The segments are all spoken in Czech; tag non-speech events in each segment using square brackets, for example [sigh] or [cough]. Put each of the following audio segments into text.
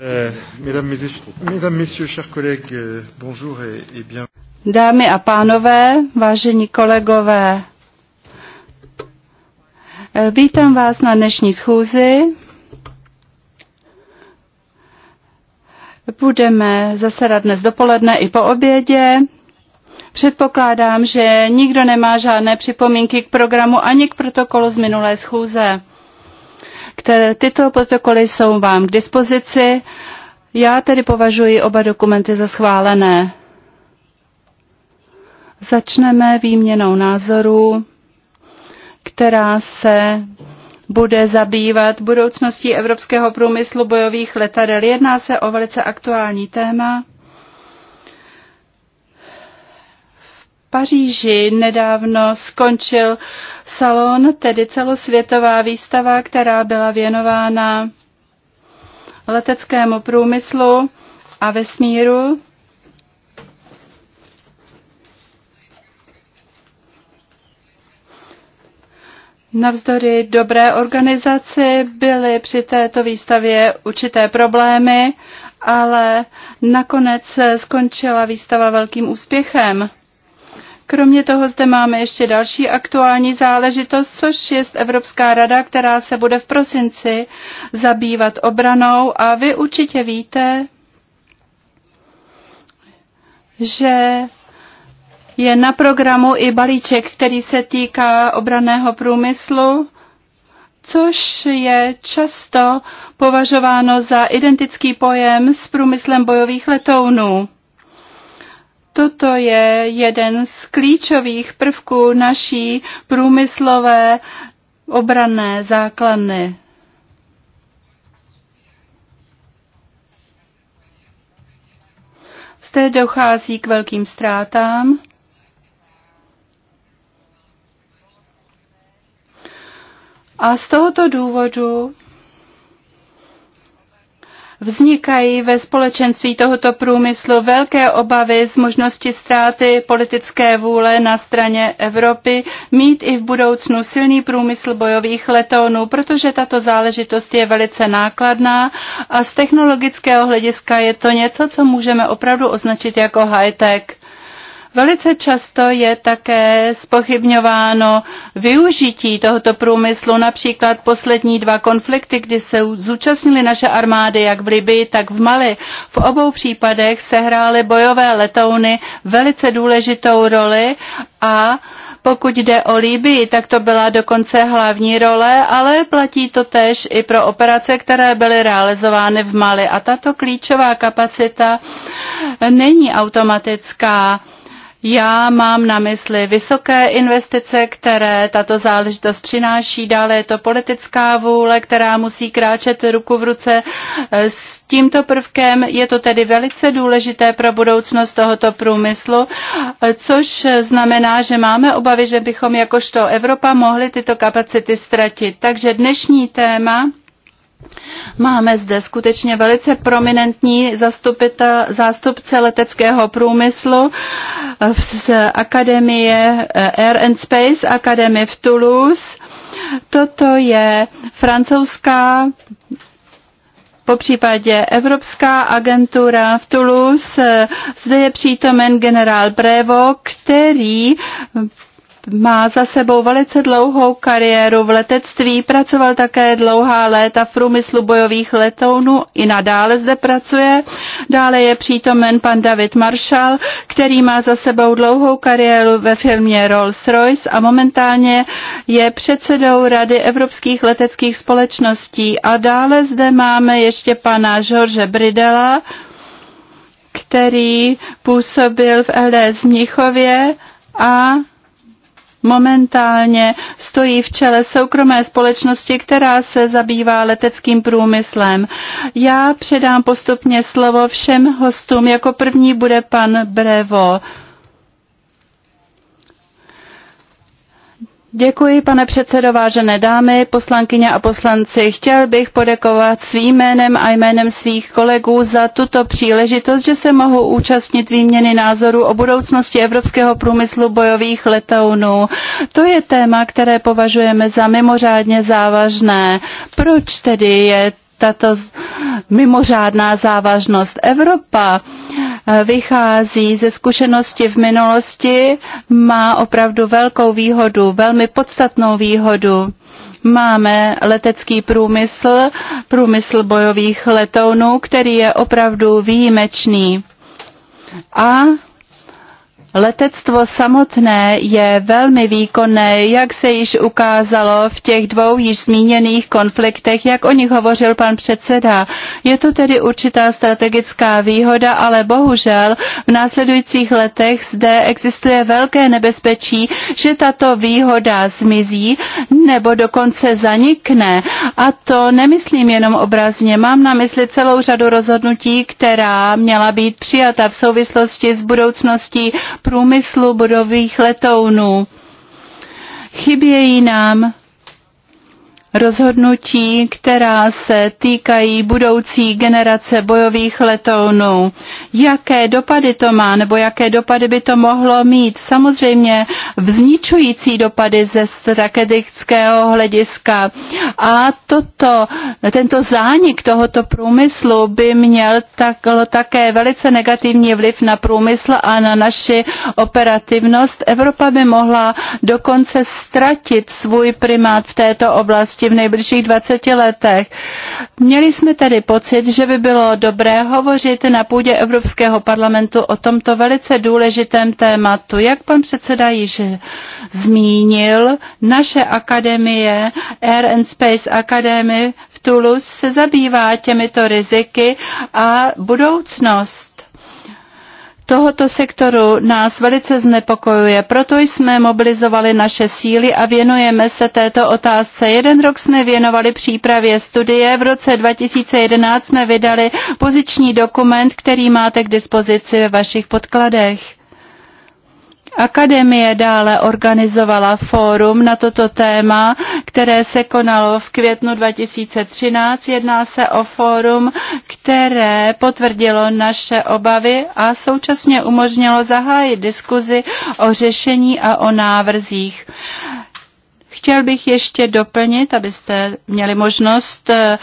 Eh, eh, Dámy a pánové, vážení kolegové, eh, vítám vás na dnešní schůzi. Budeme zasedat dnes dopoledne i po obědě. Předpokládám, že nikdo nemá žádné připomínky k programu ani k protokolu z minulé schůze které, tyto protokoly jsou vám k dispozici. Já tedy považuji oba dokumenty za schválené. Začneme výměnou názorů, která se bude zabývat budoucností evropského průmyslu bojových letadel. Jedná se o velice aktuální téma. Paříži nedávno skončil salon, tedy celosvětová výstava, která byla věnována leteckému průmyslu a vesmíru. Navzdory dobré organizaci byly při této výstavě určité problémy, ale nakonec skončila výstava velkým úspěchem. Kromě toho zde máme ještě další aktuální záležitost, což je Evropská rada, která se bude v prosinci zabývat obranou a vy určitě víte, že je na programu i balíček, který se týká obraného průmyslu, což je často považováno za identický pojem s průmyslem bojových letounů. Toto je jeden z klíčových prvků naší průmyslové obranné základny. Zde dochází k velkým ztrátám. A z tohoto důvodu Vznikají ve společenství tohoto průmyslu velké obavy z možnosti ztráty politické vůle na straně Evropy mít i v budoucnu silný průmysl bojových letounů, protože tato záležitost je velice nákladná a z technologického hlediska je to něco, co můžeme opravdu označit jako high-tech. Velice často je také spochybňováno využití tohoto průmyslu, například poslední dva konflikty, kdy se zúčastnily naše armády jak v Libii, tak v Mali. V obou případech sehrály bojové letouny velice důležitou roli a pokud jde o Líbii, tak to byla dokonce hlavní role, ale platí to tež i pro operace, které byly realizovány v Mali. A tato klíčová kapacita není automatická já mám na mysli vysoké investice, které tato záležitost přináší. Dále je to politická vůle, která musí kráčet ruku v ruce eh, s tímto prvkem. Je to tedy velice důležité pro budoucnost tohoto průmyslu, eh, což znamená, že máme obavy, že bychom jakožto Evropa mohli tyto kapacity ztratit. Takže dnešní téma Máme zde skutečně velice prominentní zástupce leteckého průmyslu z Akademie eh, Air and Space Academy v Toulouse. Toto je francouzská po případě Evropská agentura v Toulouse. Zde je přítomen generál Brevo, který má za sebou velice dlouhou kariéru v letectví, pracoval také dlouhá léta v průmyslu bojových letounů, i nadále zde pracuje. Dále je přítomen pan David Marshall, který má za sebou dlouhou kariéru ve firmě Rolls-Royce a momentálně je předsedou Rady evropských leteckých společností. A dále zde máme ještě pana George Bridela, který působil v LDS Mnichově a momentálně stojí v čele soukromé společnosti, která se zabývá leteckým průmyslem. Já předám postupně slovo všem hostům. Jako první bude pan Brevo. Děkuji, pane předsedo, vážené dámy, poslankyně a poslanci. Chtěl bych poděkovat svým jménem a jménem svých kolegů za tuto příležitost, že se mohu účastnit výměny názorů o budoucnosti evropského průmyslu bojových letounů. To je téma, které považujeme za mimořádně závažné. Proč tedy je tato mimořádná závažnost Evropa? Eh, vychází ze zkušenosti v minulosti, má opravdu velkou výhodu, velmi podstatnou výhodu. Máme letecký průmysl, průmysl bojových letounů, který je opravdu výjimečný. A Letectvo samotné je velmi výkonné, jak se již ukázalo v těch dvou již zmíněných konfliktech, jak o nich hovořil pan předseda. Je to tedy určitá strategická výhoda, ale bohužel v následujících letech zde existuje velké nebezpečí, že tato výhoda zmizí nebo dokonce zanikne. A to nemyslím jenom obrazně, mám na mysli celou řadu rozhodnutí, která měla být přijata v souvislosti s budoucností průmyslu budových letounů. Chybějí nám rozhodnutí, která se týkají budoucí generace bojových letounů. Jaké dopady to má, nebo jaké dopady by to mohlo mít? Samozřejmě vzničující dopady ze strategického hlediska. A toto, tento zánik tohoto průmyslu by měl tak, také velice negativní vliv na průmysl a na naši operativnost. Evropa by mohla dokonce ztratit svůj primát v této oblasti budoucnosti v nejbližších 20 letech. Měli jsme tedy pocit, že by bylo dobré hovořit na půdě Evropského parlamentu o tomto velice důležitém tématu. Jak pan předseda již zmínil, naše akademie Air and Space Academy v Toulouse se zabývá těmito riziky a budoucnost tohoto sektoru nás velice znepokojuje, proto jsme mobilizovali naše síly a věnujeme se této otázce. Jeden rok jsme věnovali přípravě studie, v roce 2011 jsme vydali poziční dokument, který máte k dispozici ve vašich podkladech. Akademie dále organizovala fórum na toto téma, které se konalo v květnu 2013. Jedná se o fórum, které potvrdilo naše obavy a současně umožnilo zahájit diskuzi o řešení a o návrzích. Chtěl bych ještě doplnit, abyste měli možnost eh,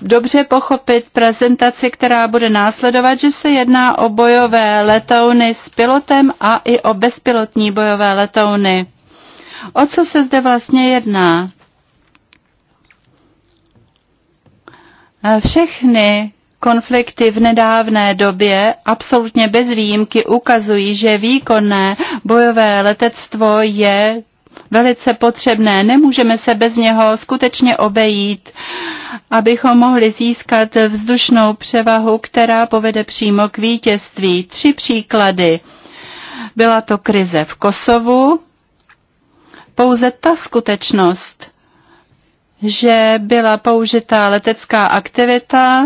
dobře pochopit prezentaci, která bude následovat, že se jedná o bojové letouny s pilotem a i o bezpilotní bojové letouny. O co se zde vlastně jedná? Eh, všechny Konflikty v nedávné době absolutně bez výjimky ukazují, že výkonné bojové letectvo je velice potřebné. Nemůžeme se bez něho skutečně obejít, abychom mohli získat vzdušnou převahu, která povede přímo k vítězství. Tři příklady. Byla to krize v Kosovu. Pouze ta skutečnost, že byla použitá letecká aktivita,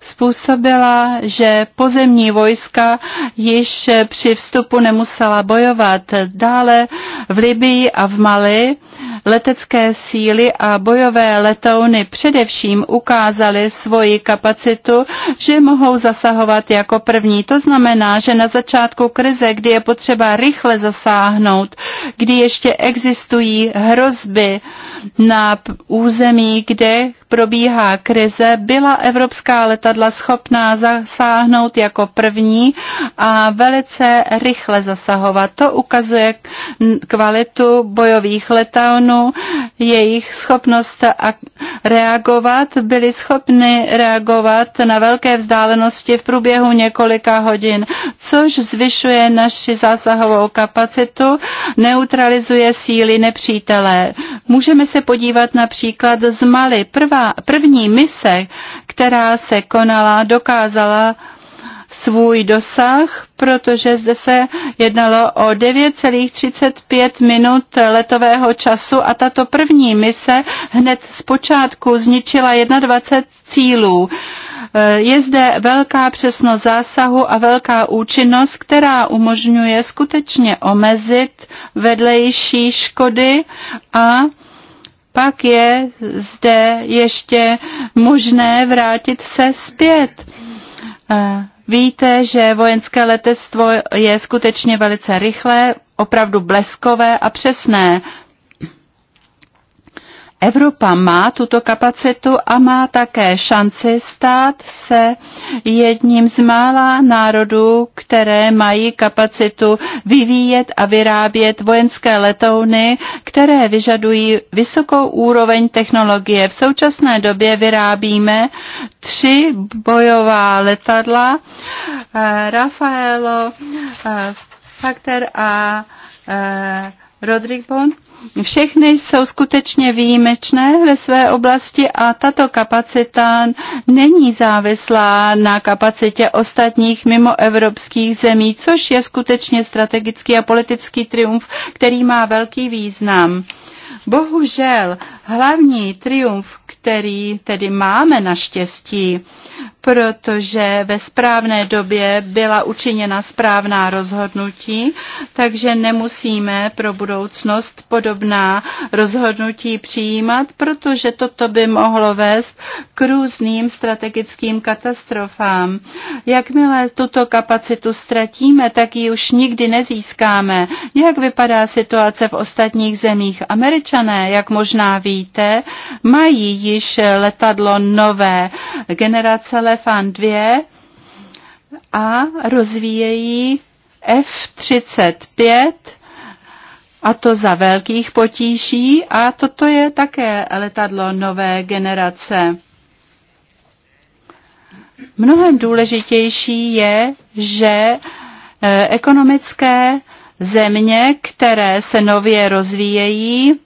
způsobila, že pozemní vojska již při vstupu nemusela bojovat. Dále v Libii a v Mali letecké síly a bojové letouny především ukázaly svoji kapacitu, že mohou zasahovat jako první. To znamená, že na začátku krize, kdy je potřeba rychle zasáhnout, kdy ještě existují hrozby na území, kde probíhá krize, byla evropská letadla schopná zasáhnout jako první a velice rychle zasahovat. To ukazuje kvalitu bojových letounů regionu, jejich schopnost reagovat, byli schopni reagovat na velké vzdálenosti v průběhu několika hodin, což zvyšuje naši zásahovou kapacitu, neutralizuje síly nepřítelé. Můžeme se podívat například z Mali. Prvá, první mise, která se konala, dokázala svůj dosah, protože zde se jednalo o 9,35 minut letového času a tato první mise hned z počátku zničila 21 cílů. Je zde velká přesnost zásahu a velká účinnost, která umožňuje skutečně omezit vedlejší škody a pak je zde ještě možné vrátit se zpět. Víte, že vojenské letectvo je skutečně velice rychlé, opravdu bleskové a přesné. Evropa má tuto kapacitu a má také šanci stát se jedním z mála národů, které mají kapacitu vyvíjet a vyrábět vojenské letouny, které vyžadují vysokou úroveň technologie. V současné době vyrábíme tři bojová letadla eh, Rafaelo, eh, Factor a eh, Rodrigbon. Všechny jsou skutečně výjimečné ve své oblasti a tato kapacita není závislá na kapacitě ostatních mimoevropských zemí, což je skutečně strategický a politický triumf, který má velký význam. Bohužel hlavní triumf, který tedy máme naštěstí, protože ve správné době byla učiněna správná rozhodnutí, takže nemusíme pro budoucnost podobná rozhodnutí přijímat, protože toto by mohlo vést k různým strategickým katastrofám. Jakmile tuto kapacitu ztratíme, tak ji už nikdy nezískáme. Jak vypadá situace v ostatních zemích? Američané, jak možná víte, mají již letadlo nové generace Stefan 2 a rozvíjejí F-35 a to za velkých potíží a toto je také letadlo nové generace. Mnohem důležitější je, že eh, ekonomické země, které se nově rozvíjejí,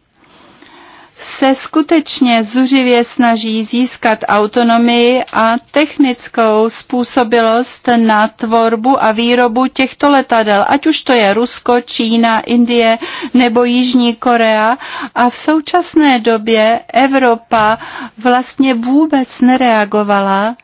se skutečně zuřivě snaží získat autonomii a technickou způsobilost na tvorbu a výrobu těchto letadel, ať už to je Rusko, Čína, Indie nebo Jižní Korea. A v současné době Evropa vlastně vůbec nereagovala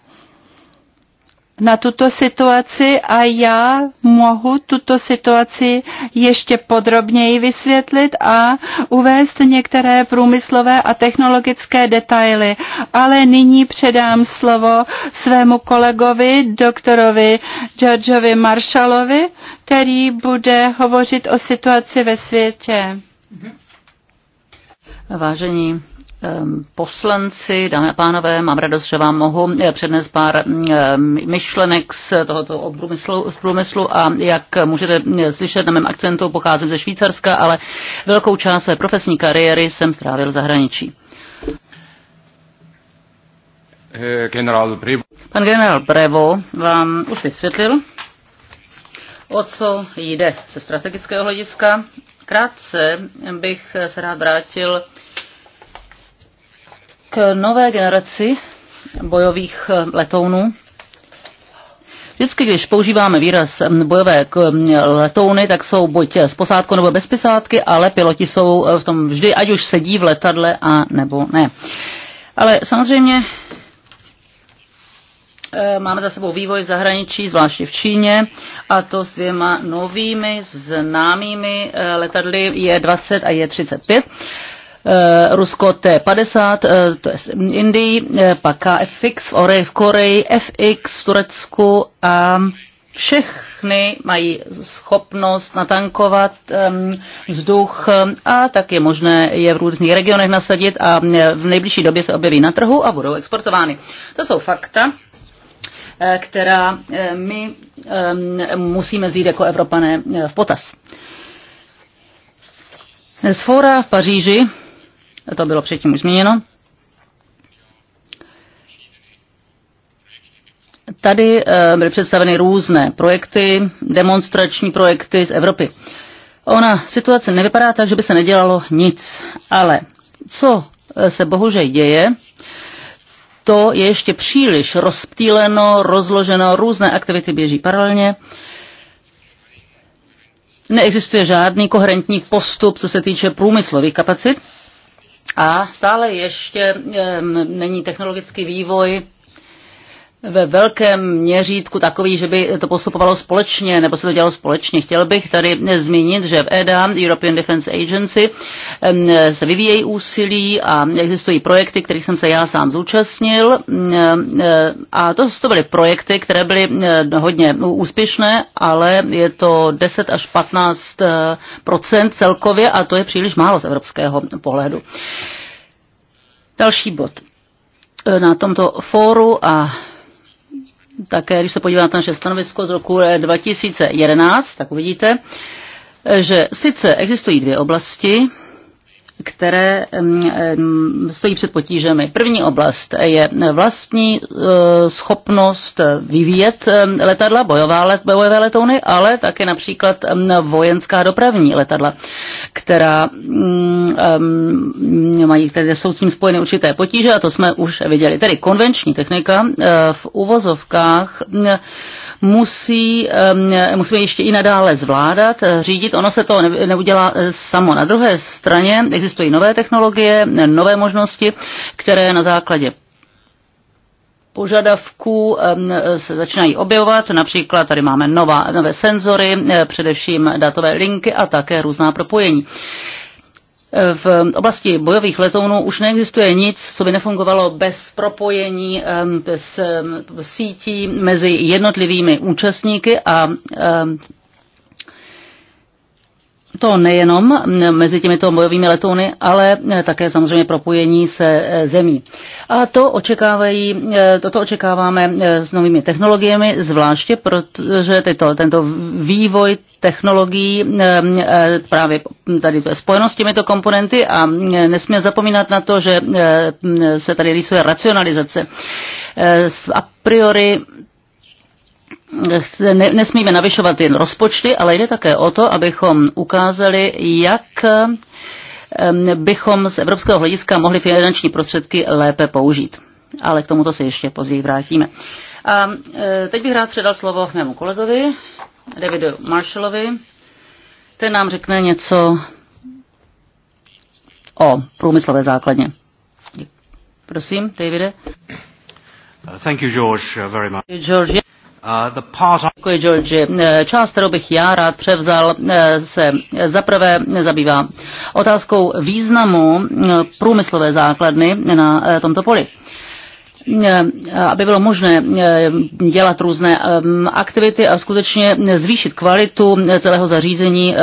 na tuto situaci a já mohu tuto situaci ještě podrobněji vysvětlit a uvést některé průmyslové a technologické detaily. Ale nyní předám slovo svému kolegovi, doktorovi Georgeovi Marshallovi, který bude hovořit o situaci ve světě. Vážení Ehm, poslanci, dámy a pánové, mám radost, že vám mohu eh, přednést pár ehm, myšlenek z tohoto průmyslu, z průmyslu a jak můžete eh, slyšet na mém akcentu, pocházím ze Švýcarska, ale velkou část své profesní kariéry jsem strávil v zahraničí. Eh, generál Pan generál Prevo vám už vysvětlil, o co jde ze strategického hlediska. Krátce bych se rád vrátil k nové generaci bojových eh, letounů. Vždycky, když používáme výraz eh, bojové eh, letouny, tak jsou buď z posádkou nebo bez posádky, ale piloti jsou v tom vždy, ať už sedí v letadle a nebo ne. Ale samozřejmě Máme za sebou vývoj v zahraničí, zvláště v Číně, a to s dvěma novými známými letadly je 20 a je 35. Eh, Rusko T50, to je eh, Indii, eh, pak KFX v Koreji, FX v Turecku a všechny mají schopnost natankovat vzduch a tak je možné je v různých regionech nasadit a v nejbližší době se objeví na trhu a budou exportovány. To jsou fakta která my musíme vzít jako Evropané v potaz. Z fora v Paříži to bylo předtím už zmíněno. Tady eh, byly představeny různé projekty, demonstrační projekty z Evropy. Ona situace nevypadá tak, že by se nedělalo nic, ale co eh, se bohužel děje, to je ještě příliš rozptýleno, rozloženo, různé aktivity běží paralelně. Neexistuje žádný koherentní postup, co se týče průmyslových kapacit. A stále ještě není technologický vývoj ve velkém měřítku takový, že by to postupovalo společně, nebo se to dělalo společně. Chtěl bych tady zmínit, že v EDA, European Defense Agency, se vyvíjejí úsilí a existují projekty, kterých jsem se já sám zúčastnil. A to, to byly projekty, které byly hodně úspěšné, ale je to 10 až 15 eh, celkově a to je příliš málo z evropského pohledu. Další bod na tomto fóru a také, když se podíváte na naše stanovisko z roku 2011, eh, tak uvidíte, eh, že sice existují dvě oblasti, které mm, mm, stojí před potížemi. První oblast je vlastní e, schopnost vyvíjet e, letadla, bojová bojové letouny, ale také například mm, vojenská dopravní letadla, která mají, které jsou s tím spojeny určité potíže a to jsme už viděli. Tedy konvenční technika e, v uvozovkách musí, musíme ještě i nadále zvládat, eh, řídit. Ono se to neudělá eh, samo. Na druhé straně existují nové technologie, nové možnosti, které na základě požadavků eh, se začínají objevovat. Například tady máme nová, nové senzory, především datové linky a také různá propojení v oblasti bojových letounů už neexistuje nic, co by nefungovalo bez propojení, bez sítí mezi jednotlivými účastníky a to nejenom mezi těmito bojovými letouny, ale také samozřejmě propojení se eh, zemí. A to, očekávají, eh, toto očekáváme eh, s novými technologiemi, zvláště protože tyto, tento vývoj technologií právě tady to spojeno s těmito komponenty a nesmí zapomínat na to, že se tady rýsuje racionalizace. A priori nesmíme navyšovat jen rozpočty, ale jde také o to, abychom ukázali, jak bychom z evropského hlediska mohli finanční prostředky lépe použít. Ale k tomuto se ještě později vrátíme. A e, teď bych rád předal slovo mému kolegovi, Davidu Marshallovi. Ten nám řekne něco o průmyslové základně. Prosím, Davide. Thank you, George, uh, very much. George, Uh, Děkuji, George. Eh, část, kterou bych já rád převzal, eh, se zaprvé zabývá otázkou významu eh, průmyslové základny na tomto poli aby bylo možné dělat různé aktivity a skutečně zvýšit kvalitu celého zařízení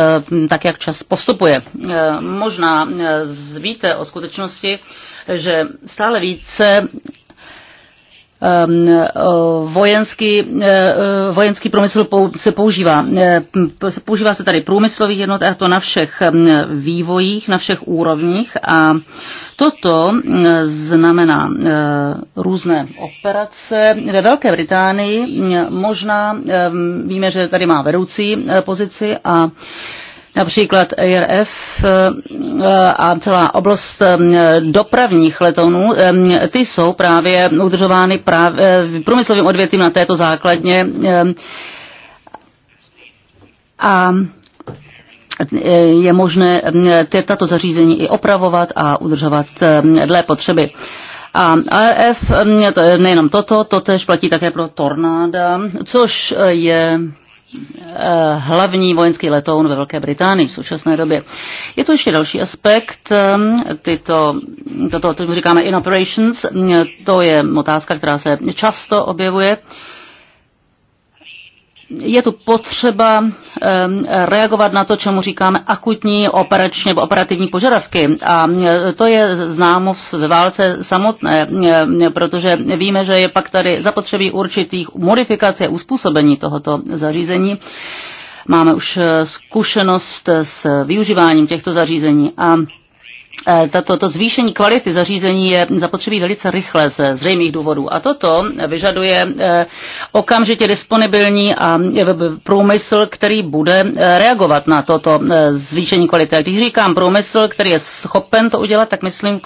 tak, jak čas postupuje. Možná víte o skutečnosti, že stále více Ehm, vojenský, e, e, vojenský průmysl se používá. E, používá se tady průmyslových jednot a to na všech ehm, vývojích, na všech úrovních a toto mm, znamená různé operace. Ve Velké Británii možná ehm, víme, že tady má vedoucí pozici a například ARF eh, a celá oblast eh, dopravních letounů, eh, ty jsou právě udržovány právě v průmyslovém odvětvím na této základně. A je možné tato zařízení i opravovat a udržovat dle potřeby. A ARF, nejenom toto, to tež platí také pro tornáda, což je Eh, hlavní vojenský letoun ve Velké Británii v současné době. Je to ještě další aspekt, ehm, tyto, toto, to říkáme in operations, eh, to je otázka, která se často objevuje je tu potřeba reagovat na to, čemu říkáme akutní operačně nebo operativní požadavky. A to je známo ve válce samotné, protože víme, že je pak tady zapotřebí určitých modifikací a uspůsobení tohoto zařízení. Máme už eh, zkušenost s využíváním těchto zařízení a Eh, tato, to zvýšení kvality zařízení je zapotřebí velice rychle ze zřejmých důvodů. A toto vyžaduje eh, okamžitě disponibilní a eh, průmysl, který bude reagovat na toto zvýšení kvality. A když říkám průmysl, který je schopen to udělat, tak myslím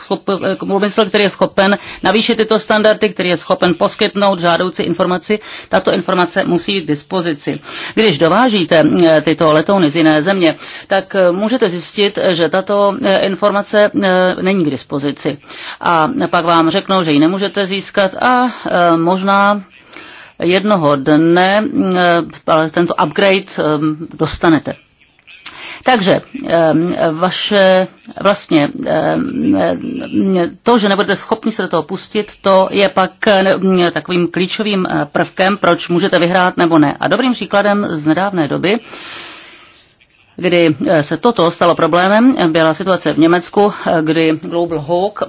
průmysl, který je schopen navýšit tyto standardy, který je schopen poskytnout žádoucí informaci, tato informace musí být k dispozici. Když dovážíte tyto letouny z jiné země, tak můžete zjistit, že tato informace informace e, není k dispozici. A pak vám řeknou, že ji nemůžete získat a e, možná jednoho dne e, tento upgrade dostanete. Takže vaše vlastně to, že nebudete schopni se do toho pustit, to je pak takovým klíčovým prvkem, proč můžete vyhrát nebo ne. A dobrým příkladem z nedávné doby kdy eh, se toto stalo problémem, byla situace v Německu, eh, kdy Global Hawk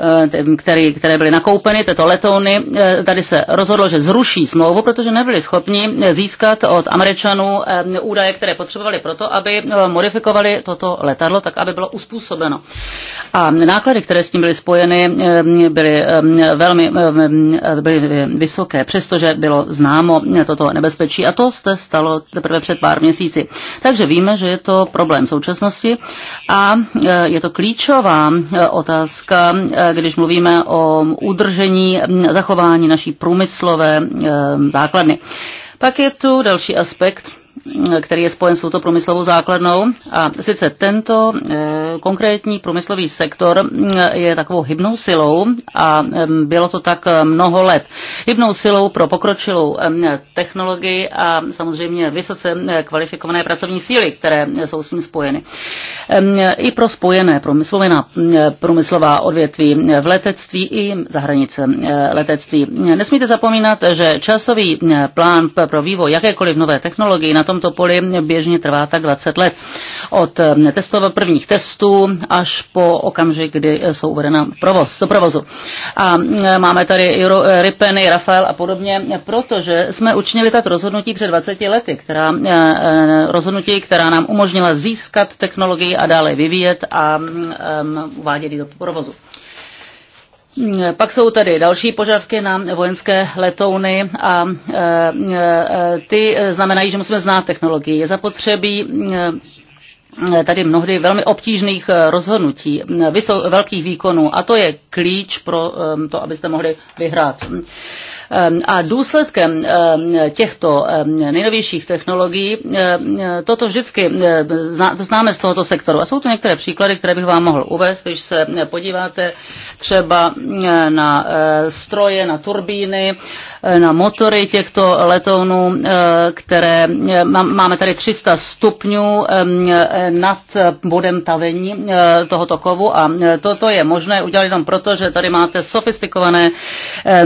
Eh, který, které byly nakoupeny, tyto letouny. Eh, tady se rozhodlo, že zruší smlouvu, protože nebyli schopni získat od Američanů eh, údaje, které potřebovali proto, aby modifikovali toto letadlo tak, aby bylo uspůsobeno. A náklady, které s tím byly spojeny, byly velmi byly vysoké, přestože bylo známo toto nebezpečí a to se stalo teprve před pár měsíci. Takže víme, že je to problém současnosti a je to klíčová otázka když mluvíme o udržení, zachování naší průmyslové základny. Pak je tu další aspekt, který je spojen s touto průmyslovou základnou. A sice tento eh, konkrétní průmyslový sektor eh, je takovou hybnou silou a bylo to tak eh, mnoho let. Hybnou silou pro pokročilou technologii a samozřejmě vysoce kvalifikované pracovní síly, které jsou s ním spojeny. I pro spojené průmyslová odvětví v letectví i za hranice letectví. Nesmíte zapomínat, že časový plán pro vývoj jakékoliv nové technologie na tom tomto poli běžně trvá tak 20 let. Od eh, testova prvních testů až po okamžik, kdy eh, jsou uvedena provoz, do provozu. A eh, máme tady Ripeny, Rafael a podobně, protože jsme učinili tato rozhodnutí před 20 lety, která, rozhodnutí, která nám umožnila získat technologii a dále vyvíjet a mm, uvádět ji do provozu. Pak jsou tady další požadavky na vojenské letouny a e, e, ty znamenají, že musíme znát technologii. Je zapotřebí e, tady mnohdy velmi obtížných rozhodnutí, velkých výkonů a to je klíč pro to, abyste mohli vyhrát. Ehm, a důsledkem ehm, těchto ehm, nejnovějších technologií, toto vždycky známe z tohoto sektoru. A jsou to některé příklady, které bych vám mohl uvést, když se podíváte třeba na stroje, na turbíny, Eh, na motory těchto letounů, eh, které eh, máme tady 300 stupňů nad bodem tavení tohoto kovu a toto je možné udělat jenom proto, že tady máte sofistikované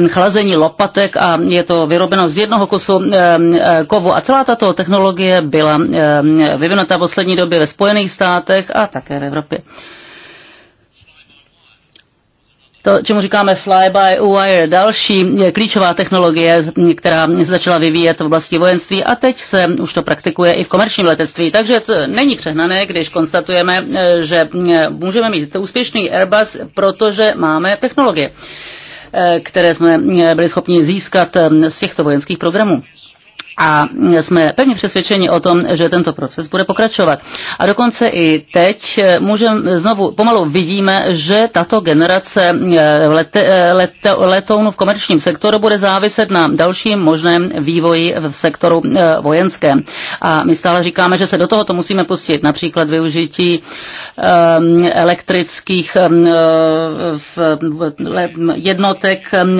chlazení lopatek a je to vyrobeno z jednoho kusu kovu a celá tato technologie byla vyvinuta v poslední době ve Spojených státech a také v Evropě to, čemu říkáme fly-by-wire, další klíčová technologie, která se začala vyvíjet v oblasti vojenství a teď se už to praktikuje i v komerčním letectví. Takže to není přehnané, když konstatujeme, eh, že eh, můžeme mít úspěšný Airbus, protože máme technologie, eh, které jsme byli schopni získat z těchto vojenských programů. A jsme pevně přesvědčeni o tom, že tento proces bude pokračovat. A dokonce i teď eh, můžeme eh, znovu pomalu vidíme, že tato generace let, eh, let, letounů v komerčním sektoru bude záviset na dalším možném vývoji v sektoru vojenském. A my stále říkáme, že se do tohoto musíme pustit, například využití ehm, elektrických ehm, jednotek. Ehm,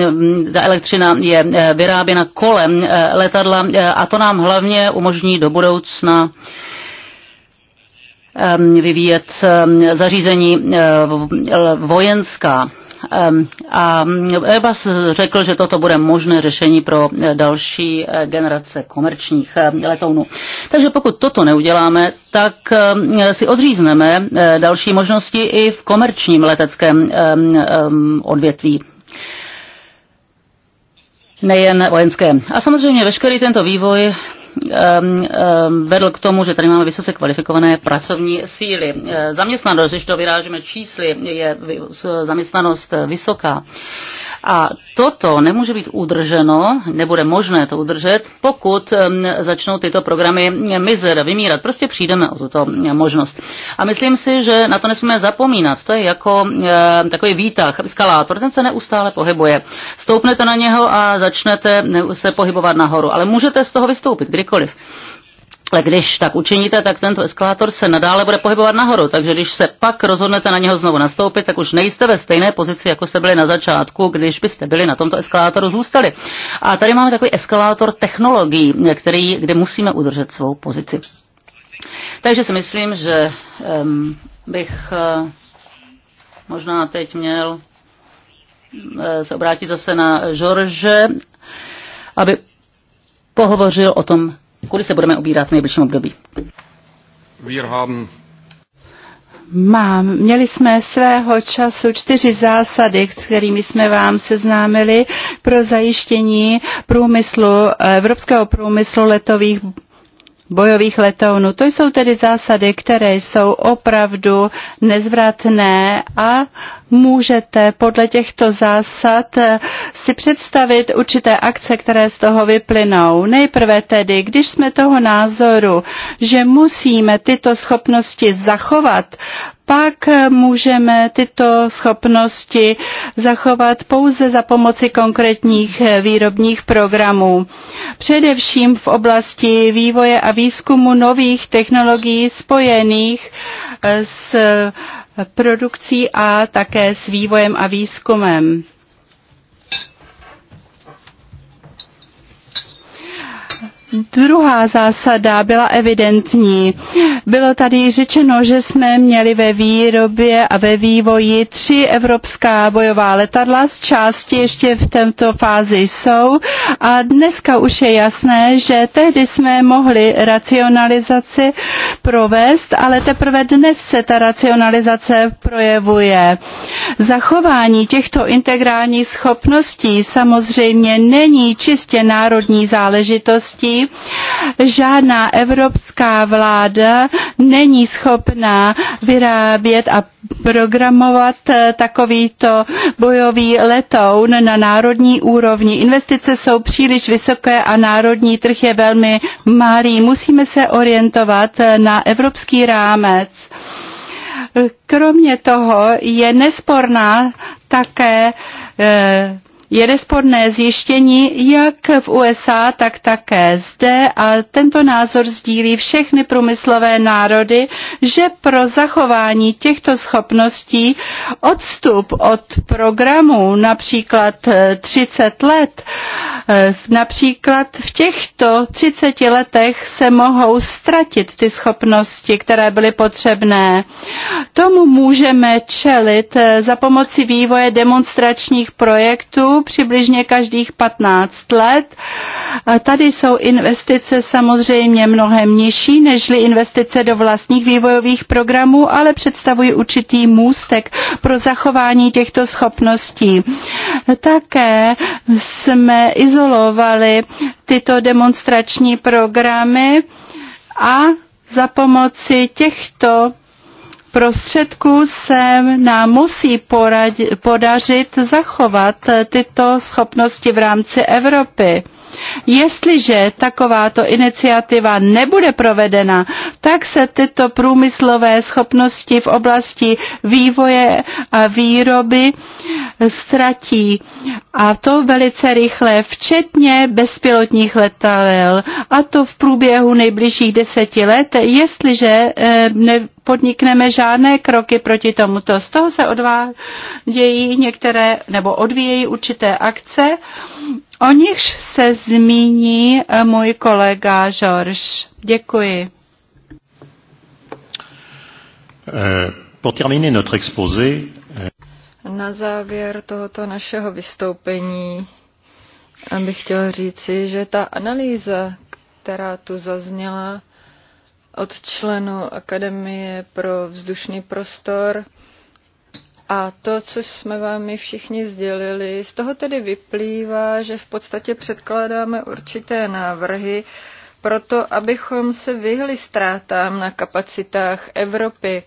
elektřina je vyráběna kolem letadla a to nám hlavně umožní do budoucna vyvíjet zařízení vojenská. A Airbus řekl, že toto bude možné řešení pro eh, další eh, generace komerčních eh, letounů. Takže pokud toto neuděláme, tak si odřízneme další možnosti i v komerčním leteckém odvětví nejen vojenské. A samozřejmě veškerý tento vývoj vedl k tomu, že tady máme vysoce kvalifikované pracovní síly. E, zaměstnanost, když to vyrážíme čísly, je zaměstnanost vysoká. A toto nemůže být udrženo, nebude možné to udržet, pokud začnou tyto programy mizer, vymírat. Prostě přijdeme o tuto možnost. A myslím si, že na to nesmíme zapomínat. To je jako takový výtah, eskalátor, ten se neustále pohybuje. Stoupnete na něho a začnete se pohybovat nahoru, ale můžete z toho vystoupit kdykoliv ale když tak učiníte, tak tento eskalátor se nadále bude pohybovat nahoru, takže když se pak rozhodnete na něho znovu nastoupit, tak už nejste ve stejné pozici, jako jste byli na začátku, když byste byli na tomto eskalátoru zůstali. A tady máme takový eskalátor technologií, který, kde musíme udržet svou pozici. Takže si myslím, že um, bych uh, možná teď měl uh, se obrátit zase na Žorže, aby pohovořil o tom kudy se budeme ubírat v nejbližším období. Wir haben Mám. Měli jsme svého času čtyři zásady, s kterými jsme vám seznámili pro zajištění průmyslu, evropského průmyslu letových bojových letounů. To jsou tedy zásady, které jsou opravdu nezvratné a můžete podle těchto zásad eh, si představit určité akce, které z toho vyplynou. Nejprve tedy, když jsme toho názoru, že musíme tyto schopnosti zachovat, pak eh, můžeme tyto schopnosti zachovat pouze za pomoci konkrétních eh, výrobních programů. Především v oblasti vývoje a výzkumu nových technologií spojených s produkcí a také s vývojem a výzkumem. Druhá zásada byla evidentní. Bylo tady řečeno, že jsme měli ve výrobě a ve vývoji tři evropská bojová letadla, z části ještě v této fázi jsou a dneska už je jasné, že tehdy jsme mohli racionalizaci provést, ale teprve dnes se ta racionalizace projevuje. Zachování těchto integrálních schopností samozřejmě není čistě národní záležitostí, žádná evropská vláda není schopná vyrábět a programovat eh, takovýto bojový letoun na národní úrovni. Investice jsou příliš vysoké a národní trh je velmi malý. Musíme se orientovat eh, na evropský rámec. Kromě toho je nesporná také eh, je nesporné zjištění, jak v USA, tak také zde a tento názor sdílí všechny průmyslové národy, že pro zachování těchto schopností odstup od programů například 30 eh, let, eh, například v těchto 30 letech se mohou ztratit ty schopnosti, které byly potřebné. Tomu můžeme čelit eh, za pomoci vývoje demonstračních projektů, přibližně každých 15 let. Tady jsou investice samozřejmě mnohem nižší než investice do vlastních vývojových programů, ale představují určitý můstek pro zachování těchto schopností. Také jsme izolovali tyto demonstrační programy a za pomoci těchto prostředků se nám musí poradit, podařit zachovat tyto schopnosti v rámci Evropy. Jestliže takováto iniciativa nebude provedena, tak se tyto průmyslové schopnosti v oblasti vývoje a výroby ztratí. A to velice rychle, včetně bezpilotních letadel. A to v průběhu nejbližších deseti let, jestliže eh, ne, podnikneme žádné kroky proti tomuto. Z toho se odvádějí některé nebo odvíjejí určité akce o nichž se zmíní eh, můj kolega Žorž. Děkuji. Eh, eh, na závěr tohoto našeho vystoupení bych chtěl říci, že ta analýza, která tu zazněla od členu Akademie pro vzdušný prostor, a to, co jsme vám my všichni sdělili, z toho tedy vyplývá, že v podstatě předkládáme určité návrhy, proto abychom se vyhli ztrátám na kapacitách Evropy.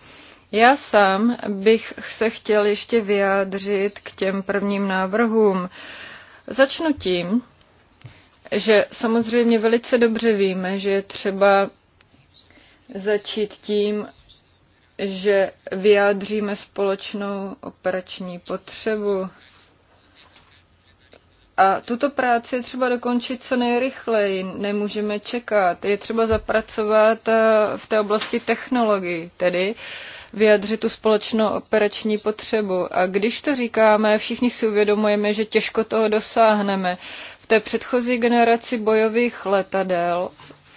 Já sám bych se chtěl ještě vyjádřit k těm prvním návrhům. Začnu tím, že samozřejmě velice dobře víme, že je třeba začít tím, že vyjádříme společnou operační potřebu. A tuto práci je třeba dokončit co nejrychleji, nemůžeme čekat. Je třeba zapracovat eh, v té oblasti technologií, tedy vyjadřit tu společnou operační potřebu. A když to říkáme, všichni si uvědomujeme, že těžko toho dosáhneme. V té předchozí generaci bojových letadel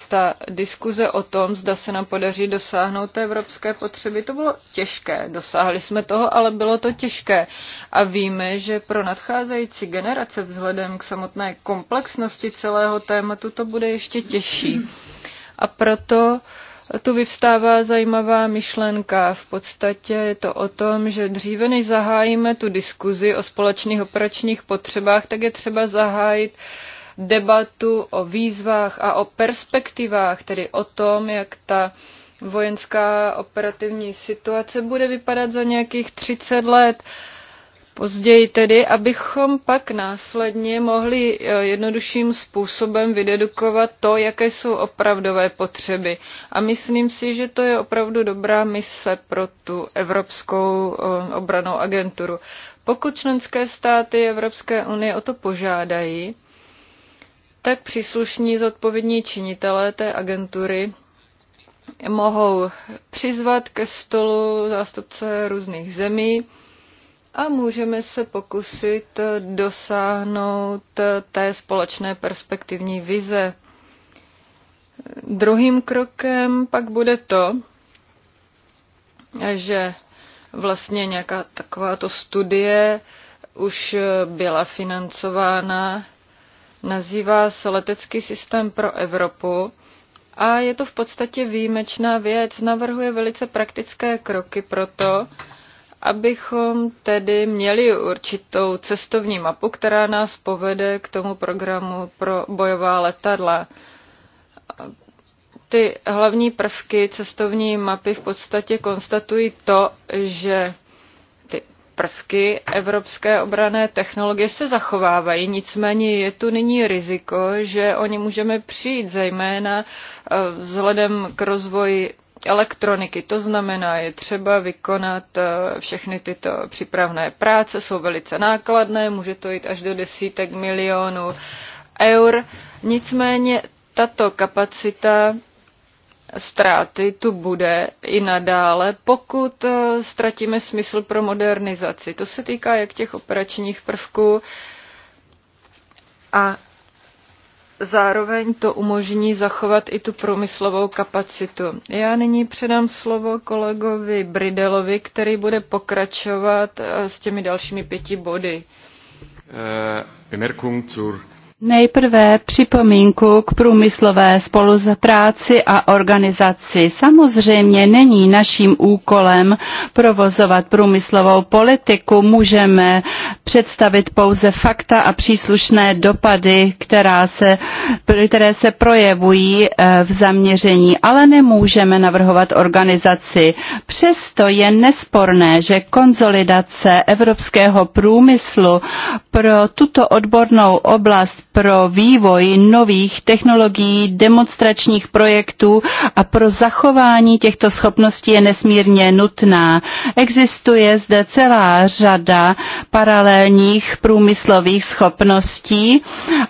ta diskuze o tom, zda se nám podaří dosáhnout té evropské potřeby, to bylo těžké. Dosáhli jsme toho, ale bylo to těžké. A víme, že pro nadcházející generace vzhledem k samotné komplexnosti celého tématu to bude ještě těžší. A proto tu vyvstává zajímavá myšlenka. V podstatě je to o tom, že dříve než zahájíme tu diskuzi o společných operačních potřebách, tak je třeba zahájit uh, debatu o výzvách a o perspektivách, tedy o tom, jak ta vojenská operativní situace bude vypadat za nějakých 30 let. Později tedy, abychom pak následně mohli eh, jednodušším způsobem vydedukovat to, jaké jsou opravdové potřeby. A myslím si, že to je opravdu dobrá mise pro tu Evropskou eh, obranou agenturu. Pokud členské státy Evropské unie o to požádají, tak příslušní zodpovědní činitelé té agentury mohou přizvat ke stolu zástupce různých zemí a můžeme se pokusit dosáhnout té společné perspektivní vize. Druhým krokem pak bude to, že vlastně nějaká takováto studie už byla financována Nazývá se letecký systém pro Evropu a je to v podstatě výjimečná věc. Navrhuje velice praktické kroky pro to, abychom tedy měli určitou cestovní mapu, která nás povede k tomu programu pro bojová letadla. Ty hlavní prvky cestovní mapy v podstatě konstatují to, že prvky evropské obrané technologie se zachovávají, nicméně je tu nyní riziko, že o ně můžeme přijít, zejména eh, vzhledem k rozvoji elektroniky. To znamená, je třeba vykonat eh, všechny tyto přípravné práce, jsou velice nákladné, může to jít až do desítek milionů eur. Nicméně tato kapacita ztráty tu bude i nadále, pokud eh, ztratíme smysl pro modernizaci. To se týká jak těch operačních prvků a zároveň to umožní zachovat i tu průmyslovou kapacitu. Já nyní předám slovo kolegovi Bridelovi, který bude pokračovat eh, s těmi dalšími pěti body. Uh, Nejprve připomínku k průmyslové spolupráci a organizaci. Samozřejmě není naším úkolem provozovat průmyslovou politiku. Můžeme představit pouze fakta a příslušné dopady, která se, které se projevují eh, v zaměření, ale nemůžeme navrhovat organizaci. Přesto je nesporné, že konzolidace evropského průmyslu pro tuto odbornou oblast pro vývoj nových technologií, demonstračních projektů a pro zachování těchto schopností je nesmírně nutná. Existuje zde celá řada paralelních průmyslových schopností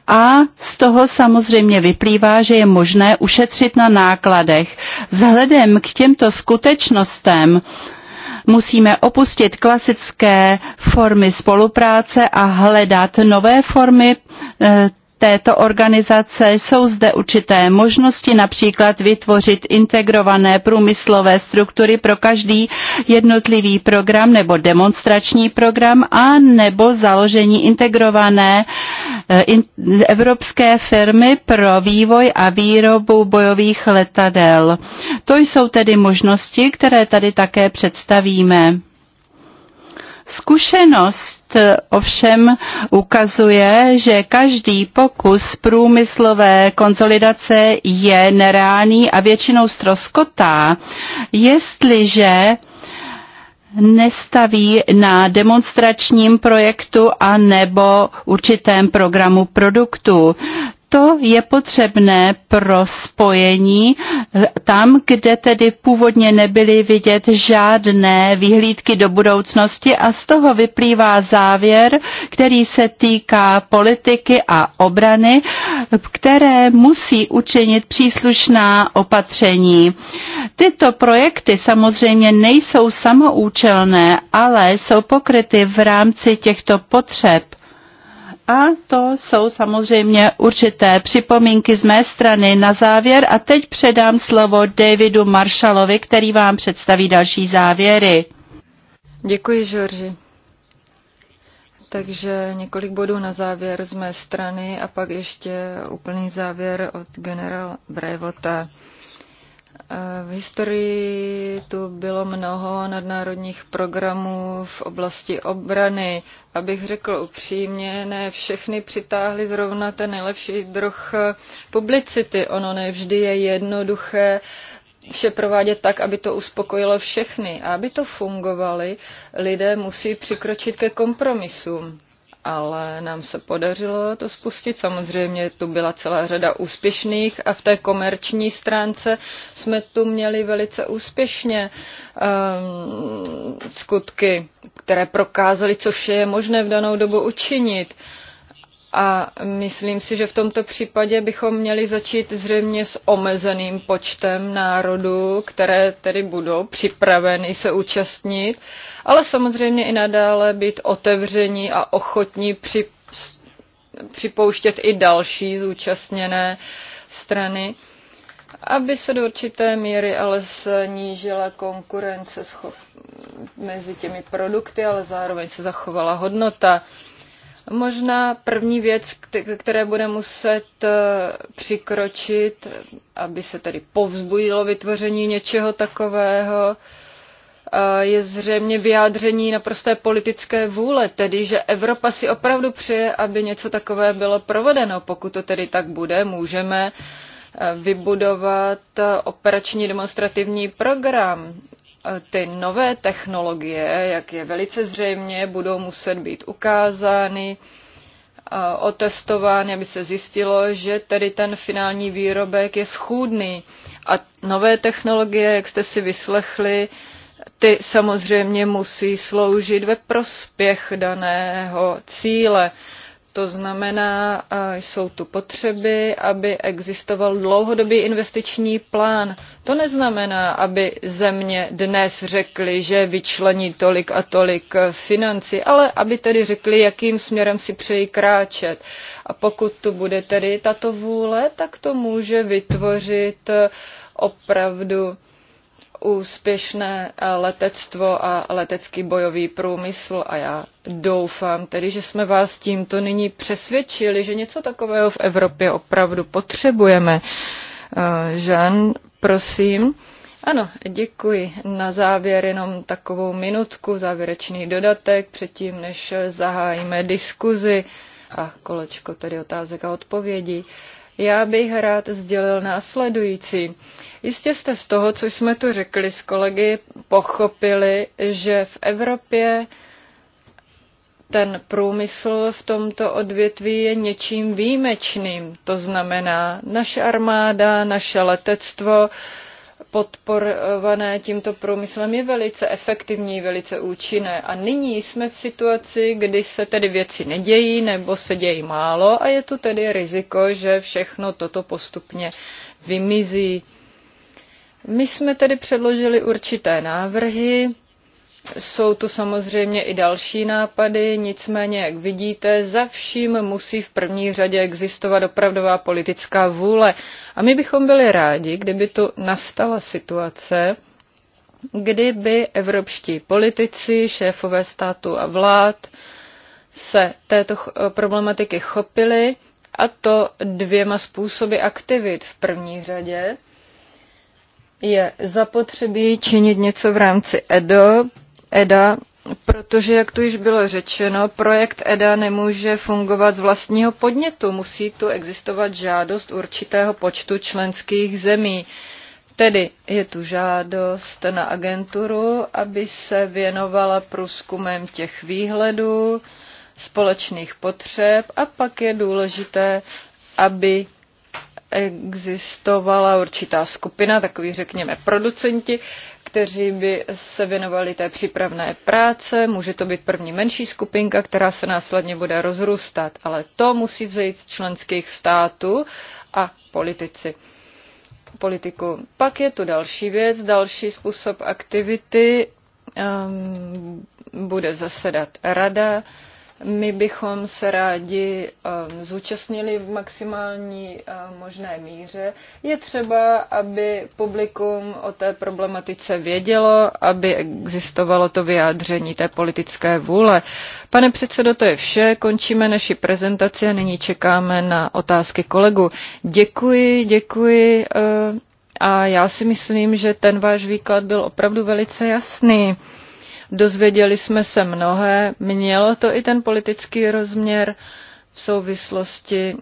a z toho samozřejmě vyplývá, že je možné ušetřit na nákladech. Vzhledem k těmto skutečnostem, Musíme opustit klasické formy spolupráce a hledat nové formy eh, této organizace jsou zde určité možnosti, například vytvořit integrované průmyslové struktury pro každý jednotlivý program nebo demonstrační program a nebo založení integrované Eh, evropské firmy pro vývoj a výrobu bojových letadel. To jsou tedy možnosti, které tady také představíme. Zkušenost eh, ovšem ukazuje, že každý pokus průmyslové konsolidace je nereálný a většinou stroskotá, jestliže nestaví na demonstračním projektu a nebo určitém programu produktu to je potřebné pro spojení tam, kde tedy původně nebyly vidět žádné vyhlídky do budoucnosti a z toho vyplývá závěr, který se týká politiky a obrany, které musí učinit příslušná opatření. Tyto projekty samozřejmě nejsou samoučelné, ale jsou pokryty v rámci těchto potřeb. A to jsou samozřejmě určité připomínky z mé strany na závěr a teď předám slovo Davidu Marshallovi, který vám představí další závěry. Děkuji, Žorži. Takže několik bodů na závěr z mé strany a pak ještě úplný závěr od generál Brevota. V historii tu bylo mnoho nadnárodních programů v oblasti obrany. Abych řekl upřímně, ne všechny přitáhly zrovna ten nejlepší druh publicity. Ono nevždy je jednoduché vše provádět tak, aby to uspokojilo všechny. A aby to fungovaly, lidé musí přikročit ke kompromisům ale nám se podařilo to spustit. Samozřejmě tu byla celá řada úspěšných a v té komerční stránce jsme tu měli velice úspěšně um, skutky, které prokázaly, co vše je možné v danou dobu učinit. Uh, a myslím si, že v tomto případě bychom měli začít zřejmě s omezeným počtem národů, které tedy budou připraveny se účastnit, ale samozřejmě i nadále být otevření a ochotní při, připouštět i další zúčastněné strany, aby se do určité míry ale snížila konkurence mezi těmi produkty, ale zároveň se zachovala hodnota. Možná první věc, které bude muset eh, přikročit, aby se tedy povzbudilo vytvoření něčeho takového, eh, je zřejmě vyjádření naprosté politické vůle, tedy že Evropa si opravdu přeje, aby něco takové bylo provedeno. Pokud to tedy tak bude, můžeme eh, vybudovat operační demonstrativní program ty nové technologie, jak je velice zřejmě, budou muset být ukázány, otestovány, aby se zjistilo, že tedy ten finální výrobek je schůdný. A nové technologie, jak jste si vyslechli, ty samozřejmě musí sloužit ve prospěch daného cíle. To znamená, jsou tu potřeby, aby existoval dlouhodobý investiční plán. To neznamená, aby země dnes řekly, že vyčlení tolik a tolik financí, ale aby tedy řekly, jakým směrem si přejí kráčet. A pokud tu bude tedy tato vůle, tak to může vytvořit opravdu úspěšné eh, letectvo a letecký bojový průmysl a já doufám tedy, že jsme vás tímto nyní přesvědčili, že něco takového v Evropě opravdu potřebujeme. Eh, Žan, prosím. Ano, děkuji. Na závěr jenom takovou minutku, závěrečný dodatek, předtím než zahájíme diskuzi a kolečko tedy otázek a odpovědí. Já bych rád sdělil následující. Jistě jste z toho, co jsme tu řekli s kolegy, pochopili, že v Evropě ten průmysl v tomto odvětví je něčím výjimečným. To znamená, naše armáda, naše letectvo, podporované tímto průmyslem je velice efektivní, velice účinné. A nyní jsme v situaci, kdy se tedy věci nedějí nebo se dějí málo a je tu tedy riziko, že všechno toto postupně vymizí. My jsme tedy předložili určité návrhy, jsou tu samozřejmě i další nápady, nicméně, jak vidíte, za vším musí v první řadě existovat opravdová politická vůle. A my bychom byli rádi, kdyby tu nastala situace, kdyby evropští politici, šéfové státu a vlád se této problematiky chopili, a to dvěma způsoby aktivit. V první řadě je zapotřebí činit něco v rámci EDO, EDA, protože, jak tu již bylo řečeno, projekt EDA nemůže fungovat z vlastního podnětu. Musí tu existovat žádost určitého počtu členských zemí. Tedy je tu žádost na agenturu, aby se věnovala průzkumem těch výhledů, společných potřeb a pak je důležité, aby existovala určitá skupina, takový řekněme producenti, kteří by se věnovali té přípravné práce. Může to být první menší skupinka, která se následně bude rozrůstat, ale to musí vzejít z členských států a politici politiku. Pak je tu další věc, další způsob aktivity. Um, bude zasedat rada, my bychom se rádi um, zúčastnili v maximální uh, možné míře. Je třeba, aby publikum o té problematice vědělo, aby existovalo to vyjádření té politické vůle. Pane předsedo, to je vše. Končíme naši prezentaci a nyní čekáme na otázky kolegu. Děkuji, děkuji. Uh, a já si myslím, že ten váš výklad byl opravdu velice jasný dozvěděli jsme se mnohé. Mělo to i ten politický rozměr v souvislosti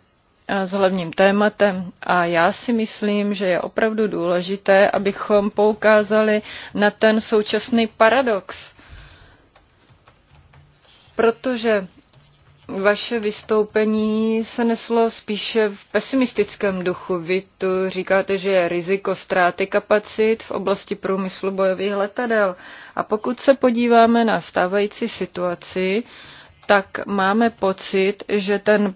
s hlavním tématem a já si myslím, že je opravdu důležité, abychom poukázali na ten současný paradox. Protože vaše vystoupení se neslo spíše v pesimistickém duchu. Vy tu říkáte, že je riziko ztráty kapacit v oblasti průmyslu bojových letadel. A pokud se podíváme na stávající situaci, tak máme pocit, že ten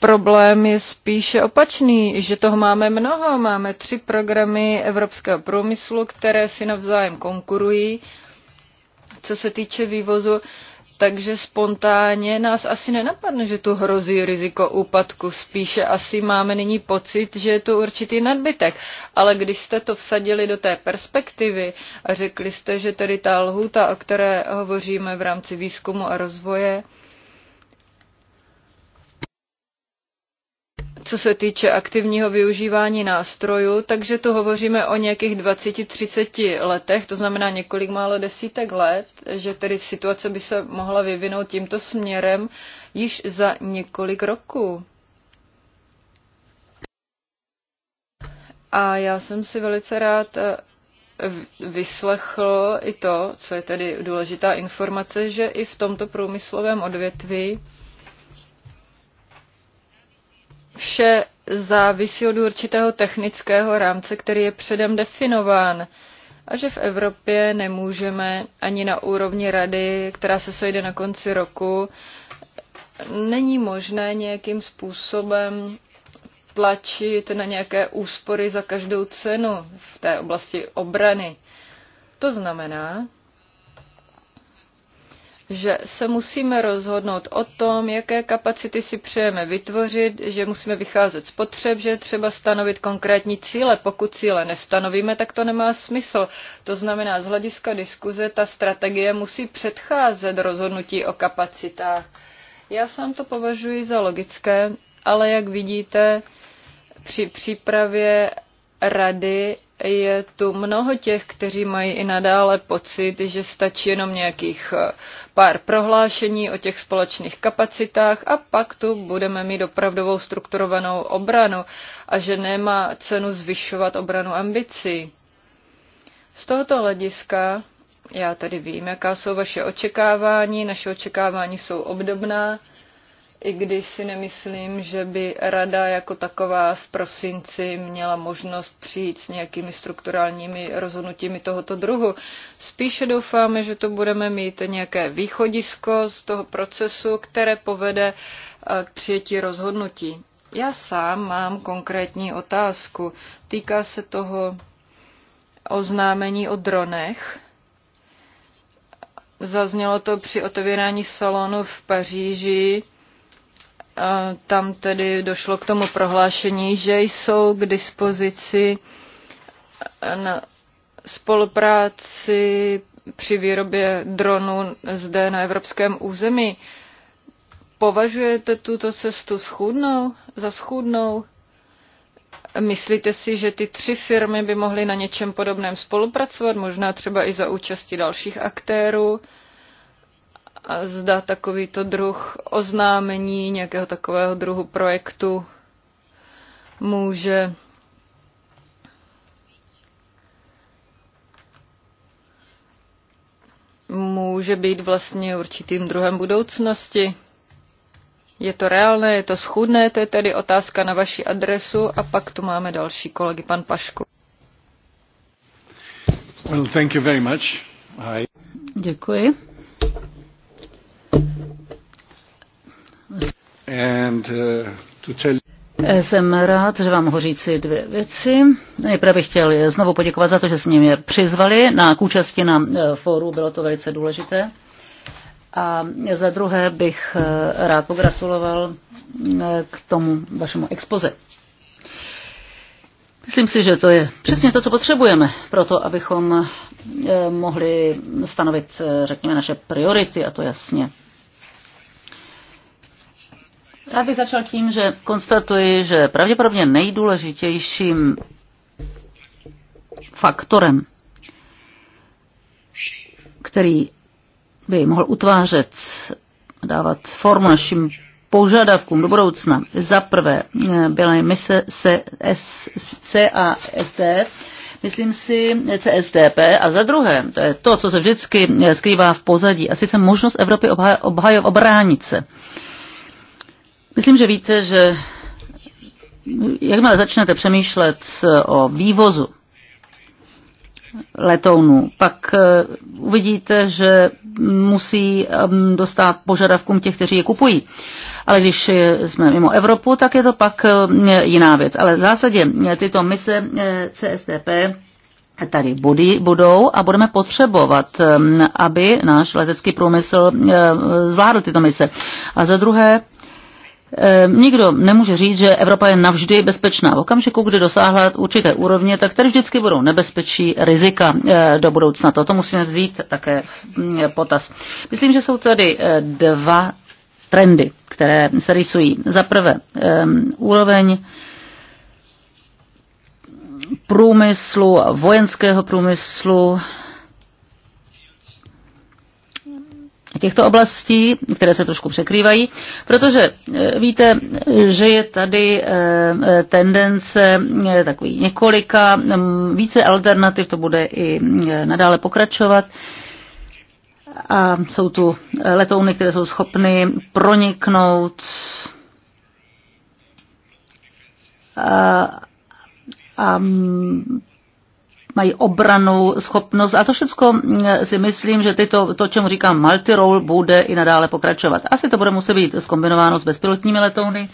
problém je spíše opačný, že toho máme mnoho. Máme tři programy evropského průmyslu, které si navzájem konkurují, co se týče vývozu. Takže spontánně nás asi nenapadne, že tu hrozí riziko úpadku. Spíše asi máme nyní pocit, že je to určitý nadbytek. Ale když jste to vsadili do té perspektivy a řekli jste, že tedy ta lhůta, o které hovoříme v rámci výzkumu a rozvoje, co se týče aktivního využívání nástrojů, takže tu hovoříme o nějakých 20-30 letech, to znamená několik málo desítek let, že tedy situace by se mohla vyvinout tímto směrem již za několik roků. A já jsem si velice rád eh, vyslechl i to, co je tedy důležitá informace, že i v tomto průmyslovém odvětví vše závisí od určitého technického rámce, který je předem definován a že v Evropě nemůžeme ani na úrovni rady, která se sejde na konci roku, není možné nějakým způsobem tlačit na nějaké úspory za každou cenu v té oblasti obrany. To znamená, že se musíme rozhodnout o tom, jaké kapacity si přejeme vytvořit, že musíme vycházet z potřeb, že třeba stanovit konkrétní cíle. Pokud cíle nestanovíme, tak to nemá smysl. To znamená, z hlediska diskuze ta strategie musí předcházet rozhodnutí o kapacitách. Já sám to považuji za logické, ale jak vidíte, při přípravě rady je tu mnoho těch, kteří mají i nadále pocit, že stačí jenom nějakých eh, pár prohlášení o těch společných kapacitách a pak tu budeme mít opravdovou strukturovanou obranu a že nemá cenu zvyšovat obranu ambicí. Z tohoto hlediska já tady vím, jaká jsou vaše očekávání, naše očekávání jsou obdobná i když si nemyslím, že by rada jako taková v prosinci měla možnost přijít s nějakými strukturálními rozhodnutími tohoto druhu. Spíše doufáme, že to budeme mít nějaké východisko z toho procesu, které povede eh, k přijetí rozhodnutí. Já sám mám konkrétní otázku. Týká se toho oznámení o dronech. Zaznělo to při otevírání salonu v Paříži tam tedy došlo k tomu prohlášení, že jsou k dispozici e, na spolupráci při výrobě dronů zde na evropském území. Považujete tuto cestu schůdnou, za schůdnou? Myslíte si, že ty tři firmy by mohly na něčem podobném spolupracovat, možná třeba i za účasti dalších aktérů? zda takovýto druh oznámení nějakého takového druhu projektu může může být vlastně určitým druhem budoucnosti. Je to reálné, je to schudné, to je tedy otázka na vaši adresu a pak tu máme další kolegy, pan Pašku. Well, thank you very much. Hi. Děkuji. Uh, Jsem rád, že vám mohu říci dvě věci. Nejprve bych chtěl znovu poděkovat za to, že jsme mě přizvali na k účasti na eh, fóru, bylo to velice důležité. A za druhé bych eh, rád pogratuloval eh, k tomu vašemu expoze. Myslím si, že to je přesně to, co potřebujeme pro to, abychom mohli stanovit, řekněme, naše priority a to jasně Rád bych začal tím, že konstatuji, že pravděpodobně nejdůležitějším faktorem, který by mohl utvářet, dávat formu našim požadavkům do budoucna. Za prvé eh, byly mise CASD, myslím si CSDP, a za druhé, to je to, co se vždycky skrývá v pozadí, a sice možnost Evropy obhajovat obránit se. Myslím, že víte, že jakmile začnete přemýšlet o vývozu letounů, pak eh, uvidíte, že musí dostat požadavkům těch, kteří je kupují. Ale když jsme mimo Evropu, tak je to pak eh, jiná věc. Ale v zásadě eh, tyto mise CSTP tady body budou a budeme potřebovat, aby náš letecký průmysl zvládl tyto mise. A za druhé, Ehm, nikdo nemůže říct, že Evropa je navždy bezpečná. V okamžiku, kdy dosáhla určité úrovně, tak tady vždycky budou nebezpečí rizika eh, do budoucna. Toto musíme vzít také mm, potaz. Myslím, že jsou tady eh, dva trendy, které se rysují. Za prvé, ehm, úroveň průmyslu, vojenského průmyslu těchto oblastí, které se trošku překrývají, protože e, víte, že je tady e, tendence e, takový několika, více alternativ, to bude i nadále pokračovat. A jsou tu letouny, které jsou schopny proniknout a, a mají obranou schopnost a to všechno mm, si myslím, že tyto, to, čemu říkám multirole, bude i nadále pokračovat. Asi to bude muset být skombinováno s bezpilotními letouny,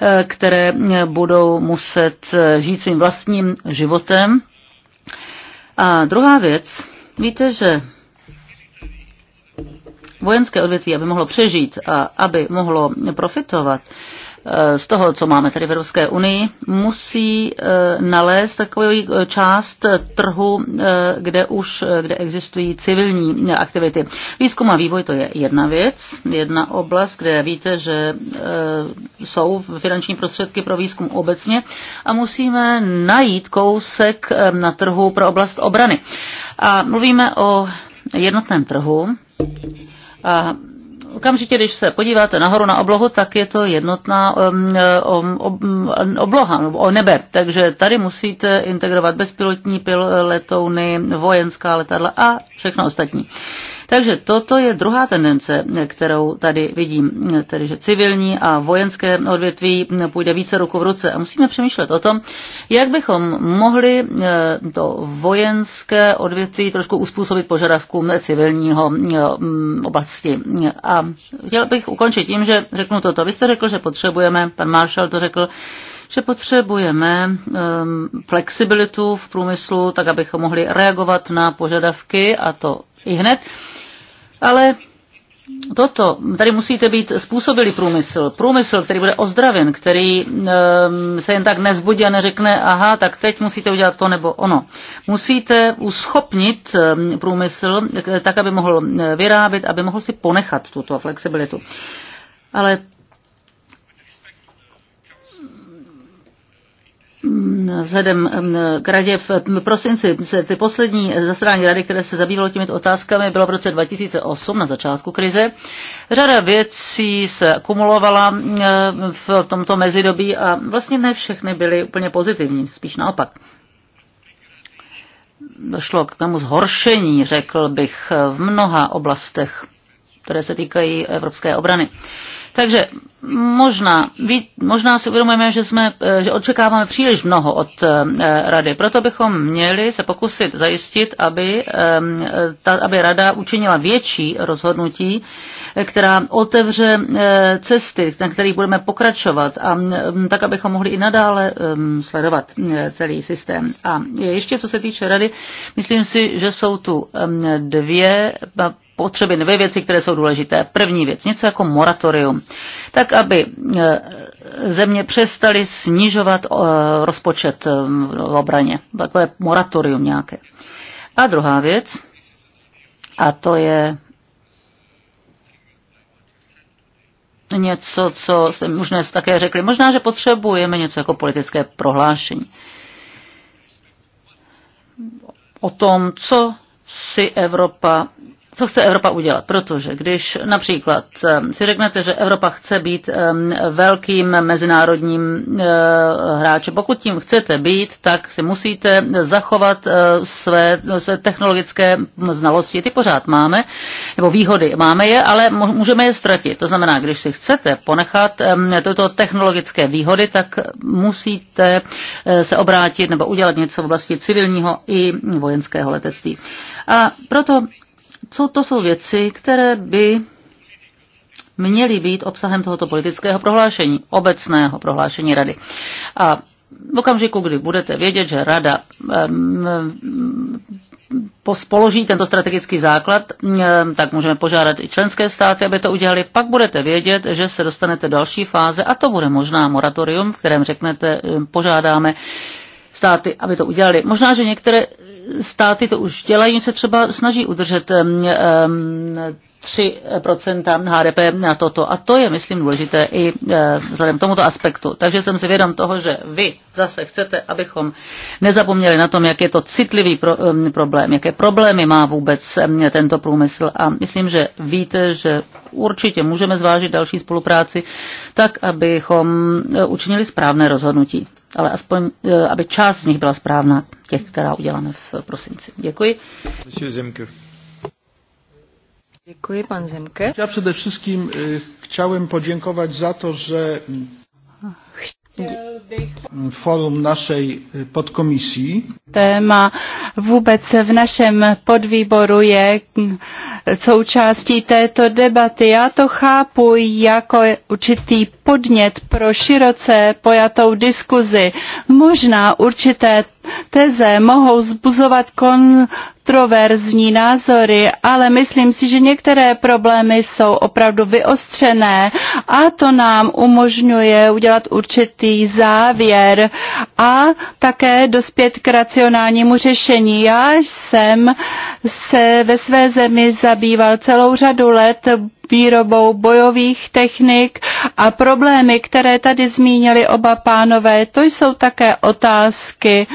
eh, které eh, budou muset eh, žít svým vlastním životem. A druhá věc, víte, že vojenské odvětví, aby mohlo přežít a aby mohlo profitovat, Eh, z toho, co máme tady v Evropské unii, musí eh, nalézt takovou eh, část trhu, kde už kde existují civilní aktivity. Výzkum a vývoj to je jedna věc, jedna oblast, kde víte, že jsou finanční prostředky pro výzkum obecně a musíme najít kousek na trhu pro oblast obrany. A mluvíme o jednotném trhu. A okamžitě, když se podíváte nahoru na oblohu, tak je to jednotná um, um, um, obloha, o nebe. Takže tady musíte integrovat bezpilotní pil, letouny, vojenská letadla a všechno ostatní. Takže toto je druhá tendence, kterou tady vidím, tedy že civilní a vojenské odvětví půjde více ruku v ruce. A musíme přemýšlet o tom, jak bychom mohli eh, to vojenské odvětví trošku uspůsobit požadavkům civilního eh, mm, oblasti. A chtěl bych ukončit tím, že řeknu toto. Vy jste řekl, že potřebujeme, pan Marshall to řekl, že potřebujeme um, flexibilitu v průmyslu, tak abychom mohli reagovat na požadavky a to i hned. Ale Toto, tady musíte být způsobili průmysl. Průmysl, který bude ozdraven, který um, se jen tak nezbudí a neřekne, aha, tak teď musíte udělat to nebo ono. Musíte uschopnit um, průmysl tak, aby mohl eh, vyrábět, aby mohl si ponechat tuto flexibilitu. Ale vzhledem k radě v prosinci se ty poslední zasedání rady, které se zabývalo těmito otázkami, bylo v roce 2008 na začátku krize. Řada věcí se kumulovala v tomto mezidobí a vlastně ne všechny byly úplně pozitivní, spíš naopak došlo k tomu zhoršení, řekl bych, v mnoha oblastech, které se týkají evropské obrany. Takže možná, možná si uvědomujeme, že, jsme, eh, že očekáváme příliš mnoho od eh, rady. Proto bychom měli se pokusit zajistit, aby, ehm, ta, aby rada učinila větší rozhodnutí, která otevře eh, cesty, na kterých budeme pokračovat, a mm, tak, abychom mohli i nadále ehm, sledovat celý systém. A ještě co se týče rady, myslím si, že jsou tu ehm, dvě potřeby dvě věci, které jsou důležité. První věc, něco jako moratorium, tak aby eh, země přestaly snižovat eh, rozpočet eh, v obraně. Takové moratorium nějaké. A druhá věc, a to je něco, co jste možná také řekli. Možná, že potřebujeme něco jako politické prohlášení o tom, co si Evropa co chce Evropa udělat? Protože když například eh, si řeknete, že Evropa chce být velkým mezinárodním eh, hráčem, pokud tím chcete být, tak si musíte zachovat eh, své, své technologické znalosti. Ty pořád máme, nebo výhody máme je, ale můžeme je ztratit. To znamená, když si chcete ponechat tyto technologické výhody, tak musíte se obrátit nebo udělat něco v oblasti civilního i vojenského letectví. A proto co to jsou věci, které by měly být obsahem tohoto politického prohlášení, obecného prohlášení rady. A v okamžiku, kdy budete vědět, že rada um, položí tento strategický základ, tak můžeme požádat i členské státy, aby to udělali. Pak budete vědět, že se dostanete do další fáze a to bude možná moratorium, v kterém řeknete, požádáme státy, aby to udělali. Možná, že některé státy to už dělají, se třeba snaží udržet 3 HDP na toto. A to je, myslím, důležité i e, vzhledem k tomuto aspektu. Takže jsem si vědom toho, že vy zase chcete, abychom nezapomněli na tom, jak je to citlivý pro, problém, jaké problémy má vůbec tento průmysl. A myslím, že víte, že určitě můžeme zvážit další spolupráci tak, abychom e, učinili správné rozhodnutí ale aspoň, e, aby část z nich byla správná, těch, která uděláme v prosinci. Děkuji. Děkuji, pan Zemke. Já především e, chtěl poděkovat za to, že Forum našej e, podkomisji. Téma vůbec v našem podvýboru je součástí této debaty. Já to chápu jako určitý podnět pro široce pojatou diskuzi. Možná určité teze mohou zbuzovat kon, kontroverzní názory, ale myslím si, že některé problémy jsou opravdu vyostřené a to nám umožňuje udělat určitý závěr a také dospět k racionálnímu řešení. Já jsem se ve své zemi zabýval celou řadu let výrobou bojových technik a problémy, které tady zmínili oba pánové, to jsou také otázky,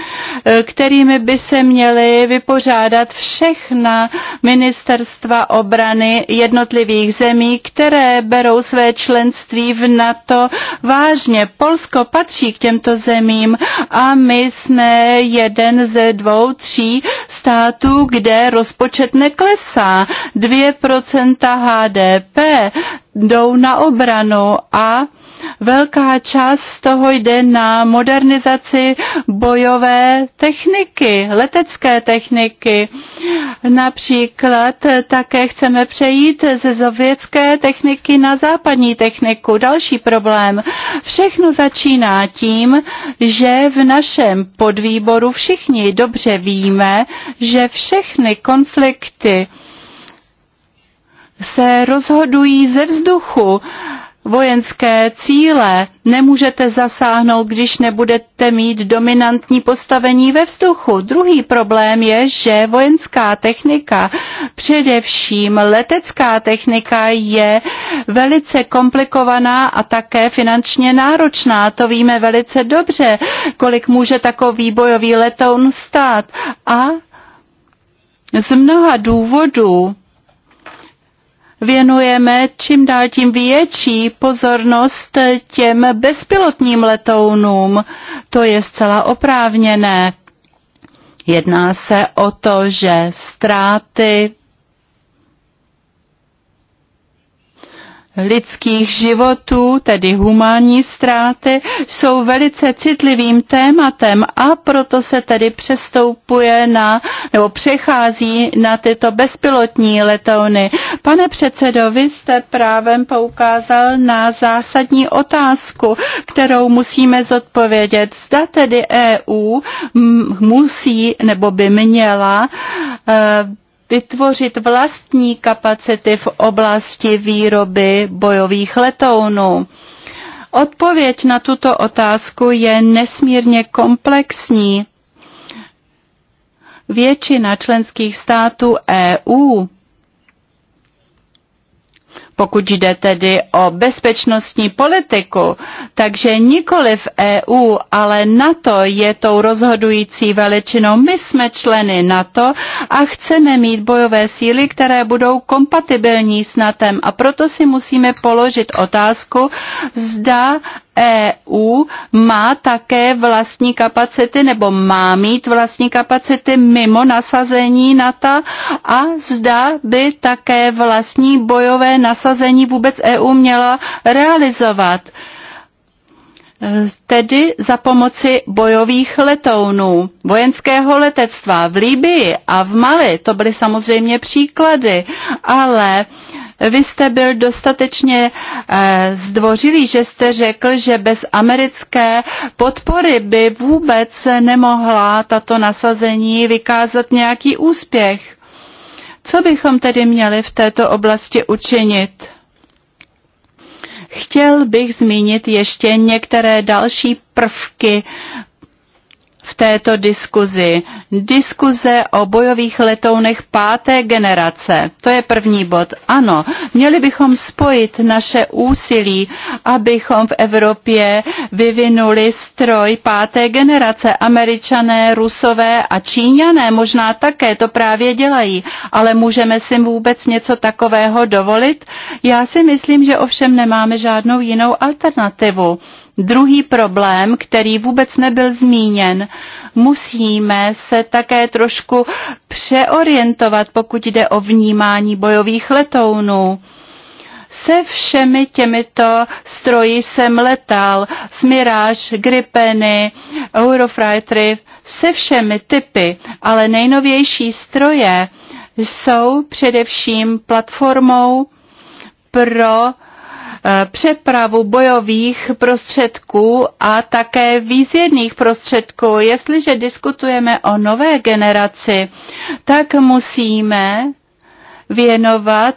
kterými by se měly vypořádat žádat všechna ministerstva obrany jednotlivých zemí, které berou své členství v NATO vážně. Polsko patří k těmto zemím a my jsme jeden ze dvou, tří států, kde rozpočet neklesá. 2% HDP jdou na obranu a Velká část z toho jde na modernizaci bojové techniky, letecké techniky. Například také chceme přejít ze sovětské techniky na západní techniku. Další problém. Všechno začíná tím, že v našem podvýboru všichni dobře víme, že všechny konflikty se rozhodují ze vzduchu vojenské cíle. Nemůžete zasáhnout, když nebudete mít dominantní postavení ve vzduchu. Druhý problém je, že vojenská technika, především letecká technika, je velice komplikovaná a také finančně náročná. To víme velice dobře, kolik může takový bojový letoun stát. A z mnoha důvodů věnujeme čím dál tím větší pozornost těm bezpilotním letounům. To je zcela oprávněné. Jedná se o to, že ztráty lidských životů, tedy humánní ztráty, jsou velice citlivým tématem a proto se tedy přestoupuje na, nebo přechází na tyto bezpilotní letouny. Pane předsedo, vy jste právem poukázal na zásadní otázku, kterou musíme zodpovědět. Zda tedy EU musí nebo by měla eh, vytvořit vlastní kapacity v oblasti výroby bojových letounů. Odpověď na tuto otázku je nesmírně komplexní. Většina členských států EU pokud jde tedy o bezpečnostní politiku. Takže nikoli v EU, ale NATO je tou rozhodující veličinou. My jsme členy NATO a chceme mít bojové síly, které budou kompatibilní s NATO. A proto si musíme položit otázku, zda EU má také vlastní kapacity nebo má mít vlastní kapacity mimo nasazení NATO a zda by také vlastní bojové nasazení vůbec EU měla realizovat tedy za pomoci bojových letounů, vojenského letectva v Líbii a v Mali, to byly samozřejmě příklady, ale uh, vy jste byl dostatečně eh, zdvořilý, že jste řekl, že bez americké podpory by vůbec nemohla tato nasazení vykázat nějaký úspěch. Co bychom tedy měli v této oblasti učinit? Chtěl bych zmínit ještě některé další prvky v této diskuzi. Diskuze o bojových letounech páté generace. To je první bod. Ano, měli bychom spojit naše úsilí, abychom v Evropě vyvinuli stroj páté generace. Američané, Rusové a Číňané možná také to právě dělají, ale můžeme si vůbec něco takového dovolit? Já si myslím, že ovšem nemáme žádnou jinou alternativu. Druhý problém, který vůbec nebyl zmíněn, musíme se také trošku přeorientovat, pokud jde o vnímání bojových letounů. Se všemi těmito stroji jsem letal, Smiráž, Gripeny, Eurofightery, se všemi typy, ale nejnovější stroje jsou především platformou pro Eh, přepravu bojových prostředků a také výzvědných prostředků. Jestliže diskutujeme o nové generaci, tak musíme věnovat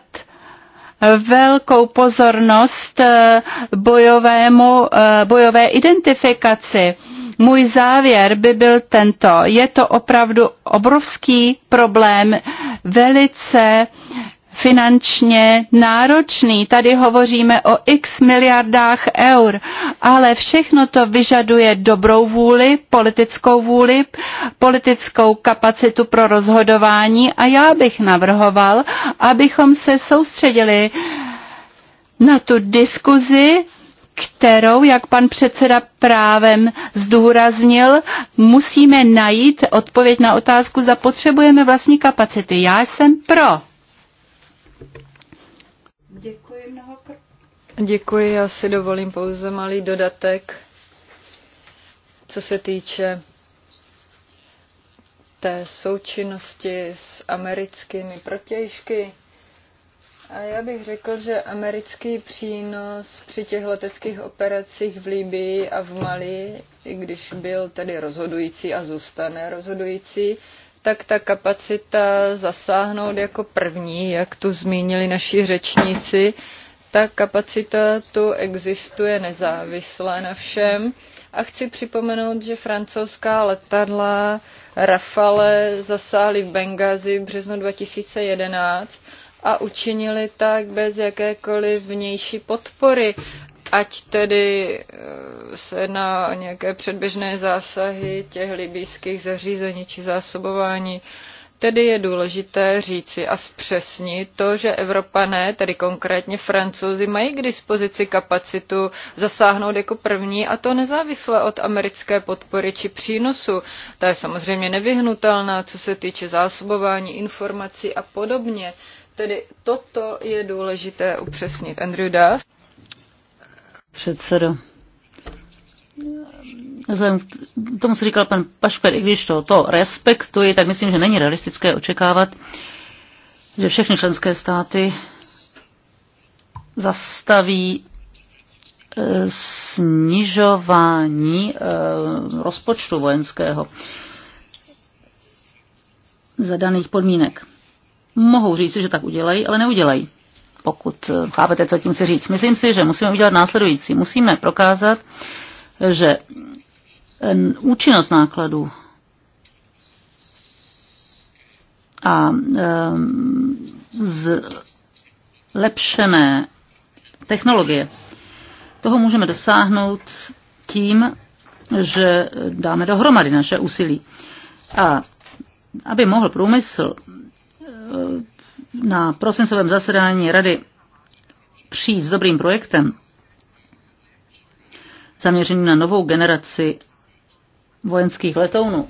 velkou pozornost eh, bojovému, eh, bojové identifikaci. Můj závěr by byl tento. Je to opravdu obrovský problém, velice finančně náročný. Tady hovoříme o x miliardách eur, ale všechno to vyžaduje dobrou vůli, politickou vůli, politickou kapacitu pro rozhodování a já bych navrhoval, abychom se soustředili na tu diskuzi, kterou, jak pan předseda právem zdůraznil, musíme najít odpověď na otázku, zapotřebujeme vlastní kapacity. Já jsem pro Děkuji, já si dovolím pouze malý dodatek, co se týče té součinnosti s americkými protějšky. A já bych řekl, že americký přínos při těch leteckých operacích v Libii a v Mali, i když byl tedy rozhodující a zůstane rozhodující, tak ta kapacita zasáhnout jako první, jak tu zmínili naši řečníci, ta kapacita tu existuje nezávisle na všem. A chci připomenout, že francouzská letadla Rafale zasáhly v Bengazi v březnu 2011 a učinili tak bez jakékoliv vnější podpory, ať tedy eh, se na nějaké předběžné zásahy těch libijských zařízení či zásobování uh, Tedy je důležité říci a zpřesnit to, že Evropané, tedy konkrétně Francouzi, mají k dispozici kapacitu zasáhnout jako první a to nezávisle od americké podpory či přínosu. Ta je samozřejmě nevyhnutelná, co se týče zásobování informací a podobně. Tedy toto je důležité upřesnit. Andrew Duff. Předsedo, vzhledem k tomu, co říkal pan Pašper, i když to, to respektuji, tak myslím, že není realistické očekávat, že všechny členské státy zastaví e, snižování e, rozpočtu vojenského za daných podmínek. Mohou říct, že tak udělají, ale neudělají, pokud e, chápete, co tím chci říct. Myslím si, že musíme udělat následující. Musíme prokázat, že účinnost nákladů a zlepšené technologie. Toho můžeme dosáhnout tím, že dáme dohromady naše úsilí. A aby mohl průmysl eh, na prosincovém zasedání rady přijít s dobrým projektem, zaměřený na novou generaci vojenských letounů.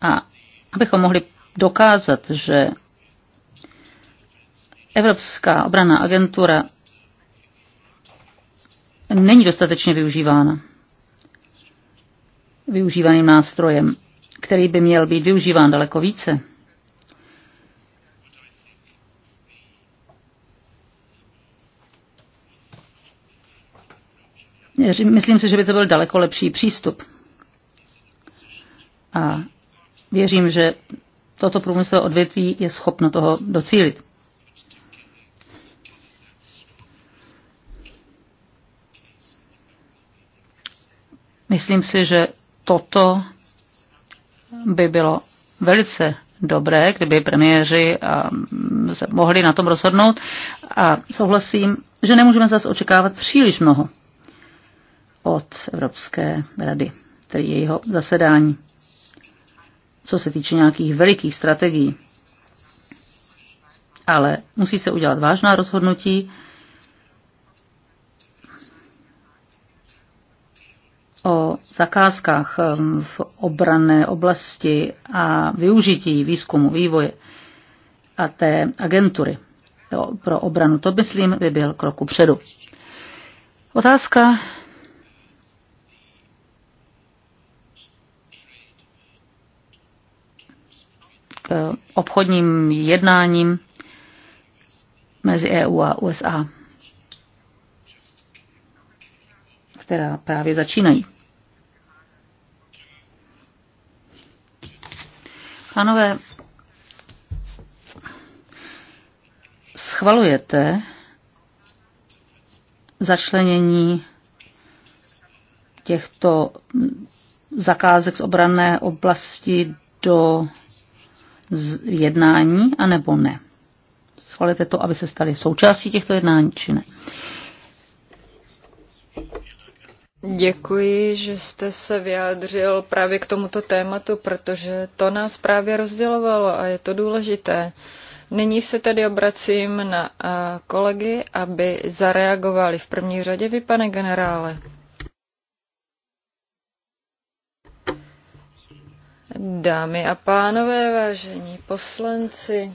A abychom mohli dokázat, že Evropská obranná agentura není dostatečně využívána využívaným nástrojem, který by měl být využíván daleko více. Myslím si, že by to byl daleko lepší přístup. A věřím, že toto průmyslové odvětví je schopno toho docílit. Myslím si, že toto by bylo velice dobré, kdyby premiéři um, se mohli na tom rozhodnout. A souhlasím, že nemůžeme zase očekávat příliš mnoho od Evropské rady, tedy jejího zasedání. Co se týče nějakých velikých strategií. Ale musí se udělat vážná rozhodnutí o zakázkách um, v obranné oblasti a využití výzkumu, vývoje a té agentury pro obranu. To, myslím, by byl krok předu. Otázka Eh, obchodním jednáním mezi EU a USA, která právě začínají. Pánové, schvalujete začlenění těchto zakázek z obranné oblasti do jednání, anebo ne. Schvalujete to, aby se stali součástí těchto jednání, či ne. Děkuji, že jste se vyjádřil právě k tomuto tématu, protože to nás právě rozdělovalo a je to důležité. Nyní se tedy obracím na eh, kolegy, aby zareagovali. V první řadě vy, pane generále. Dámy a pánové, vážení poslanci,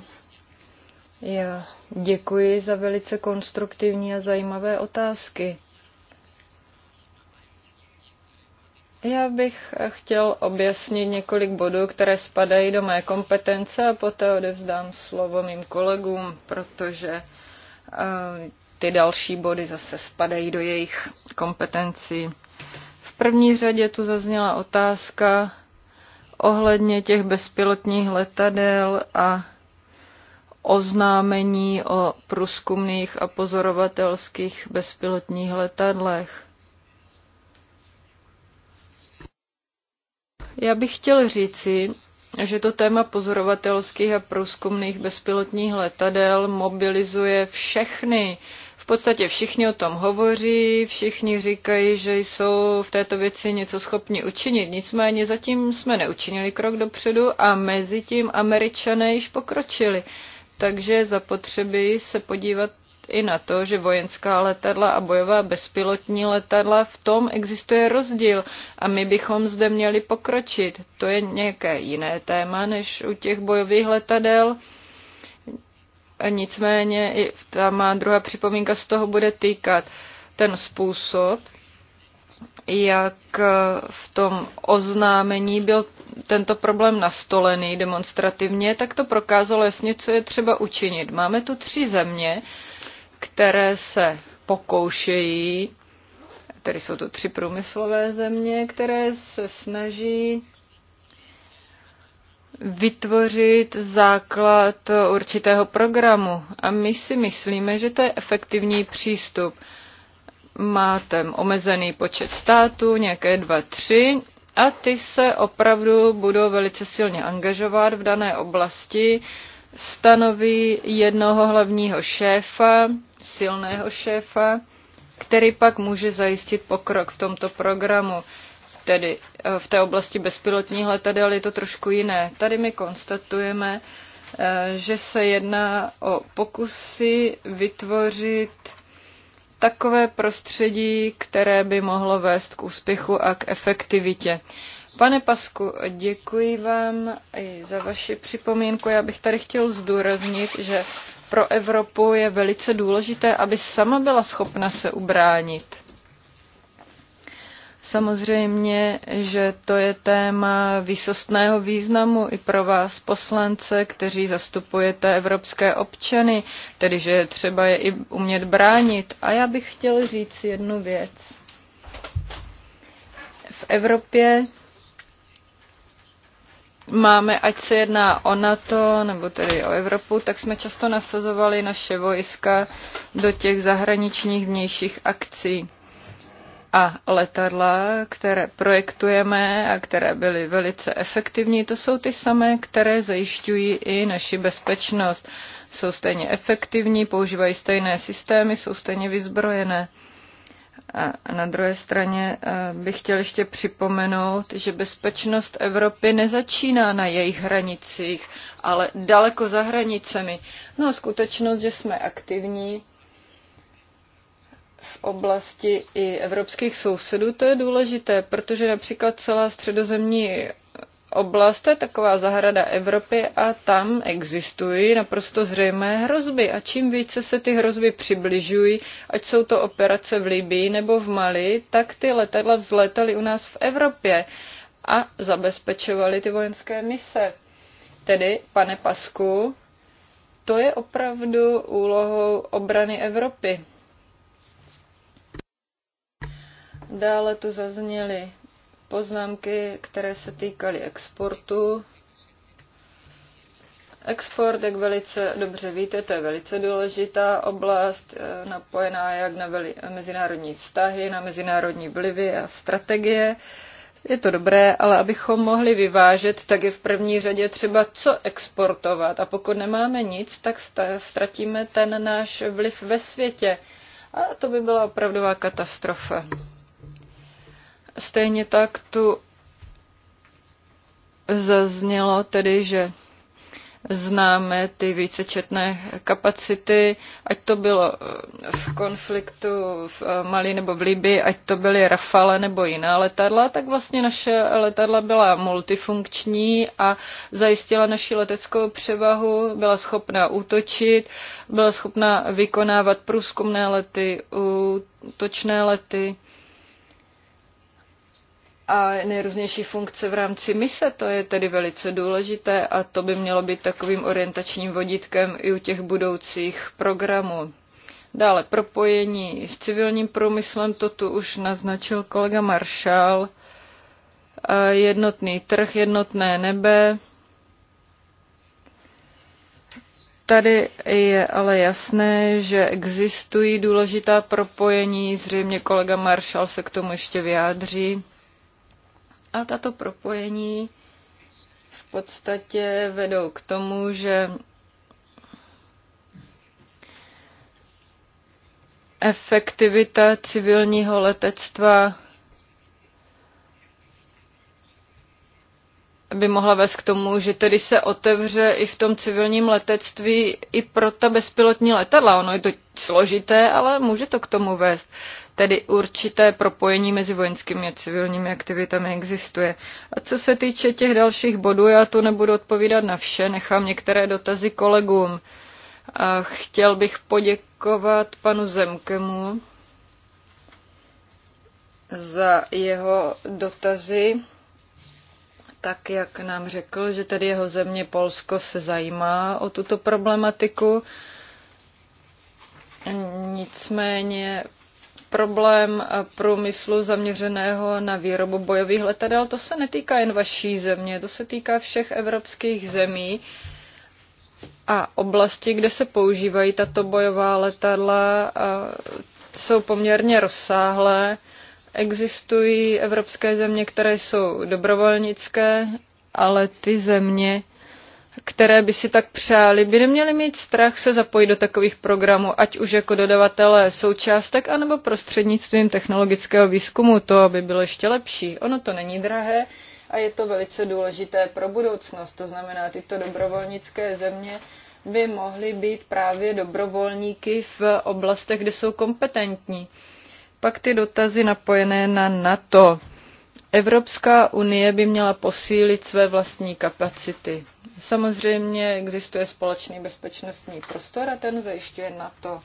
já děkuji za velice konstruktivní a zajímavé otázky. Já bych chtěl objasnit několik bodů, které spadají do mé kompetence a poté odevzdám slovo mým kolegům, protože eh, ty další body zase spadají do jejich kompetencí. V první řadě tu zazněla otázka, ohledně těch bezpilotních letadel a oznámení o průzkumných a pozorovatelských bezpilotních letadlech. Já bych chtěl říci, že to téma pozorovatelských a průzkumných bezpilotních letadel mobilizuje všechny uh, podstatě všichni o tom hovoří, všichni říkají, že jsou v této věci něco schopni učinit. Nicméně zatím jsme neučinili krok dopředu a mezi tím američané již pokročili. Takže zapotřebí se podívat i na to, že vojenská letadla a bojová bezpilotní letadla, v tom existuje rozdíl a my bychom zde měli pokročit. To je nějaké jiné téma než u těch bojových letadel. Nicméně i ta má druhá připomínka z toho bude týkat ten způsob, jak eh, v tom oznámení byl tento problém nastolený demonstrativně, tak to prokázalo jasně, co je třeba učinit. Máme tu tři země, které se pokoušejí, tedy jsou to tři průmyslové země, které se snaží vytvořit základ určitého programu. A my si myslíme, že to je efektivní přístup. Máte omezený počet států, nějaké dva, tři, a ty se opravdu budou velice silně angažovat v dané oblasti, stanoví jednoho hlavního šéfa, silného šéfa, který pak může zajistit pokrok v tomto programu tedy eh, v té oblasti bezpilotních letadel je to trošku jiné. Tady my konstatujeme, eh, že se jedná o pokusy vytvořit takové prostředí, které by mohlo vést k úspěchu a k efektivitě. Pane Pasku, děkuji vám i za vaši připomínku. Já bych tady chtěl zdůraznit, že pro Evropu je velice důležité, aby sama byla schopna se ubránit. Samozřejmě, že to je téma výsostného významu i pro vás poslance, kteří zastupujete evropské občany, tedy že je třeba je i umět bránit. A já bych chtěl říct jednu věc. V Evropě máme, ať se jedná o NATO nebo tedy o Evropu, tak jsme často nasazovali naše vojska do těch zahraničních vnějších akcí a letadla, které projektujeme a které byly velice efektivní, to jsou ty samé, které zajišťují i naši bezpečnost. Jsou stejně efektivní, používají stejné systémy, jsou stejně vyzbrojené. A na druhé straně eh, bych chtěl ještě připomenout, že bezpečnost Evropy nezačíná na jejich hranicích, ale daleko za hranicemi. No a skutečnost, že jsme aktivní, v oblasti i evropských sousedů, to je důležité, protože například celá středozemní oblast je taková zahrada Evropy a tam existují naprosto zřejmé hrozby. A čím více se ty hrozby přibližují, ať jsou to operace v Libii nebo v Mali, tak ty letadla vzlétaly u nás v Evropě a zabezpečovaly ty vojenské mise. Tedy, pane Pasku, to je opravdu úlohou obrany Evropy. Dále tu zazněly poznámky, které se týkaly exportu. Export, jak velice dobře víte, to je velice důležitá oblast, eh, napojená jak na mezinárodní vztahy, na mezinárodní vlivy a strategie. Je to dobré, ale abychom mohli vyvážet, tak je v první řadě třeba co exportovat. A pokud nemáme nic, tak ztratíme ten náš vliv ve světě. A to by byla opravdová katastrofa. Stejně tak tu zaznělo tedy, že známe ty vícečetné kapacity, ať to bylo eh, v konfliktu v eh, Mali nebo v Libii, ať to byly Rafale nebo jiná letadla, tak vlastně naše letadla byla multifunkční a zajistila naši leteckou převahu, byla schopná útočit, byla schopná vykonávat průzkumné lety, útočné lety a nejrůznější funkce v rámci mise, to je tedy velice důležité a to by mělo být takovým orientačním vodítkem i u těch budoucích programů. Dále propojení s civilním průmyslem, to tu už naznačil kolega Maršál. Jednotný trh, jednotné nebe. Tady je ale jasné, že existují důležitá propojení, zřejmě kolega Maršál se k tomu ještě vyjádří. A tato propojení v podstatě vedou k tomu, že efektivita civilního letectva by mohla vést k tomu, že tedy se otevře i v tom civilním letectví i pro ta bezpilotní letadla. Ono je to složité, ale může to k tomu vést. Tedy určité propojení mezi vojenskými a civilními aktivitami existuje. A co se týče těch dalších bodů, já tu nebudu odpovídat na vše, nechám některé dotazy kolegům. A chtěl bych poděkovat panu Zemkemu za jeho dotazy tak, jak nám řekl, že tedy jeho země Polsko se zajímá o tuto problematiku. Nicméně problém průmyslu zaměřeného na výrobu bojových letadel, to se netýká jen vaší země, to se týká všech evropských zemí a oblasti, kde se používají tato bojová letadla, jsou poměrně rozsáhlé. Existují evropské země, které jsou dobrovolnické, ale ty země, které by si tak přáli, by neměly mít strach se zapojit do takových programů, ať už jako dodavatelé součástek, anebo prostřednictvím technologického výzkumu, to, aby bylo ještě lepší. Ono to není drahé a je to velice důležité pro budoucnost. To znamená, tyto dobrovolnické země by mohly být právě dobrovolníky v oblastech, kde jsou kompetentní. Pak ty dotazy napojené na NATO. Evropská unie by měla posílit své vlastní kapacity. Samozřejmě existuje společný bezpečnostní prostor a ten zajišťuje NATO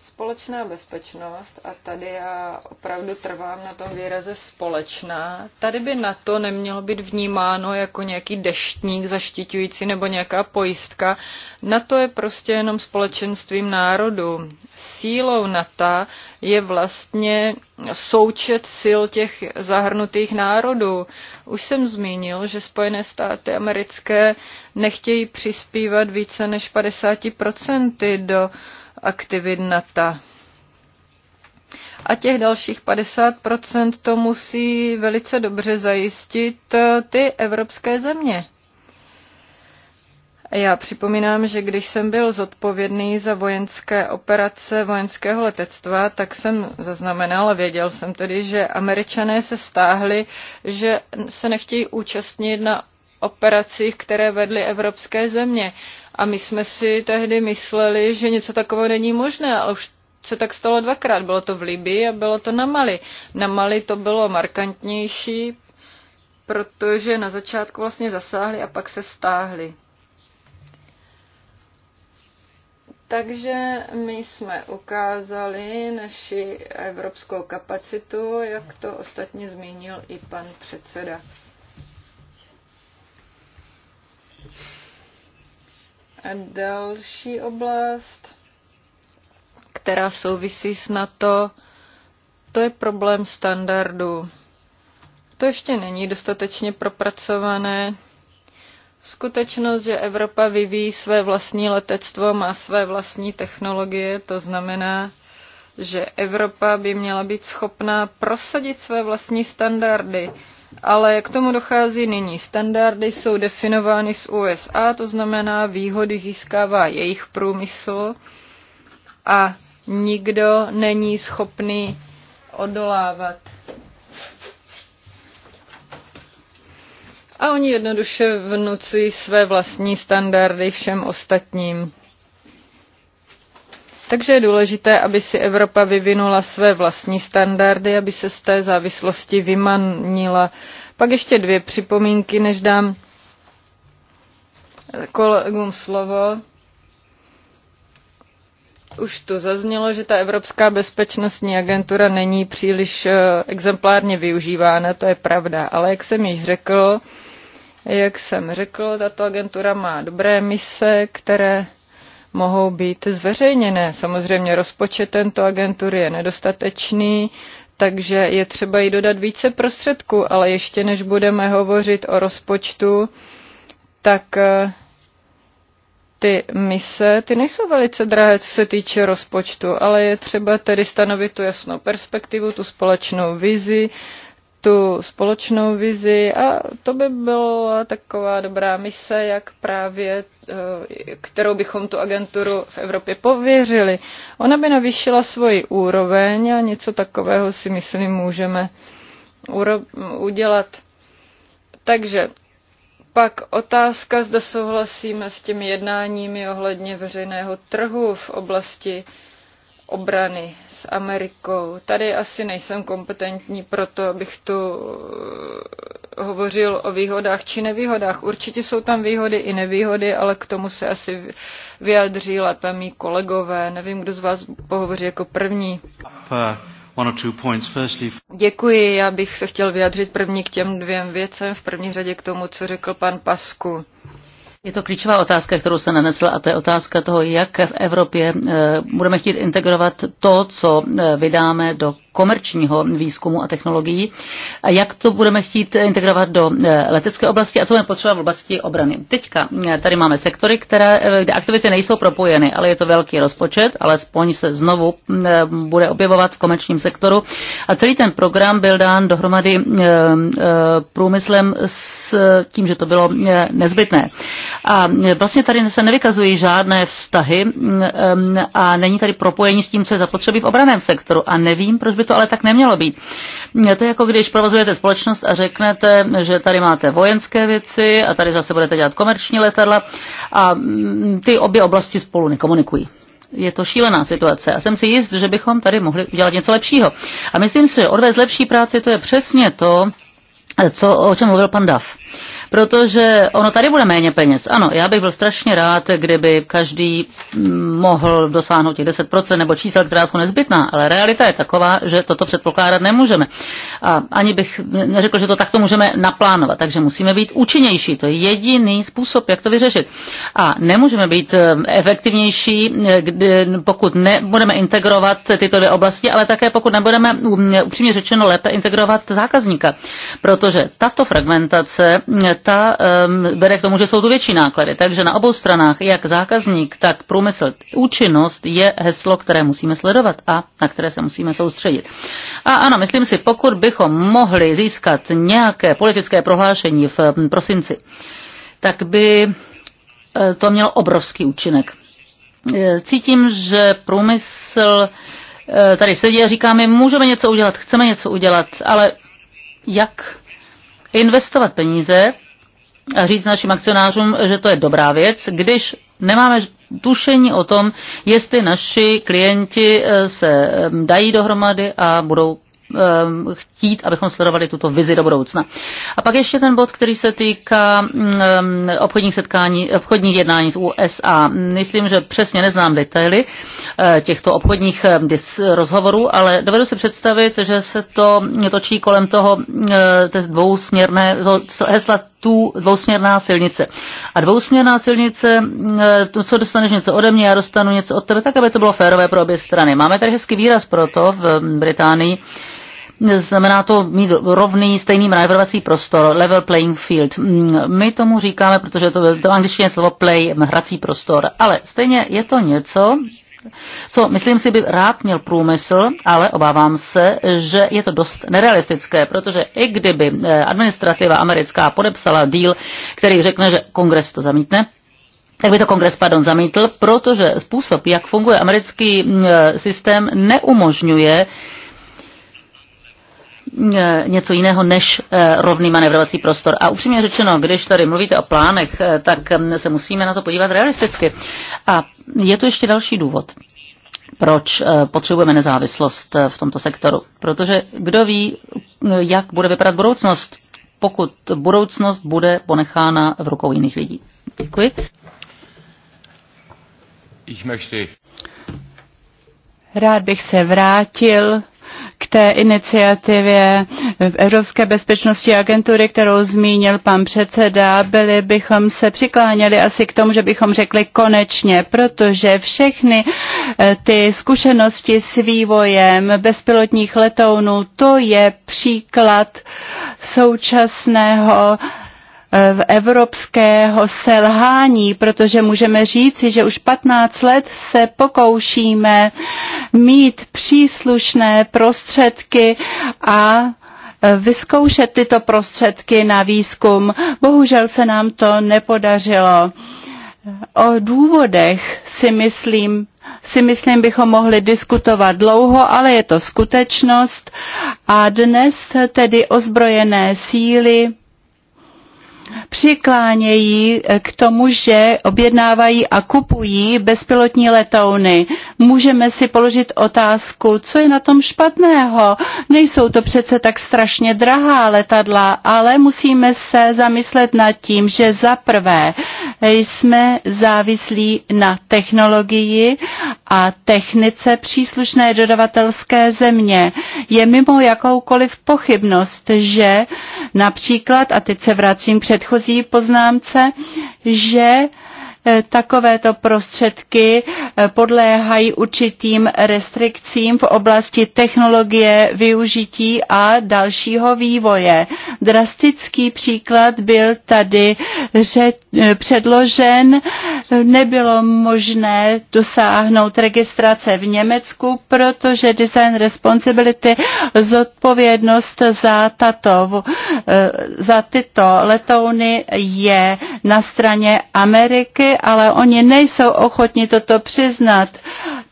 společná bezpečnost, a tady já opravdu trvám na tom výraze společná, tady by na to nemělo být vnímáno jako nějaký deštník zaštiťující nebo nějaká pojistka. Na to je prostě jenom společenstvím národu. Sílou NATO je vlastně součet sil těch zahrnutých národů. Už jsem zmínil, že Spojené státy americké nechtějí přispívat více než 50% do aktivit NATO. A těch dalších 50% to musí velice dobře zajistit eh, ty evropské země. Já připomínám, že když jsem byl zodpovědný za vojenské operace vojenského letectva, tak jsem zaznamenal a věděl jsem tedy, že američané se stáhli, že se nechtějí účastnit na operacích, které vedly evropské země. A my jsme si tehdy mysleli, že něco takového není možné, ale už se tak stalo dvakrát. Bylo to v Libii a bylo to na Mali. Na Mali to bylo markantnější, protože na začátku vlastně zasáhli a pak se stáhli. Takže my jsme ukázali naši evropskou kapacitu, jak to ostatně zmínil i pan předseda. A další oblast, která souvisí s NATO, to je problém standardu. To ještě není dostatečně propracované. Skutečnost, že Evropa vyvíjí své vlastní letectvo, má své vlastní technologie, to znamená, že Evropa by měla být schopná prosadit své vlastní standardy ale jak tomu dochází nyní? Standardy jsou definovány z USA, to znamená, výhody získává jejich průmysl a nikdo není schopný odolávat. A oni jednoduše vnucují své vlastní standardy všem ostatním. Takže je důležité, aby si Evropa vyvinula své vlastní standardy, aby se z té závislosti vymanila. Pak ještě dvě připomínky, než dám kolegům slovo. Už tu zaznělo, že ta Evropská bezpečnostní agentura není příliš eh, exemplárně využívána, to je pravda. Ale jak jsem již řekl, jak jsem řekl, tato agentura má dobré mise, které mohou být zveřejněné. Samozřejmě rozpočet tento agentury je nedostatečný, takže je třeba jí dodat více prostředků, ale ještě než budeme hovořit o rozpočtu, tak eh, ty mise, ty nejsou velice drahé, co se týče rozpočtu, ale je třeba tedy stanovit tu jasnou perspektivu, tu společnou vizi, tu společnou vizi a to by byla taková dobrá mise, jak právě, eh, kterou bychom tu agenturu v Evropě pověřili. Ona by navýšila svoji úroveň a něco takového si myslím můžeme udělat. Takže pak otázka, zda souhlasíme s těmi jednáními ohledně veřejného trhu v oblasti uh, obrany s Amerikou. Tady asi nejsem kompetentní, proto abych tu eh, hovořil o výhodách či nevýhodách. Určitě jsou tam výhody i nevýhody, ale k tomu se asi vyjadří lépe mý kolegové. Nevím, kdo z vás pohovoří jako první. Uh, Děkuji, já bych se chtěl vyjadřit první k těm dvěm věcem, v první řadě k tomu, co řekl pan Pasku. Je to klíčová otázka, kterou jste nanesla, a to je otázka toho, jak v Evropě eh, budeme chtít integrovat to, co eh, vydáme do komerčního výzkumu a technologií, a jak to budeme chtít integrovat do eh, letecké oblasti a co budeme potřebovat v oblasti obrany. Teďka eh, tady máme sektory, které, eh, kde aktivity nejsou propojeny, ale je to velký rozpočet, alespoň se znovu mm, bude objevovat v komerčním sektoru. A celý ten program byl dán dohromady průmyslem s tím, že to bylo nezbytné. A vlastně tady se nevykazují žádné vztahy mm, a není tady propojení s tím, co je zapotřebí v obraném sektoru. A nevím, proč by to ale tak nemělo být. To je jako když provozujete společnost a řeknete, že tady máte vojenské věci a tady zase budete dělat komerční letadla a mm, ty obě oblasti spolu nekomunikují je to šílená situace a jsem si jist, že bychom tady mohli udělat něco lepšího. A myslím si, že odvést lepší práci to je přesně to, co, o čem mluvil pan Dav protože ono tady bude méně peněz. Ano, já bych byl strašně rád, kdyby každý mohl dosáhnout těch 10% nebo čísel, která jsou nezbytná, ale realita je taková, že toto předpokládat nemůžeme. A ani bych neřekl, že to takto můžeme naplánovat, takže musíme být účinnější. To je jediný způsob, jak to vyřešit. A nemůžeme být eh, efektivnější, eh, pokud nebudeme integrovat tyto dvě oblasti, ale také pokud nebudeme mm, upřímně řečeno lépe integrovat zákazníka. Protože tato fragmentace ta vede k tomu, že jsou tu větší náklady. Takže na obou stranách, jak zákazník, tak průmysl, účinnost je heslo, které musíme sledovat a na které se musíme soustředit. A ano, myslím si, pokud bychom mohli získat nějaké politické prohlášení v prosinci, tak by e, to mělo obrovský účinek. E, cítím, že průmysl e, tady sedí a říká, my můžeme něco udělat, chceme něco udělat, ale jak investovat peníze říct našim akcionářům, že to je dobrá věc, když nemáme tušení o tom, jestli naši klienti eh, se eh, dají dohromady a budou Ehm, chtít, abychom sledovali tuto vizi do budoucna. A pak ještě ten bod, který se týká ehm, obchodních setkání, obchodních jednání z USA. Myslím, že přesně neznám detaily eh, těchto obchodních ehm, rozhovorů, ale dovedu si představit, že se to točí kolem toho eh, dvousměrné, toho hesla tu dvousměrná silnice. A dvousměrná silnice, eh, to, co dostaneš něco ode mě, já dostanu něco od tebe, tak aby to bylo férové pro obě strany. Máme tady hezký výraz pro to v Británii, Znamená to mít rovný, stejný mravrovací prostor, level playing field. Mm, my tomu říkáme, protože to, to angličtině slovo play, hrací prostor, ale stejně je to něco, co myslím si by rád měl průmysl, ale obávám se, že je to dost nerealistické, protože i kdyby eh, administrativa americká podepsala díl, který řekne, že kongres to zamítne, tak by to kongres pardon, zamítl, protože způsob, jak funguje americký mm, eh, systém, neumožňuje uh, E, něco jiného než e, rovný manevrovací prostor. A upřímně řečeno, když tady mluvíte o plánech, e, tak se musíme na to podívat realisticky. A je tu ještě další důvod proč potřebujeme nezávislost v tomto sektoru. Protože kdo ví, jak bude vypadat budoucnost, pokud budoucnost bude ponechána v rukou jiných lidí. Děkuji. Ich Rád bych se vrátil k té iniciativě Evropské bezpečnosti agentury, kterou zmínil pan předseda, byli bychom se přikláněli asi k tomu, že bychom řekli konečně, protože všechny eh, ty zkušenosti s vývojem bezpilotních letounů, to je příklad současného v evropského selhání, protože můžeme říci, že už 15 let se pokoušíme mít příslušné prostředky a e, vyzkoušet tyto prostředky na výzkum. Bohužel se nám to nepodařilo. O důvodech si myslím, si myslím, bychom mohli diskutovat dlouho, ale je to skutečnost. A dnes tedy ozbrojené síly přiklánějí eh, k tomu, že objednávají a kupují bezpilotní letouny můžeme si položit otázku, co je na tom špatného. Nejsou to přece tak strašně drahá letadla, ale musíme se zamyslet nad tím, že za prvé jsme závislí na technologii a technice příslušné dodavatelské země. Je mimo jakoukoliv pochybnost, že například, a teď se vracím k předchozí poznámce, že Eh, takovéto prostředky eh, podléhají určitým restrikcím v oblasti technologie, využití a dalšího vývoje. Drastický příklad byl tady že eh, předložen. Nebylo možné dosáhnout registrace v Německu, protože design responsibility zodpovědnost za, tato, za tyto letouny je na straně Ameriky ale oni nejsou ochotni toto přiznat.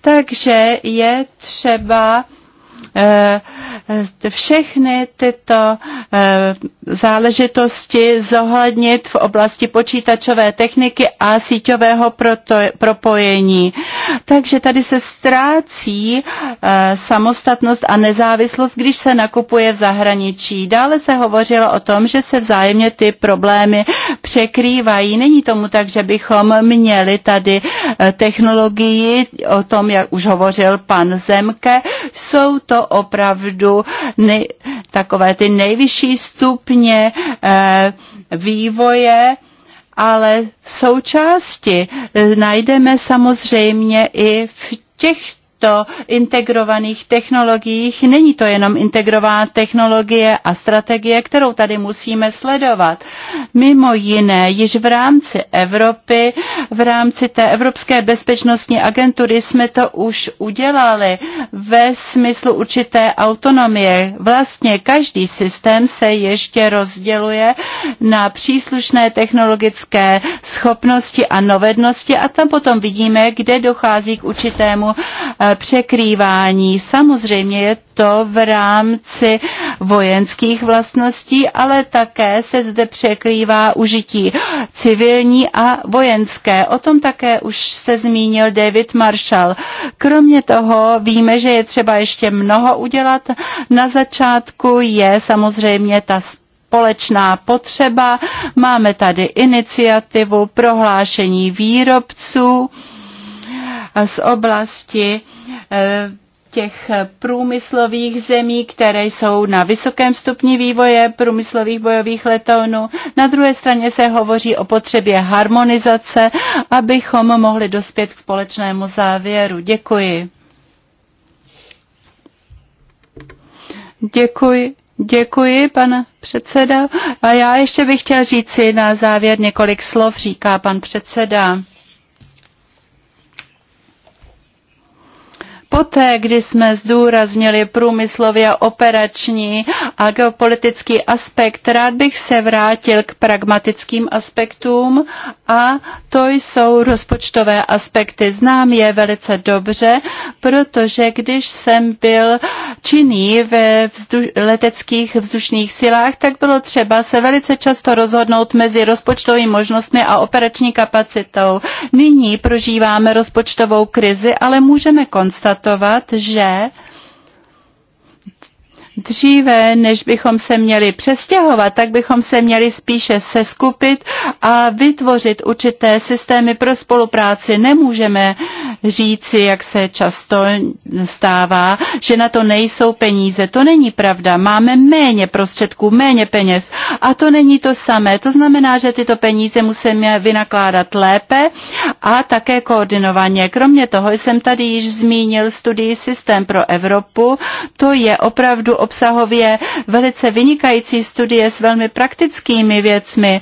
Takže je třeba Eh, všechny tyto eh, záležitosti zohlednit v oblasti počítačové techniky a síťového proto, propojení. Takže tady se ztrácí eh, samostatnost a nezávislost, když se nakupuje v zahraničí. Dále se hovořilo o tom, že se vzájemně ty problémy překrývají. Není tomu tak, že bychom měli tady technologii, o tom, jak už hovořil pan Zemke, jsou to opravdu nej, takové ty nejvyšší stupně e, vývoje ale součásti eh, najdeme samozřejmě i v těch to integrovaných technologiích. Není to jenom integrovaná technologie a strategie, kterou tady musíme sledovat. Mimo jiné, již v rámci Evropy, v rámci té Evropské bezpečnostní agentury jsme to už udělali ve smyslu určité autonomie. Vlastně každý systém se ještě rozděluje na příslušné technologické schopnosti a novednosti a tam potom vidíme, kde dochází k určitému eh, překrývání. Samozřejmě je to v rámci vojenských vlastností, ale také se zde překrývá užití civilní a vojenské. O tom také už se zmínil David Marshall. Kromě toho víme, že je třeba ještě mnoho udělat. Na začátku je samozřejmě ta společná potřeba. Máme tady iniciativu prohlášení výrobců z oblasti Eh, těch průmyslových zemí, které jsou na vysokém stupni vývoje průmyslových bojových letounů. Na druhé straně se hovoří o potřebě harmonizace, abychom mohli dospět k společnému závěru. Děkuji. Děkuji. Děkuji, pan předseda. A já ještě bych chtěl říci na závěr několik slov, říká pan předseda. Poté, kdy jsme zdůraznili průmyslově operační a geopolitický aspekt, rád bych se vrátil k pragmatickým aspektům a to jsou rozpočtové aspekty. Znám je velice dobře, protože když jsem byl činný ve vzduš- leteckých vzdušných silách, tak bylo třeba se velice často rozhodnout mezi rozpočtovými možnostmi a operační kapacitou. Nyní prožíváme rozpočtovou krizi, ale můžeme konstatovat, konstatovat, že Dříve, než bychom se měli přestěhovat, tak bychom se měli spíše seskupit a vytvořit určité systémy pro spolupráci. Nemůžeme říci, jak se často stává, že na to nejsou peníze. To není pravda. Máme méně prostředků, méně peněz. A to není to samé. To znamená, že tyto peníze musíme vynakládat lépe a také koordinovaně. Kromě toho jsem tady již zmínil studii Systém pro Evropu. To je opravdu obsahově velice vynikající studie s velmi praktickými věcmi.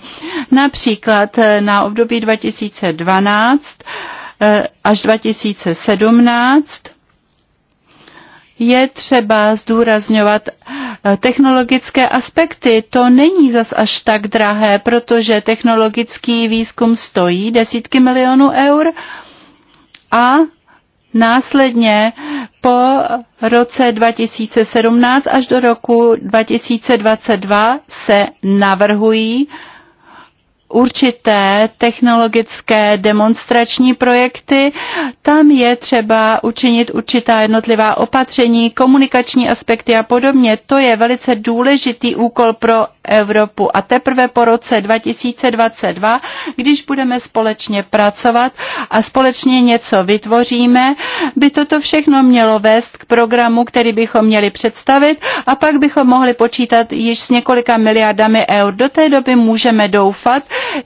Například eh, na období 2012 eh, až 2017 je třeba zdůrazňovat eh, technologické aspekty. To není zas až tak drahé, protože technologický výzkum stojí desítky milionů eur a Následně po roce 2017 až do roku 2022 se navrhují určité technologické demonstrační projekty. Tam je třeba učinit určitá jednotlivá opatření, komunikační aspekty a podobně. To je velice důležitý úkol pro Evropu. A teprve po roce 2022, když budeme společně pracovat a společně něco vytvoříme, by toto všechno mělo vést k programu, který bychom měli představit a pak bychom mohli počítat již s několika miliardami eur. Do té doby můžeme doufat,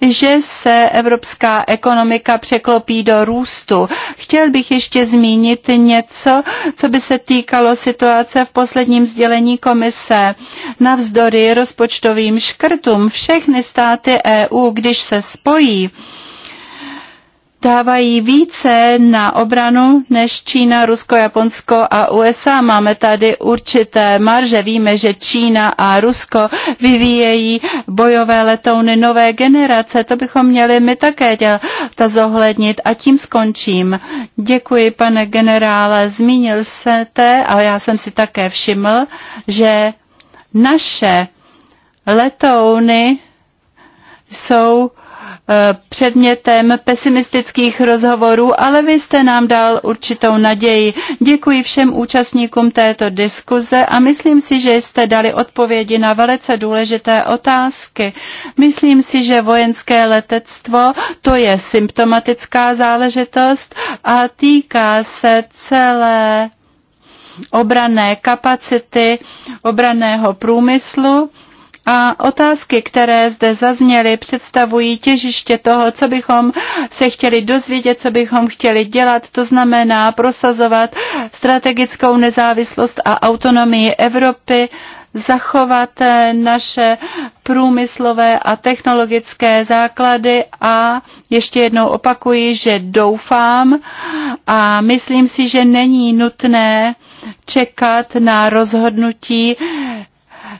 že se evropská ekonomika překlopí do růstu. Chtěl bych ještě zmínit něco, co by se týkalo situace v posledním sdělení komise. Navzdory rozpočtovým škrtům všechny státy EU, když se spojí, dávají více na obranu než Čína, Rusko, Japonsko a USA. Máme tady určité marže. Víme, že Čína a Rusko vyvíjejí bojové letouny nové generace. To bychom měli my také dělat zohlednit. A tím skončím. Děkuji, pane generále. Zmínil se te a já jsem si také všiml, že naše letouny jsou Eh, předmětem pesimistických rozhovorů, ale vy jste nám dal určitou naději. Děkuji všem účastníkům této diskuze a myslím si, že jste dali odpovědi na velice důležité otázky. Myslím si, že vojenské letectvo to je symptomatická záležitost a týká se celé obrané kapacity obraného průmyslu a otázky, které zde zazněly, představují těžiště toho, co bychom se chtěli dozvědět, co bychom chtěli dělat. To znamená prosazovat strategickou nezávislost a autonomii Evropy, zachovat eh, naše průmyslové a technologické základy a ještě jednou opakuji, že doufám a myslím si, že není nutné čekat na rozhodnutí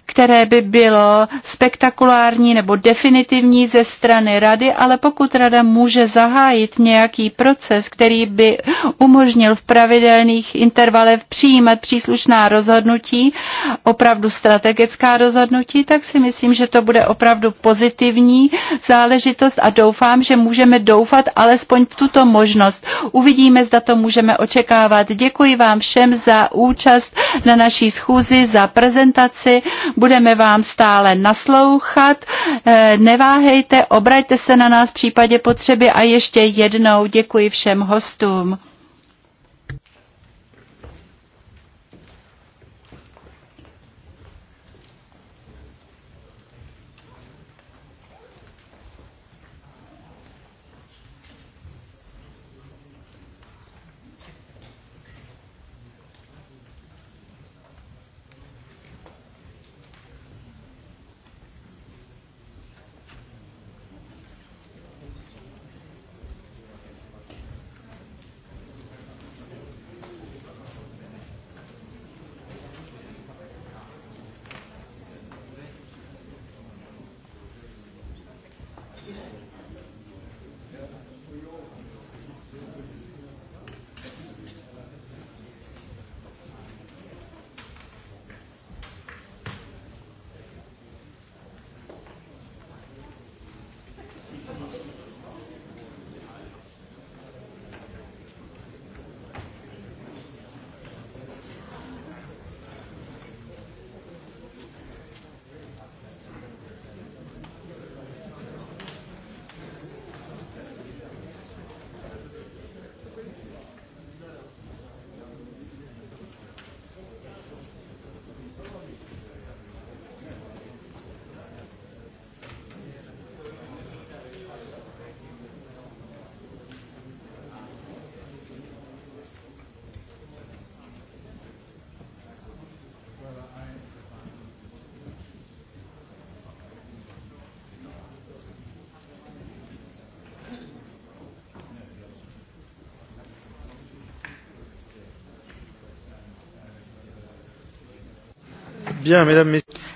které by bylo spektakulární nebo definitivní ze strany rady, ale pokud rada může zahájit nějaký proces, který by umožnil v pravidelných intervalech přijímat příslušná rozhodnutí, opravdu strategická rozhodnutí, tak si myslím, že to bude opravdu pozitivní záležitost a doufám, že můžeme doufat alespoň v tuto možnost. Uvidíme, zda to můžeme očekávat. Děkuji vám všem za účast na naší schůzi, za prezentaci budeme vám stále naslouchat. Eh, neváhejte, obraťte se na nás v případě potřeby a ještě jednou děkuji všem hostům.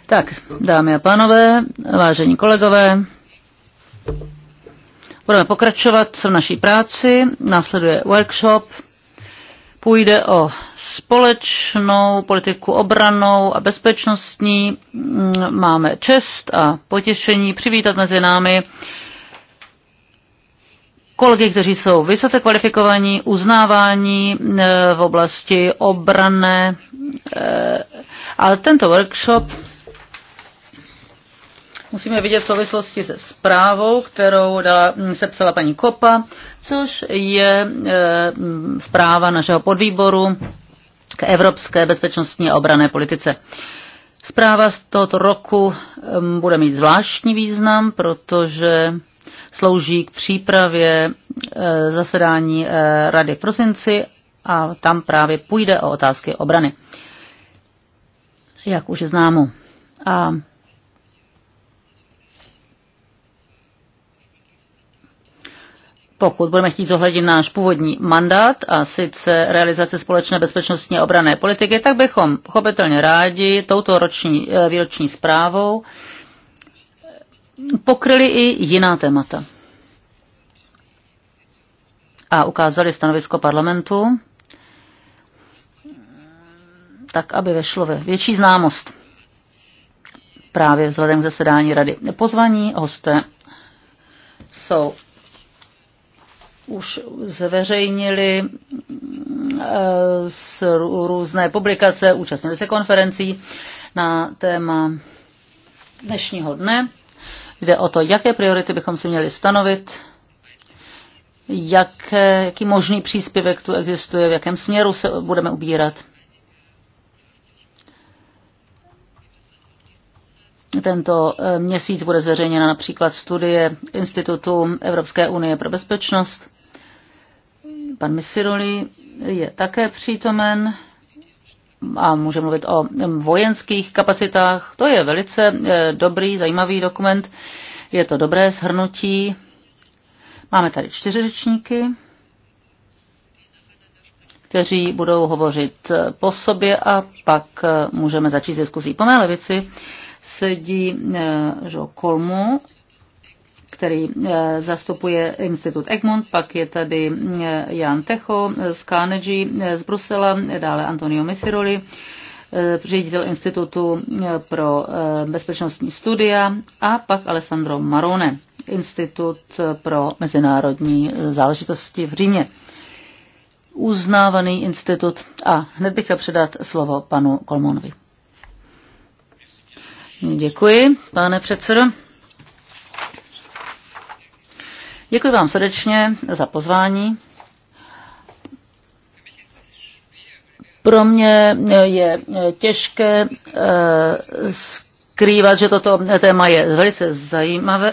Tak, dámy a pánové, vážení kolegové, budeme pokračovat v naší práci. Následuje workshop. Půjde o společnou politiku obranou a bezpečnostní. Mm, máme čest a potěšení přivítat mezi námi kolegy, kteří jsou vysoce kvalifikovaní, uznávání eh, v oblasti obrané eh, ale tento workshop musíme vidět v souvislosti se zprávou, kterou dala, mm, sepsala paní Kopa, což je e, mm, zpráva našeho podvýboru k evropské bezpečnostní a obrané politice. Zpráva z tohoto roku mm, bude mít zvláštní význam, protože slouží k přípravě e, zasedání e, Rady v prosinci a tam právě půjde o otázky obrany jak už známo. A pokud budeme chtít zohlednit náš původní mandát a sice realizace společné bezpečnostní a obrané politiky, tak bychom pochopitelně rádi touto roční, eh, výroční zprávou pokryli i jiná témata a ukázali stanovisko parlamentu tak aby vešlo ve větší známost právě vzhledem k zasedání rady. Pozvaní hosté jsou už zveřejnili z eh, různé publikace, účastnili se konferencí na téma dnešního dne. Jde o to, jaké priority bychom si měli stanovit, jak, jaký možný příspěvek tu existuje, v jakém směru se budeme ubírat Tento eh, měsíc bude zveřejněna například studie Institutu Evropské unie pro bezpečnost. Pan Misiroli je také přítomen a může mluvit o mm, vojenských kapacitách. To je velice eh, dobrý, zajímavý dokument. Je to dobré shrnutí. Máme tady čtyři řečníky, kteří budou hovořit eh, po sobě a pak můžeme začít diskuzí po mé levici sedí eh, že, Kolmo, který eh, zastupuje Institut Egmont, pak je tady eh, Jan Techo z Carnegie z Brusela, dále Antonio Misiroli, ředitel Institutu pro bezpečnostní studia a pak Alessandro Marone, Institut pro mezinárodní záležitosti v Římě. Uznávaný institut. A hned bych chtěl předat slovo panu Kolmonovi. Děkuji, pane předsedo. Děkuji vám srdečně za pozvání. Pro mě je těžké eh, skrývat, že toto téma je velice zajímavé.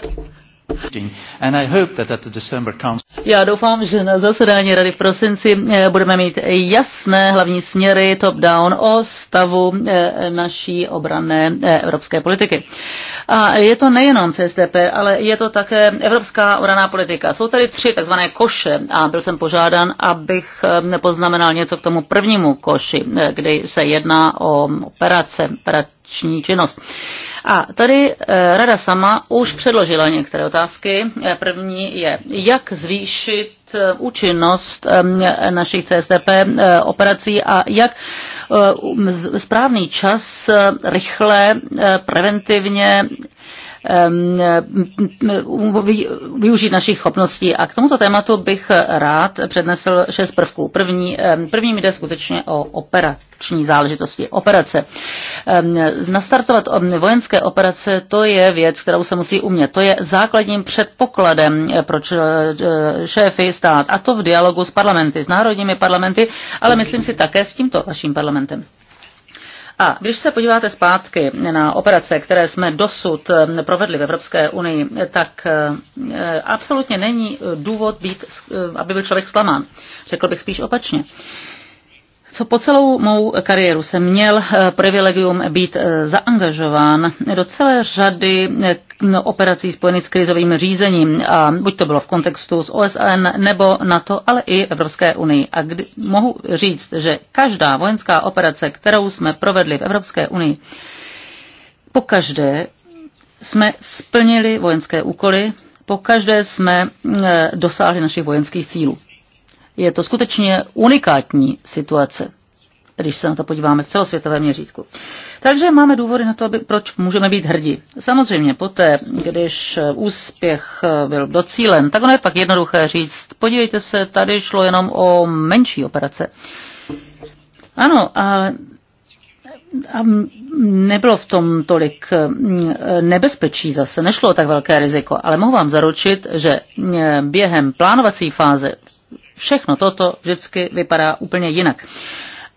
Já doufám, že na zasedání Rady v prosinci eh, budeme mít jasné hlavní směry top-down o stavu eh, naší obranné eh, evropské politiky. A je to nejenom CSTP, ale je to také evropská obraná politika. Jsou tady tři takzvané koše a byl jsem požádán, abych nepoznamenal něco k tomu prvnímu koši, kdy se jedná o operace, operace akční činnost. A tady eh, rada sama už předložila některé otázky. Eh, první je, jak zvýšit eh, účinnost našich CSTP operací a jak um, správný čas rychle, preventivně využít našich schopností. A k tomuto tématu bych rád přednesl šest prvků. První, prvním jde skutečně o operační záležitosti, operace. Nastartovat vojenské operace, to je věc, kterou se musí umět. To je základním předpokladem eh, pro eh, šéfy stát. A to v dialogu s parlamenty, s národními parlamenty, ale myslím si také s tímto vaším parlamentem. A když se podíváte zpátky na operace, které jsme dosud eh, provedli v Evropské unii, tak eh, absolutně není eh, důvod být, aby byl člověk zklamán. Řekl bych spíš opačně. Co po celou mou kariéru jsem měl eh, privilegium být eh, zaangažován do celé řady eh, operací spojených s krizovým řízením, a buď to bylo v kontextu s OSN nebo NATO, ale i Evropské unii. A kdy, mohu říct, že každá vojenská operace, kterou jsme provedli v Evropské unii, pokaždé jsme splnili vojenské úkoly, pokaždé jsme dosáhli našich vojenských cílů. Je to skutečně unikátní situace když se na to podíváme v celosvětovém měřítku. Takže máme důvody na to, aby, proč můžeme být hrdí. Samozřejmě poté, když úspěch byl docílen, tak ono je pak jednoduché říct, podívejte se, tady šlo jenom o menší operace. Ano, a, a nebylo v tom tolik eh, nebezpečí zase, nešlo o tak velké riziko, ale mohu vám zaručit, že eh, během plánovací fáze Všechno toto vždycky vypadá úplně jinak.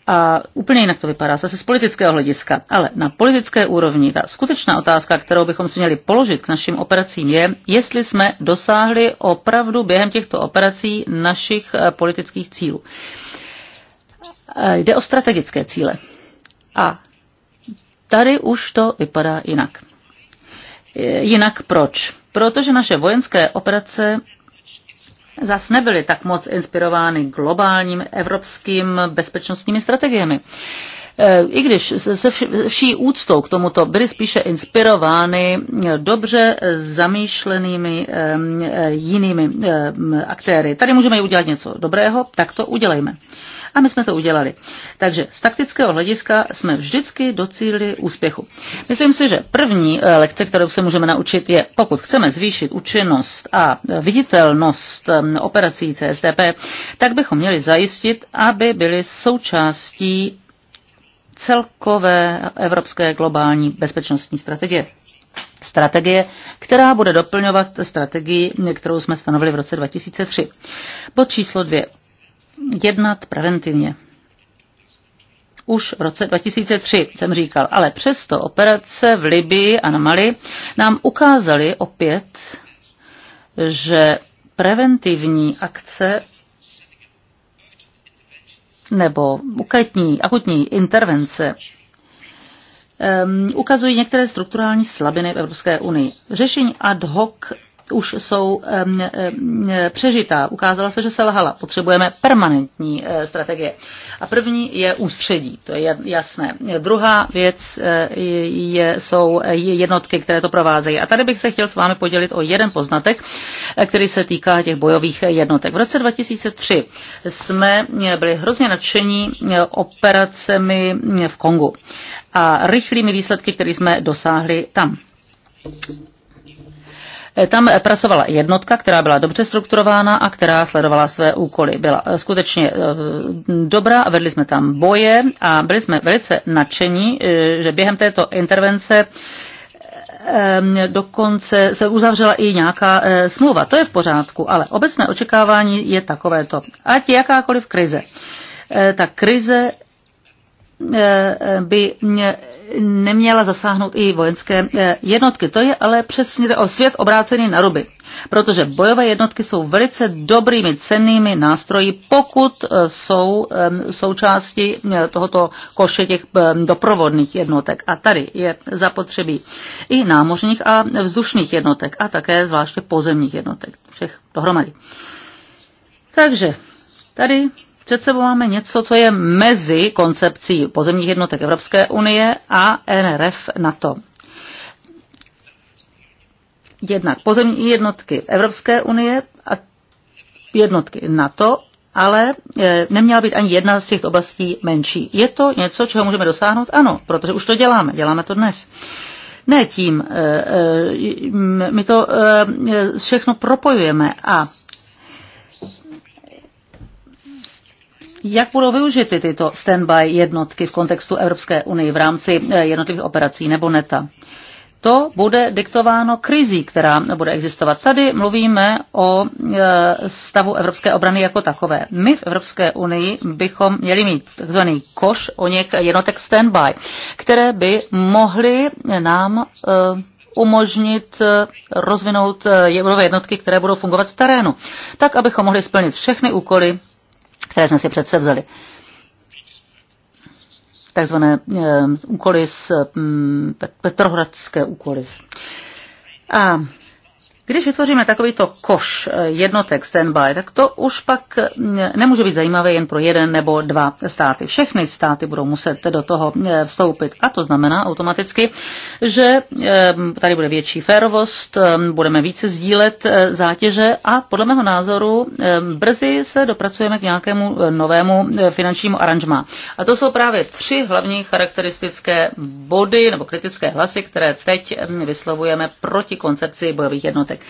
A úplně jinak to vypadá zase z politického hlediska. Ale na politické úrovni ta skutečná otázka, kterou bychom si měli položit k našim operacím, je, jestli jsme dosáhli opravdu během těchto operací našich eh, politických cílů. Eh, jde o strategické cíle. A tady už to vypadá jinak. Eh, jinak proč? Protože naše vojenské operace zas nebyly tak moc inspirovány globálním evropským bezpečnostními strategiemi e, i když se vší úctou k tomuto byly spíše inspirovány dobře zamýšlenými e, jinými aktéry. Tady můžeme udělat něco dobrého, tak to udělejme. A my jsme to udělali. Takže z taktického hlediska jsme vždycky docílili úspěchu. Myslím si, že první eh, lekce, kterou se můžeme naučit, je, pokud chceme zvýšit účinnost a eh, viditelnost eh, operací CSDP, tak bychom měli zajistit, aby byly součástí celkové evropské globální bezpečnostní strategie. Strategie, která bude doplňovat strategii, kterou jsme stanovili v roce 2003. Pod číslo dvě jednat preventivně. Už v roce 2003 jsem říkal, ale přesto operace v Libii a na Mali nám ukázaly opět, že preventivní akce nebo akutní, akutní intervence um, ukazují některé strukturální slabiny v Evropské unii. Řešení ad hoc už jsou přežitá. Ukázala se, že se lhala. Potřebujeme permanentní eh, strategie. A první je ústředí, to je jasné. Druhá věc eh, je, jsou eh, jednotky, které to provázejí. A tady bych se chtěl s vámi podělit o jeden poznatek, který se týká těch bojových jednotek. V roce 2003 jsme byli hrozně nadšení operacemi v Kongu a rychlými výsledky, které jsme dosáhli tam. Tam pracovala jednotka, která byla dobře strukturována a která sledovala své úkoly. Byla eh, skutečně eh, dobrá, vedli jsme tam boje a byli jsme velice nadšení, eh, že během této intervence ehm, dokonce se uzavřela i nějaká smlouva. To je v pořádku, ale obecné očekávání je takovéto. Ať jakákoliv krize, ta krize Eh, eh, by neměla zasáhnout i vojenské eh, jednotky. To je ale přesně o svět obrácený na ruby. Protože bojové jednotky jsou velice dobrými, cennými nástroji, pokud jsou součástí tohoto koše těch doprovodných jednotek. A tady je zapotřebí i námořních a vzdušných jednotek a také zvláště pozemních jednotek, všech dohromady. Takže tady před sebou máme něco, co je mezi koncepcí pozemních jednotek Evropské unie a NRF NATO. Jednak pozemní jednotky Evropské unie a jednotky NATO, ale e, neměla být ani jedna z těch oblastí menší. Je to něco, čeho můžeme dosáhnout? Ano, protože už to děláme, děláme to dnes ne tím, e, e, my to všechno propojujeme a Jak budou využity tyto standby jednotky v kontextu Evropské unie v rámci eh, jednotlivých operací nebo NETA? to bude diktováno krizí, která bude existovat. Tady mluvíme o eh, stavu evropské obrany jako takové. My v Evropské unii bychom měli mít takzvaný koš o něk jednotek standby, které by mohly nám eh, umožnit rozvinout jednotky, které budou fungovat v terénu, tak abychom mohli splnit všechny úkoly, které jsme si přece vzali. Takzvané eh, úkoly z mm, Petrohradské úkoly. A když vytvoříme takovýto koš eh, jednotek standby, tak to už pak eh, nemůže být zajímavé jen pro jeden nebo dva státy. Všechny státy budou muset do toho eh, vstoupit. A to znamená automaticky, že tady bude větší férovost, budeme více sdílet zátěže a podle mého názoru brzy se dopracujeme k nějakému novému finančnímu aranžmá. A to jsou právě tři hlavní charakteristické body nebo kritické hlasy, které teď vyslovujeme proti koncepci bojových jednotek otázek.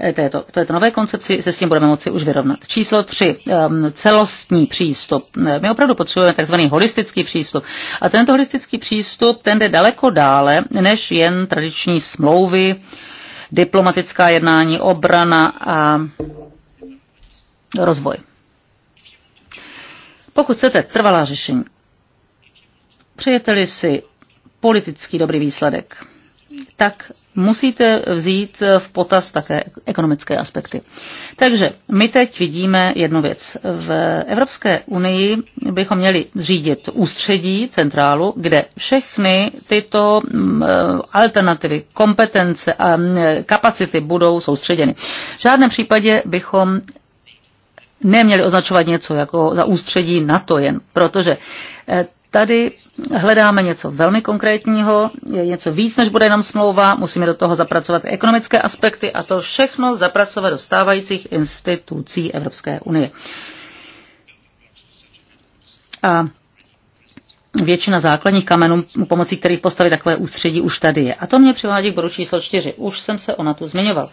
Eh, této, této nové koncepci se s tím budeme moci už vyrovnat. Číslo tři: ehm, Celostní přístup. Eh, my opravdu potřebujeme tzv. holistický přístup. A tento holistický přístup ten jde daleko dále než jen tradiční smlouvy, diplomatická jednání, obrana a rozvoj. Pokud chcete trvalá řešení, přejete-li si politický dobrý výsledek, tak musíte vzít v potaz také ekonomické aspekty. Takže my teď vidíme jednu věc. V Evropské unii bychom měli řídit ústředí, centrálu, kde všechny tyto mm, eh, alternativy, kompetence a mm, eh, kapacity budou soustředěny. V žádném případě bychom neměli označovat něco jako za ústředí NATO jen, protože eh, Tady hledáme něco velmi konkrétního, je něco víc, než bude nám smlouva, musíme do toho zapracovat ekonomické aspekty a to všechno zapracovat do stávajících institucí Evropské unie. A většina základních kamenů, pomocí kterých postavit takové ústředí, už tady je. A to mě přivádí k bodu číslo čtyři. Už jsem se o tu zmiňoval.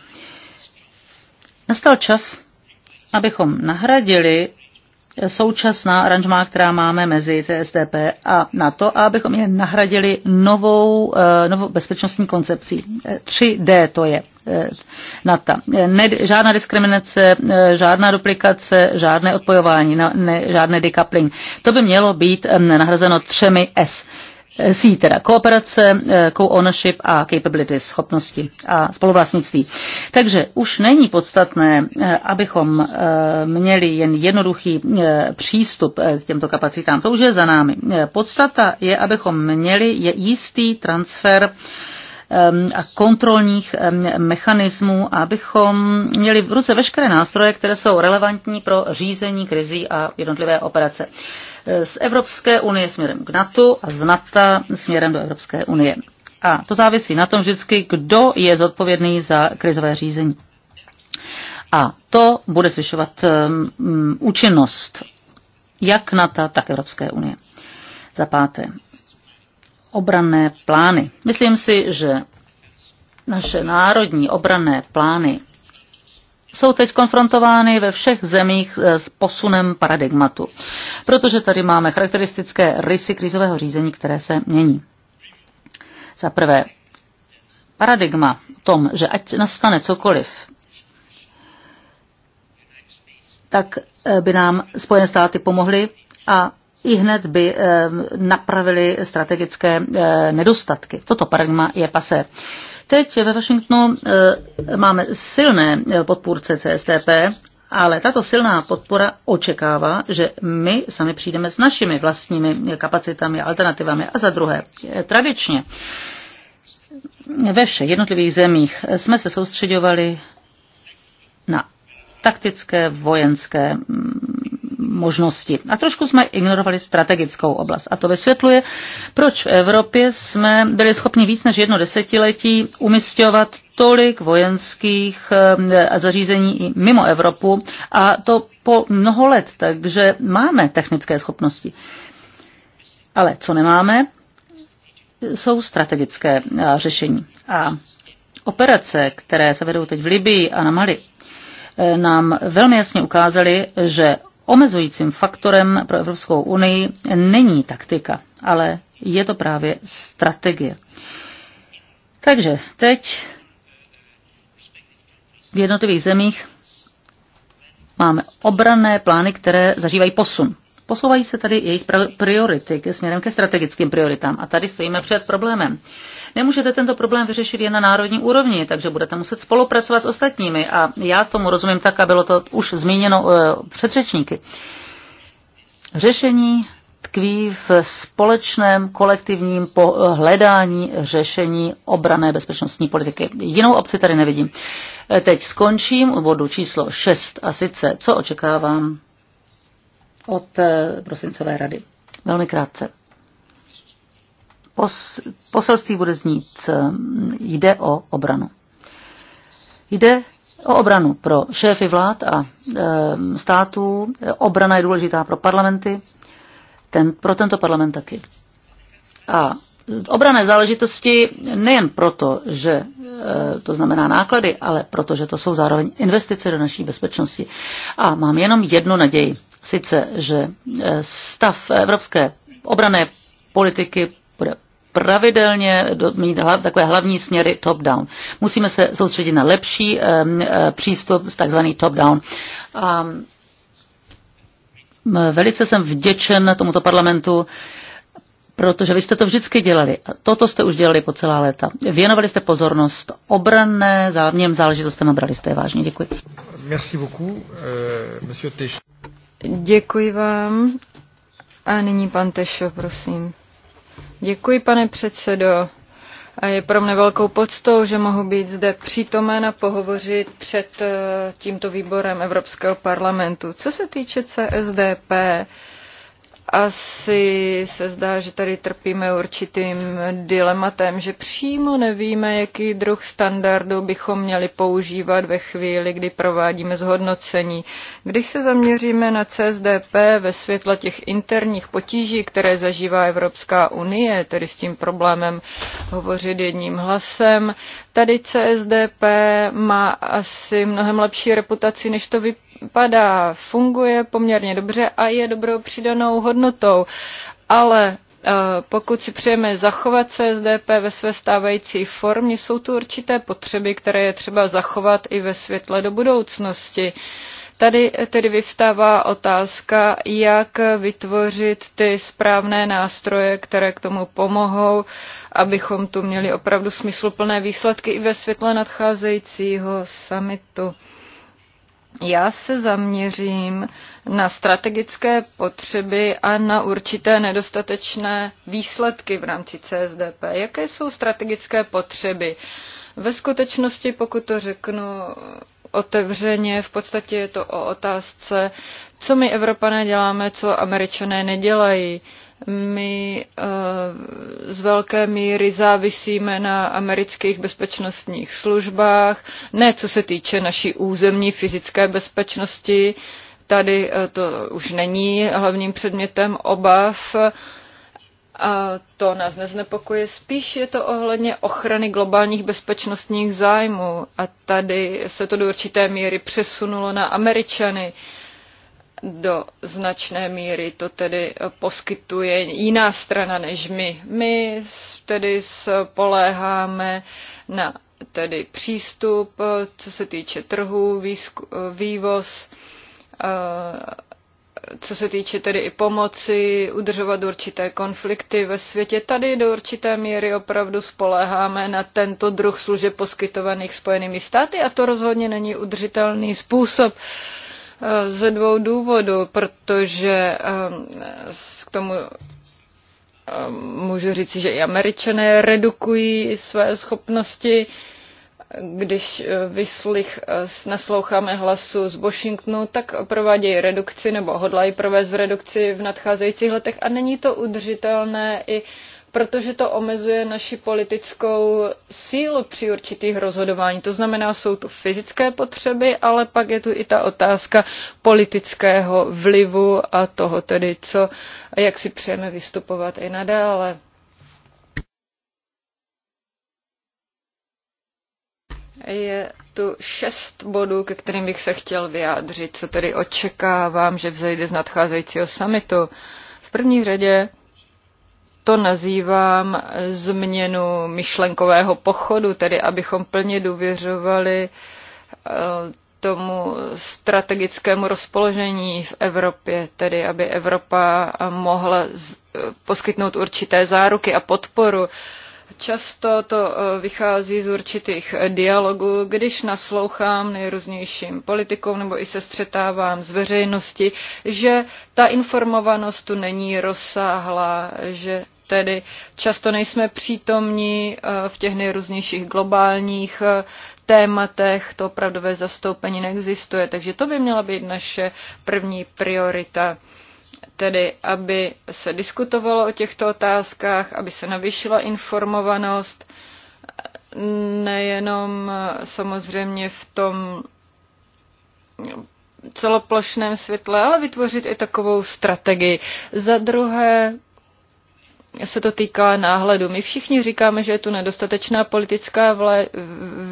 Nastal čas, abychom nahradili současná aranžma, která máme mezi CSTP a NATO, a abychom je nahradili novou, eh, novou bezpečnostní koncepcí. 3D eh, to je. Eh, NATO. Ne, žádná diskriminace, žádná duplikace, žádné odpojování, ne, žádné decoupling. To by mělo být nahrazeno třemi S. Eh, sí, teda kooperace, eh, co-ownership a capability, schopnosti a spoluvlastnictví. Takže už není podstatné, eh, abychom měli jen jednoduchý přístup k těmto kapacitám. To už je za námi. Podstata je, abychom měli je jistý transfer a kontrolních mechanismů, abychom měli v ruce veškeré nástroje, které jsou relevantní pro řízení krizí a jednotlivé operace z Evropské unie směrem k NATO a z NATO směrem do Evropské unie. A to závisí na tom vždycky, kdo je zodpovědný za krizové řízení. A to bude zvyšovat um, um účinnost jak NATO, tak Evropské unie. Za páté, obranné plány. Myslím si, že naše národní obranné plány jsou teď konfrontovány ve všech zemích eh, s posunem paradigmatu, protože tady máme charakteristické rysy krizového řízení, které se mění. Za prvé, paradigma tom, že ať nastane cokoliv, tak eh, by nám Spojené státy pomohly a i hned by eh, napravili strategické nedostatky. Toto paradigma je pasé. Teď ve Washingtonu eh, máme silné eh, podpůrce CSTP, ale tato silná podpora očekává, že my sami přijdeme s našimi vlastními kapacitami a alternativami. A za druhé, eh, tradičně ve všech jednotlivých zemích jsme se soustředovali na taktické vojenské mm, možnosti. A trošku jsme ignorovali strategickou oblast. A to vysvětluje, proč v Evropě jsme byli schopni víc než jedno desetiletí umistovat tolik vojenských eh, zařízení i mimo Evropu a to po mnoho let, takže máme technické schopnosti. Ale co nemáme, jsou strategické eh, řešení. A operace, které se vedou teď v Libii a na Mali, eh, nám velmi jasně ukázaly, že Omezujícím faktorem pro Evropskou unii není taktika, ale je to právě strategie. Takže teď v jednotlivých zemích máme obranné plány, které zažívají posun. Posouvají se tady jejich priority ke směrem ke strategickým prioritám. A tady stojíme před problémem. Nemůžete tento problém vyřešit jen na národní úrovni, takže budete muset spolupracovat s ostatními. A já tomu rozumím tak, a bylo to už zmíněno eh, předřečníky. Řešení tkví v společném kolektivním hledání řešení obrané bezpečnostní politiky. Jinou obci tady nevidím. Eh, teď skončím u bodu číslo 6 a sice, co očekávám od eh, prosincové rady. Velmi krátce. Pos, poselství bude znít, eh, jde o obranu. Jde o obranu pro šéfy vlád a eh, států. Obrana je důležitá pro parlamenty, ten, pro tento parlament taky. A obrané záležitosti nejen proto, že eh, to znamená náklady, ale protože to jsou zároveň investice do naší bezpečnosti. A mám jenom jednu naději, sice, že stav evropské obrané politiky bude pravidelně mít hlav, takové hlavní směry top-down. Musíme se soustředit na lepší um, přístup, takzvaný top-down. Um, velice jsem vděčen tomuto parlamentu, protože vy jste to vždycky dělali. A toto jste už dělali po celá léta. Věnovali jste pozornost obranné záměm záležitostem a brali jste je vážně. Děkuji. Merci beaucoup, euh, monsieur Děkuji vám. A nyní pan Tešo, prosím. Děkuji, pane předsedo. A je pro mě velkou poctou, že mohu být zde přítomen a pohovořit před eh, tímto výborem Evropského parlamentu. Co se týče CSDP, asi se zdá, že tady trpíme určitým dilematem, že přímo nevíme, jaký druh standardu bychom měli používat ve chvíli, kdy provádíme zhodnocení. Když se zaměříme na CSDP ve světle těch interních potíží, které zažívá Evropská unie, tedy s tím problémem hovořit jedním hlasem, Tady CSDP má asi mnohem lepší reputaci, než to vypadá. Funguje poměrně dobře a je dobrou přidanou hodnotou. Ale eh, pokud si přejeme zachovat CSDP ve své stávající formě, jsou tu určité potřeby, které je třeba zachovat i ve světle do budoucnosti. Uh, Tady tedy vyvstává otázka, jak vytvořit ty správné nástroje, které k tomu pomohou, abychom tu měli opravdu smysluplné výsledky i ve světle nadcházejícího summitu. Já se zaměřím na strategické potřeby a na určité nedostatečné výsledky v rámci CSDP. Jaké jsou strategické potřeby? Ve skutečnosti, pokud to řeknu otevřeně. V podstatě je to o otázce, co my Evropané děláme, co Američané nedělají. My eh, z velké míry závisíme na amerických bezpečnostních službách, ne co se týče naší územní fyzické bezpečnosti, tady eh, to už není hlavním předmětem obav, a to nás neznepokuje. Spíš je to ohledně ochrany globálních bezpečnostních zájmů. A tady se to do určité míry přesunulo na Američany. Do značné míry to tedy poskytuje jiná strana než my. My tedy spoléháme na tedy přístup, co se týče trhu, výzku, vývoz co se týče tedy i pomoci udržovat určité konflikty ve světě, tady do určité míry opravdu spoléháme na tento druh služeb poskytovaných Spojenými státy a to rozhodně není udržitelný způsob eh, ze dvou důvodů, protože eh, k tomu eh, můžu říci, že i američané redukují své schopnosti když eh, vyslich eh, nasloucháme hlasu z Washingtonu, tak provádějí redukci nebo hodlají provést redukci v nadcházejících letech a není to udržitelné i protože to omezuje naši politickou sílu při určitých rozhodování. To znamená, jsou tu fyzické potřeby, ale pak je tu i ta otázka politického vlivu a toho tedy, co, jak si přejeme vystupovat i nadále. Je tu šest bodů, ke kterým bych se chtěl vyjádřit, co tedy očekávám, že vzejde z nadcházejícího samitu. V první řadě to nazývám změnu myšlenkového pochodu, tedy abychom plně důvěřovali eh, tomu strategickému rozpoložení v Evropě, tedy aby Evropa mohla poskytnout určité záruky a podporu Často to eh, vychází z určitých eh, dialogů, když naslouchám nejrůznějším politikům nebo i se střetávám s veřejnosti, že ta informovanost tu není rozsáhlá, že tedy často nejsme přítomní eh, v těch nejrůznějších globálních tématech, to opravdové zastoupení neexistuje, takže to by měla být naše první priorita tedy aby se diskutovalo o těchto otázkách, aby se navýšila informovanost, nejenom eh, samozřejmě v tom celoplošném světle, ale vytvořit i takovou strategii. Za druhé, se to týká náhledu. My všichni říkáme, že je tu nedostatečná politická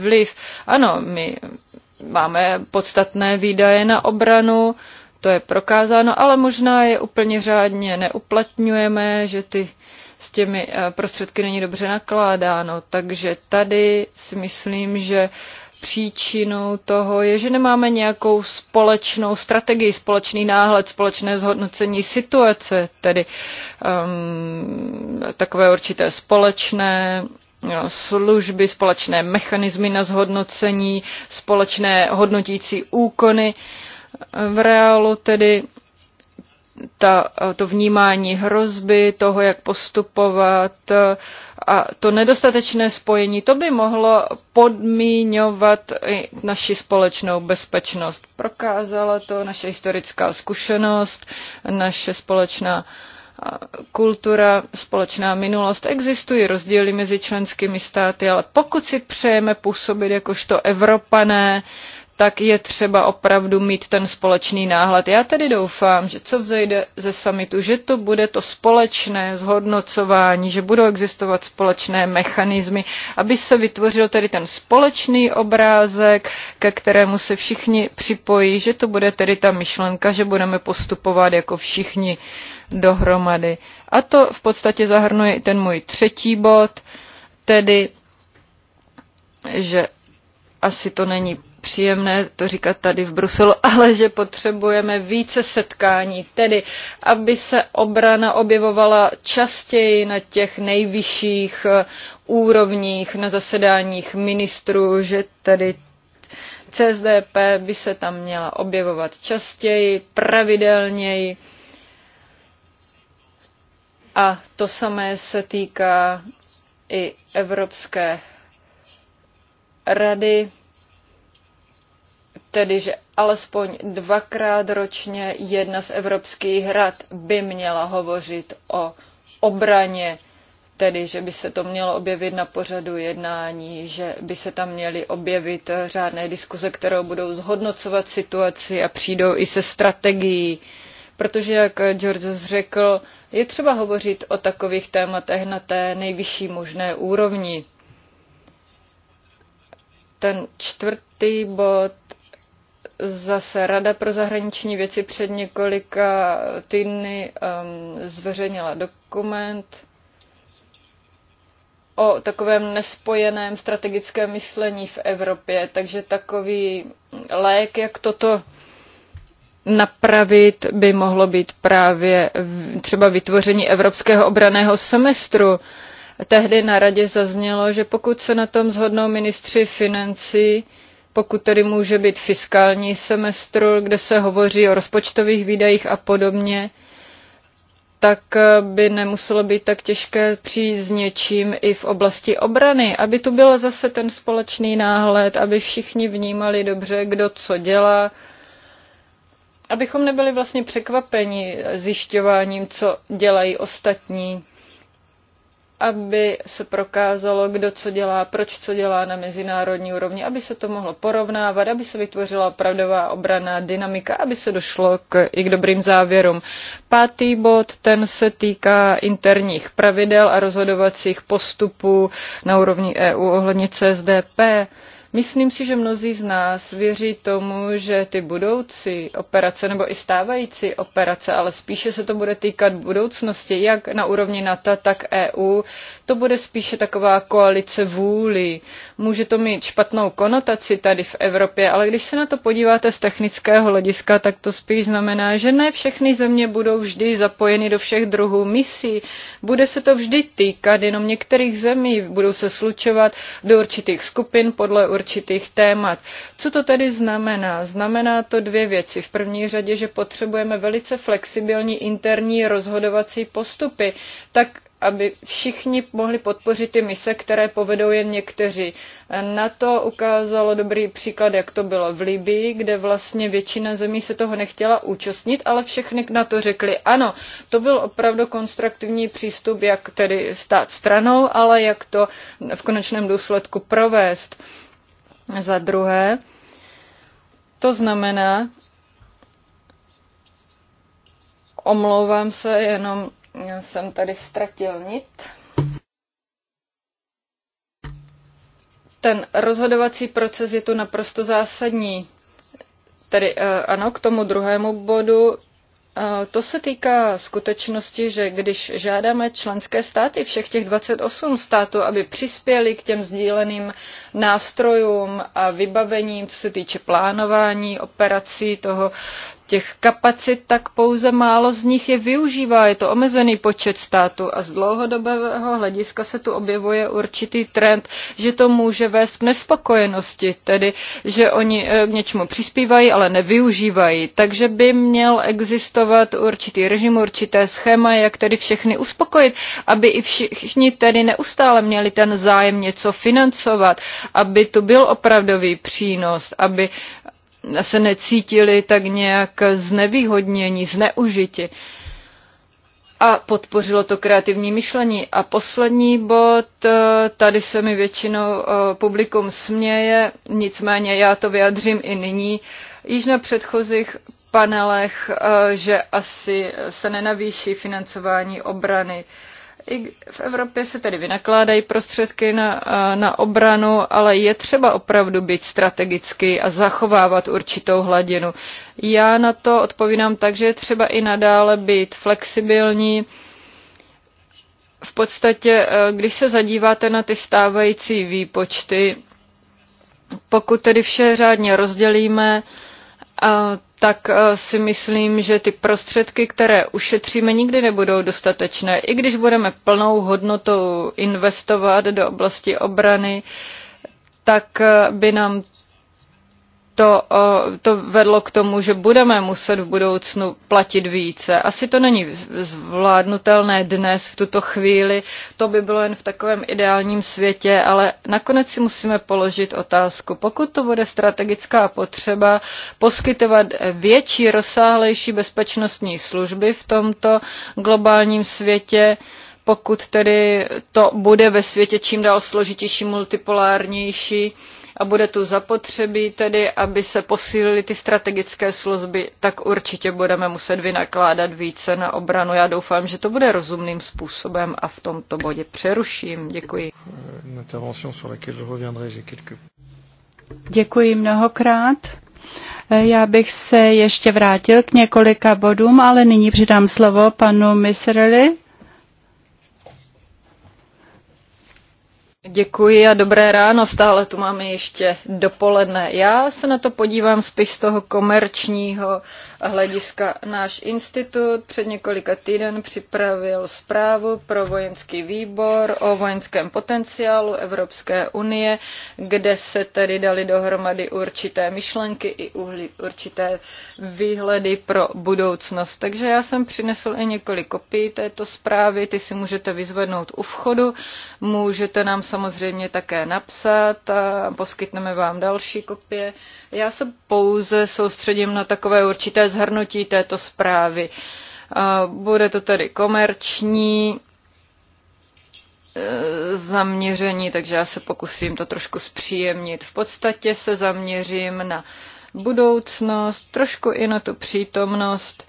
vliv. Ano, my máme podstatné výdaje na obranu, to je prokázáno, ale možná je úplně řádně neuplatňujeme, že ty s těmi eh, prostředky není dobře nakládáno. Takže tady si myslím, že příčinou toho je, že nemáme nějakou společnou strategii, společný náhled, společné zhodnocení situace, tedy um, takové určité společné eh, služby, společné mechanismy na zhodnocení, společné hodnotící úkony. Uh, v reálu tedy ta, to vnímání hrozby, toho, jak postupovat a to nedostatečné spojení, to by mohlo podmíňovat naši společnou bezpečnost. Prokázala to naše historická zkušenost, naše společná kultura, společná minulost. Existují rozdíly mezi členskými státy, ale pokud si přejeme působit jakožto Evropané, tak je třeba opravdu mít ten společný náhled. Já tedy doufám, že co vzejde ze samitu, že to bude to společné zhodnocování, že budou existovat společné mechanismy, aby se vytvořil tedy ten společný obrázek, ke kterému se všichni připojí, že to bude tedy ta myšlenka, že budeme postupovat jako všichni dohromady. A to v podstatě zahrnuje i ten můj třetí bod, tedy že asi to není příjemné to říkat tady v Bruselu, [laughs] ale že potřebujeme více setkání, tedy aby se obrana objevovala častěji na těch nejvyšších eh, úrovních, na zasedáních ministrů, že tedy CSDP by se tam měla objevovat častěji, pravidelněji. A to samé se týká i Evropské rady tedy že alespoň dvakrát ročně jedna z evropských rad by měla hovořit o obraně, tedy že by se to mělo objevit na pořadu jednání, že by se tam měly objevit řádné diskuze, kterou budou zhodnocovat situaci a přijdou i se strategií. Protože, jak George řekl, je třeba hovořit o takových tématech na té nejvyšší možné úrovni ten čtvrtý bod zase Rada pro zahraniční věci před několika týdny um, zveřejnila dokument o takovém nespojeném strategickém myšlení v Evropě, takže takový lék, jak toto napravit, by mohlo být právě třeba vytvoření evropského obraného semestru. Tehdy na radě zaznělo, že pokud se na tom zhodnou ministři financí, pokud tedy může být fiskální semestr, kde se hovoří o rozpočtových výdajích a podobně, tak eh, by nemuselo být tak těžké přijít s něčím i v oblasti obrany, aby tu byl zase ten společný náhled, aby všichni vnímali dobře, kdo co dělá, abychom nebyli vlastně překvapeni zjišťováním, co dělají ostatní aby se prokázalo, kdo co dělá, proč co dělá na mezinárodní úrovni, aby se to mohlo porovnávat, aby se vytvořila opravdová obraná dynamika, aby se došlo k, i k dobrým závěrům. Pátý bod, ten se týká interních pravidel a rozhodovacích postupů na úrovni EU ohledně CSDP. Myslím si, že mnozí z nás věří tomu, že ty budoucí operace nebo i stávající operace, ale spíše se to bude týkat budoucnosti, jak na úrovni NATO, tak EU, to bude spíše taková koalice vůli. Může to mít špatnou konotaci tady v Evropě, ale když se na to podíváte z technického hlediska, tak to spíš znamená, že ne všechny země budou vždy zapojeny do všech druhů misí. Bude se to vždy týkat jenom některých zemí, budou se slučovat do určitých skupin podle určitých témat. Co to tedy znamená? Znamená to dvě věci. V první řadě, že potřebujeme velice flexibilní interní rozhodovací postupy, tak aby všichni mohli podpořit ty mise, které povedou jen někteří. Na to ukázalo dobrý příklad, jak to bylo v Libii, kde vlastně většina zemí se toho nechtěla účastnit, ale všechny na to řekli ano. To byl opravdu konstruktivní přístup, jak tedy stát stranou, ale jak to v konečném důsledku provést. Za druhé, to znamená, omlouvám se, jenom jsem tady ztratil nit. Ten rozhodovací proces je tu naprosto zásadní. Tedy eh, ano, k tomu druhému bodu to se týká skutečnosti, že když žádáme členské státy, všech těch 28 států, aby přispěli k těm sdíleným nástrojům a vybavením, co se týče plánování operací toho těch kapacit, tak pouze málo z nich je využívá. Je to omezený počet států a z dlouhodobého hlediska se tu objevuje určitý trend, že to může vést k nespokojenosti, tedy že oni eh, k něčemu přispívají, ale nevyužívají. Takže by měl existovat určitý režim, určité schéma, jak tedy všechny uspokojit, aby i všichni tedy neustále měli ten zájem něco financovat, aby tu byl opravdový přínos, aby se necítili tak nějak znevýhodnění, zneužiti. A podpořilo to kreativní myšlení. A poslední bod, eh, tady se mi většinou eh, publikum směje, nicméně já to vyjadřím i nyní. Již na předchozích panelech, eh, že asi se nenavýší financování obrany. I v Evropě se tedy vynakládají prostředky na, na obranu, ale je třeba opravdu být strategický a zachovávat určitou hladinu. Já na to odpovídám tak, že je třeba i nadále být flexibilní. V podstatě, e, když se zadíváte na ty stávající výpočty, pokud tedy vše řádně rozdělíme, tak e, si myslím, že ty prostředky, které ušetříme, nikdy nebudou dostatečné. I když budeme plnou hodnotou investovat do oblasti obrany, tak e, by nám to, to vedlo k tomu, že budeme muset v budoucnu platit více. Asi to není zvládnutelné dnes, v tuto chvíli, to by bylo jen v takovém ideálním světě, ale nakonec si musíme položit otázku. Pokud to bude strategická potřeba poskytovat větší, rozsáhlejší bezpečnostní služby v tomto globálním světě, pokud tedy to bude ve světě čím dál složitější, multipolárnější, a bude tu zapotřebí tedy, aby se posílily ty strategické služby, tak určitě budeme muset vynakládat více na obranu. Já doufám, že to bude rozumným způsobem a v tomto bodě přeruším. Děkuji. Děkuji mnohokrát. Já bych se ještě vrátil k několika bodům, ale nyní přidám slovo panu Misreli Děkuji a dobré ráno, stále tu máme ještě dopoledne. Já se na to podívám spíš z toho komerčního hlediska. Náš institut před několika týden připravil zprávu pro vojenský výbor o vojenském potenciálu Evropské unie, kde se tedy dali dohromady určité myšlenky i určité výhledy pro budoucnost. Takže já jsem přinesl i několik kopií této zprávy, ty si můžete vyzvednout u vchodu, můžete nám samozřejmě také napsat a poskytneme vám další kopie. Já se pouze soustředím na takové určité shrnutí zhrnutí této zprávy. Bude to tedy komerční e, zaměření, takže já se pokusím to trošku zpříjemnit. V podstatě se zaměřím na budoucnost, trošku i na tu přítomnost.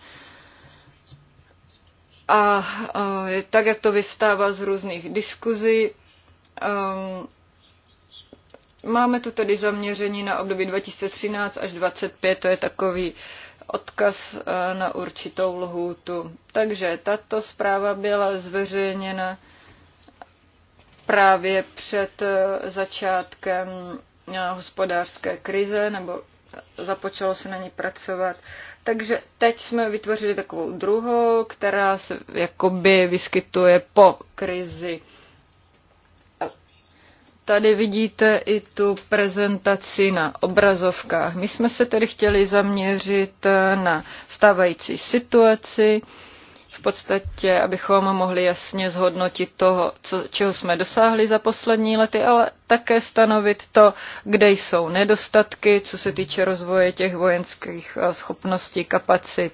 A, tak, jak to vyvstává z různých diskuzí, e, máme tu tedy zaměření na období 2013 až 2025, to je takový odkaz eh, na určitou lhůtu. Takže tato zpráva byla zveřejněna právě před eh, začátkem eh, hospodářské krize, nebo započalo se na ní pracovat. Takže teď jsme vytvořili takovou druhou, která se jakoby vyskytuje po krizi. Tady vidíte i tu prezentaci na obrazovkách. My jsme se tedy chtěli zaměřit eh, na stávající situaci, v podstatě, abychom mohli jasně zhodnotit toho, co, čeho jsme dosáhli za poslední lety, ale také stanovit to, kde jsou nedostatky, co se týče rozvoje těch vojenských eh, schopností, kapacit.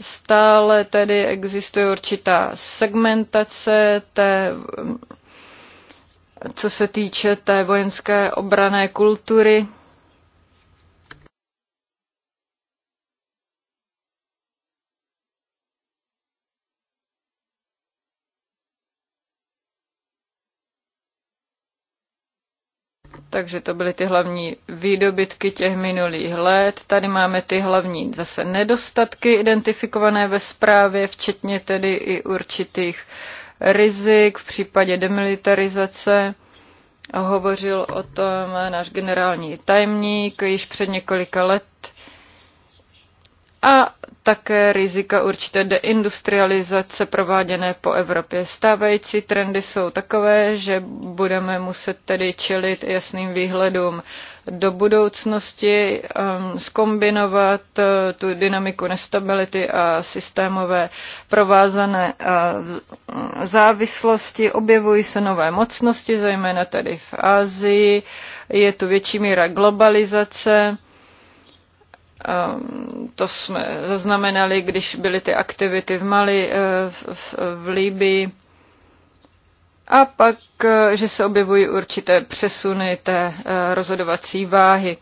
Stále tedy existuje určitá segmentace té co se týče té vojenské obrané kultury. Takže to byly ty hlavní výdobytky těch minulých let. Tady máme ty hlavní zase nedostatky identifikované ve zprávě, včetně tedy i určitých uh, rizik v případě demilitarizace. Hovořil o tom náš generální tajemník již před několika let a také rizika určité deindustrializace prováděné po Evropě. Stávající trendy jsou takové, že budeme muset tedy čelit jasným výhledům do budoucnosti um, skombinovat uh, tu dynamiku nestability a systémové provázané uh, mm, závislosti. Objevují se nové mocnosti, zejména tady v Asii. Je tu větší míra globalizace. Um, to jsme zaznamenali, když byly ty aktivity v Mali, uh, v, v Líbii a pak, eh, že se objevují určité přesuny té eh, rozhodovací váhy.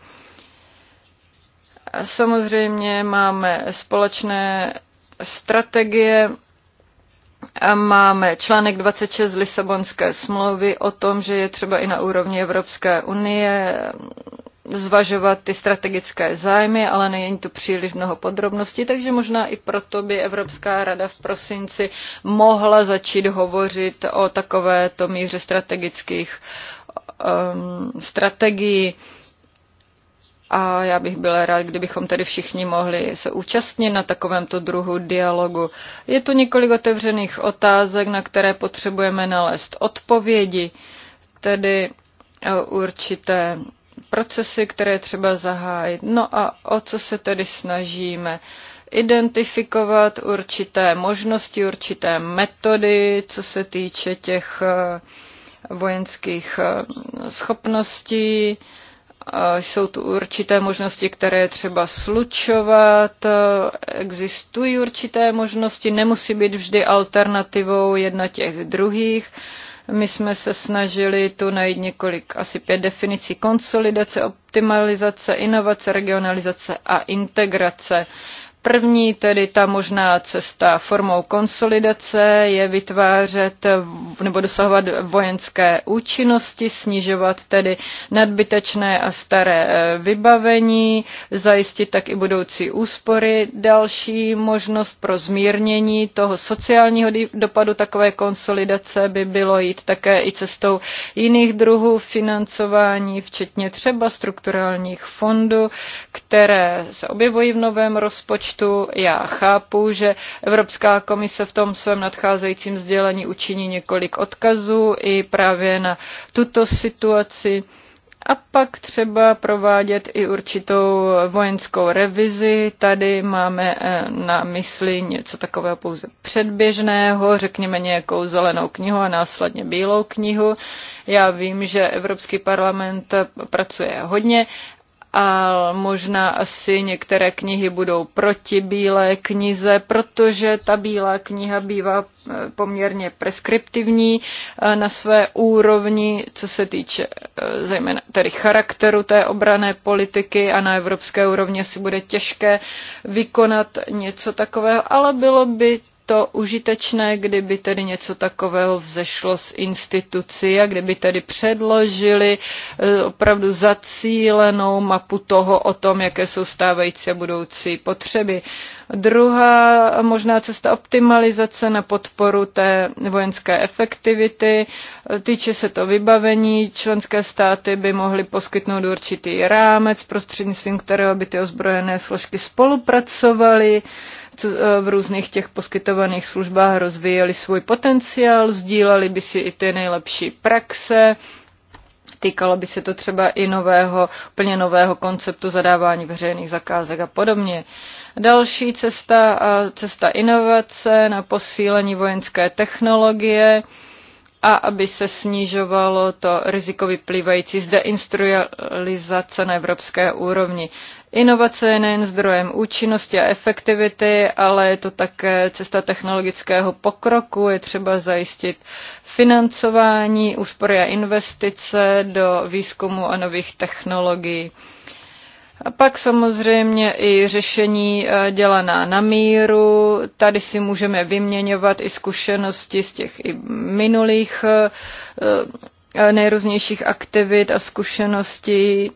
Samozřejmě máme společné strategie, a máme článek 26 Lisabonské smlouvy o tom, že je třeba i na úrovni Evropské unie zvažovat ty strategické zájmy, ale není tu příliš mnoho podrobností, takže možná i proto by Evropská rada v prosinci mohla začít hovořit o takovéto míře strategických um, strategií. A já bych byla rád, kdybychom tady všichni mohli se účastnit na takovémto druhu dialogu. Je tu několik otevřených otázek, na které potřebujeme nalézt odpovědi, tedy eh, určité procesy, které třeba zahájit. No a o co se tedy snažíme? Identifikovat určité možnosti, určité metody, co se týče těch eh, vojenských eh, schopností, eh, jsou tu určité možnosti, které je třeba slučovat, existují určité možnosti, nemusí být vždy alternativou jedna těch druhých. My jsme se snažili tu najít několik, asi pět definicí konsolidace, optimalizace, inovace, regionalizace a integrace. První tedy ta možná cesta formou konsolidace je vytvářet nebo dosahovat vojenské účinnosti, snižovat tedy nadbytečné a staré e, vybavení, zajistit tak i budoucí úspory. Další možnost pro zmírnění toho sociálního dopadu takové konsolidace by bylo jít také i cestou jiných druhů financování, včetně třeba strukturálních fondů, které se objevují v novém rozpočtu rozpočtu. Já chápu, že Evropská komise v tom svém nadcházejícím sdělení učiní několik odkazů i právě na tuto situaci a pak třeba provádět i určitou vojenskou revizi. Tady máme eh, na mysli něco takového pouze předběžného, řekněme nějakou zelenou knihu a následně bílou knihu. Já vím, že Evropský parlament pracuje hodně a možná asi některé knihy budou proti bílé knize, protože ta bílá kniha bývá eh, poměrně preskriptivní eh, na své úrovni, co se týče eh, zejména tedy charakteru té obrané politiky a na evropské úrovni si bude těžké vykonat něco takového, ale bylo by to užitečné, kdyby tedy něco takového vzešlo z instituci a kdyby tedy předložili e, opravdu zacílenou mapu toho o tom, jaké jsou stávající a budoucí potřeby. Druhá možná cesta optimalizace na podporu té vojenské efektivity. E, týče se to vybavení, členské státy by mohly poskytnout určitý rámec, prostřednictvím kterého by ty ozbrojené složky spolupracovaly Eh, v různých těch poskytovaných službách rozvíjeli svůj potenciál, sdíleli by si i ty nejlepší praxe, týkalo by se to třeba i nového, plně nového konceptu zadávání veřejných zakázek a podobně. Další cesta, cesta inovace na posílení vojenské technologie a aby se snižovalo to riziko vyplývající z deinstrualizace na evropské úrovni. Inovace je nejen zdrojem účinnosti a efektivity, ale je to také cesta technologického pokroku. Je třeba zajistit financování, úspory a investice do výzkumu a nových technologií. A pak samozřejmě i řešení eh, dělaná na míru. Tady si můžeme vyměňovat i zkušenosti z těch i minulých eh, eh, nejrůznějších aktivit a zkušeností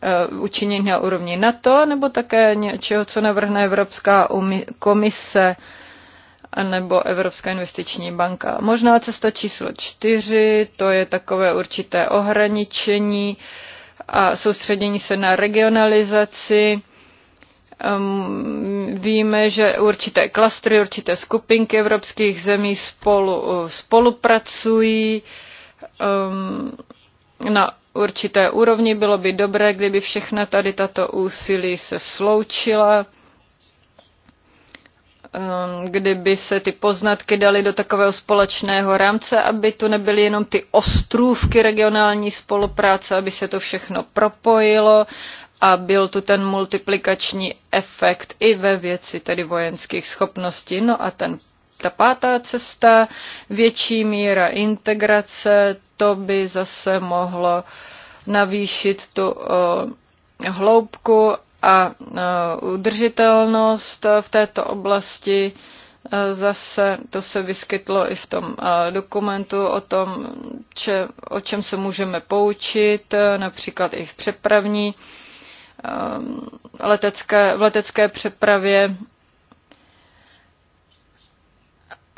Eh, učinit na úrovni NATO, nebo také něčeho, co navrhne Evropská komise nebo Evropská investiční banka. Možná cesta číslo čtyři, to je takové určité ohraničení a soustředění se na regionalizaci. Um, víme, že určité klastry, určité skupinky evropských zemí spolu, eh, spolupracují um, na určité úrovni. Bylo by dobré, kdyby všechna tady tato úsilí se sloučila, um, kdyby se ty poznatky daly do takového společného rámce, aby tu nebyly jenom ty ostrůvky regionální spolupráce, aby se to všechno propojilo a byl tu ten multiplikační efekt i ve věci tedy vojenských schopností. No a ten ta pátá cesta, větší míra integrace, to by zase mohlo navýšit tu eh, hloubku a eh, udržitelnost v této oblasti. Eh, zase to se vyskytlo i v tom dokumentu o tom, če, o čem se můžeme poučit, například i v přepravní letecké, v letecké přepravě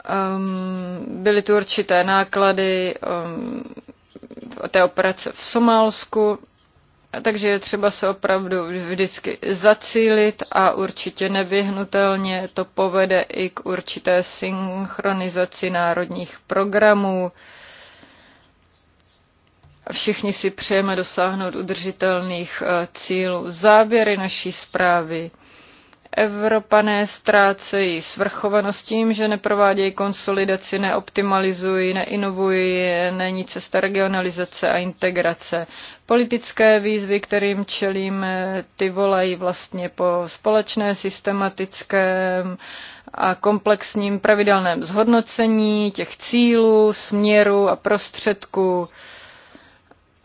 Um, byly tu určité náklady um, té operace v Somálsku, takže je třeba se opravdu vždycky zacílit a určitě nevyhnutelně to povede i k určité synchronizaci národních programů. Všichni si přejeme dosáhnout udržitelných eh, cílů. Závěry naší zprávy Evropané ztrácejí svrchovanost tím, že neprovádějí konsolidaci, neoptimalizují, neinovují, není cesta regionalizace a integrace. Politické výzvy, kterým čelíme, ty volají vlastně po společné, systematickém a komplexním pravidelném zhodnocení těch cílů, směru a prostředků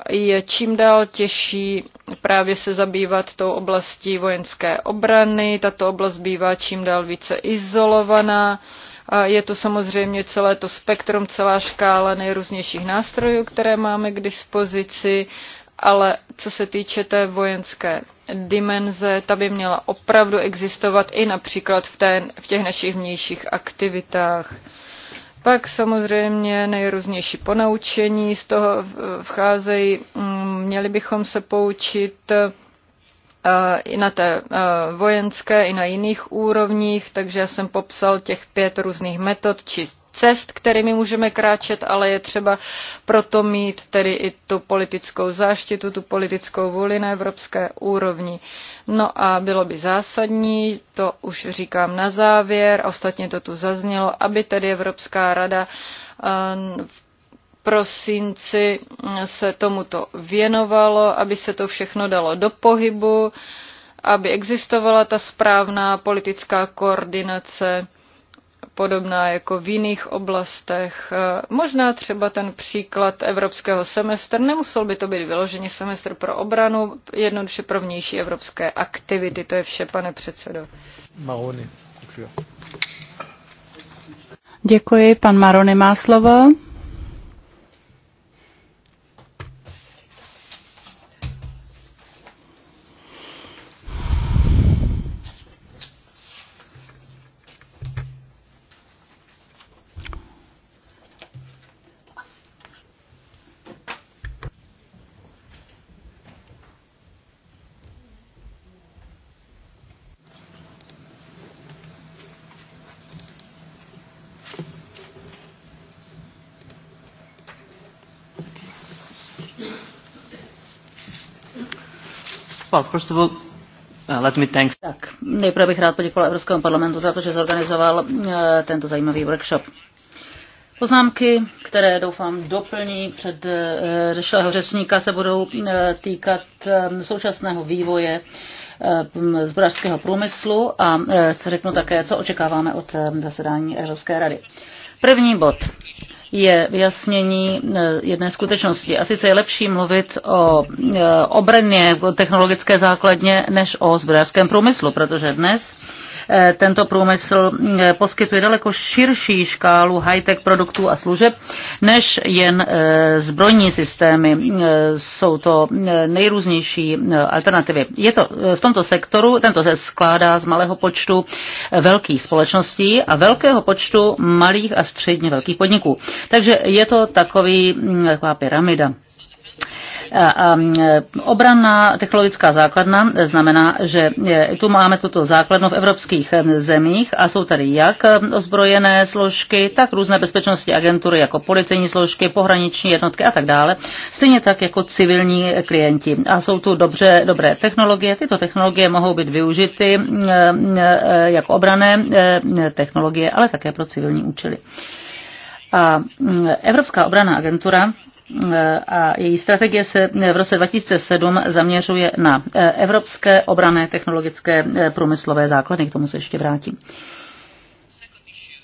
je čím dál těžší právě se zabývat tou oblastí vojenské obrany. Tato oblast bývá čím dál více izolovaná. A je to samozřejmě celé to spektrum, celá škála nejrůznějších nástrojů, které máme k dispozici, ale co se týče té vojenské dimenze, ta by měla opravdu existovat i například v, té, v těch našich vnějších aktivitách. Pak samozřejmě nejrůznější ponaučení z toho vcházejí. Mm, měli bychom se poučit e, i na té e, vojenské, i na jiných úrovních, takže já jsem popsal těch pět různých metod či cest, kterými můžeme kráčet, ale je třeba proto mít tedy i tu politickou záštitu, tu politickou vůli na evropské úrovni. No a bylo by zásadní, to už říkám na závěr, a ostatně to tu zaznělo, aby tedy Evropská rada ehm, v prosinci ehm, se tomuto věnovalo, aby se to všechno dalo do pohybu, aby existovala ta správná politická koordinace podobná jako v jiných oblastech. Eh, možná třeba ten příklad evropského semestru, nemusel by to být vyloženě semestr pro obranu, jednoduše pro vnější evropské aktivity. To je vše, pane předsedo. Maroni. Děkuji, pan Marony má slovo. Well, first of all, uh, Let me Tak, nejprve bych rád poděkoval Evropskému parlamentu za to, že zorganizoval uh, tento zajímavý workshop. Poznámky, které doufám doplní před uh, řešilého řečníka, se budou týkat um, současného vývoje zbrojařského průmyslu a řeknu také, co očekáváme od um, zasedání Evropské rady. První bod je vyjasnění e, jedné skutečnosti. A sice je lepší mluvit o e, obraně technologické základně než o zbrojařském průmyslu, protože dnes Eh, tento průmysl eh, poskytuje daleko širší škálu high-tech produktů a služeb než jen eh, zbrojní systémy. Jsou to nejrůznější alternativy. Je to v tomto sektoru, tento se skládá z malého počtu velkých společností a velkého počtu malých a středně velkých podniků. Takže je to takový, mm, taková pyramida. Obranná technologická základna znamená, že e, tu máme tuto základnu v evropských e, zemích a jsou tady jak ozbrojené složky, tak různé bezpečnostní agentury jako policejní složky, pohraniční jednotky a tak dále, stejně tak jako civilní klienti. A jsou tu dobře, dobré technologie. Tyto technologie mohou být využity e, jako obrané technologie, ale také pro civilní účely. A Evropská obraná agentura Eh, a její strategie se eh, v roce 2007 zaměřuje na eh, evropské obrané technologické průmyslové základy. K tomu se ještě vrátím.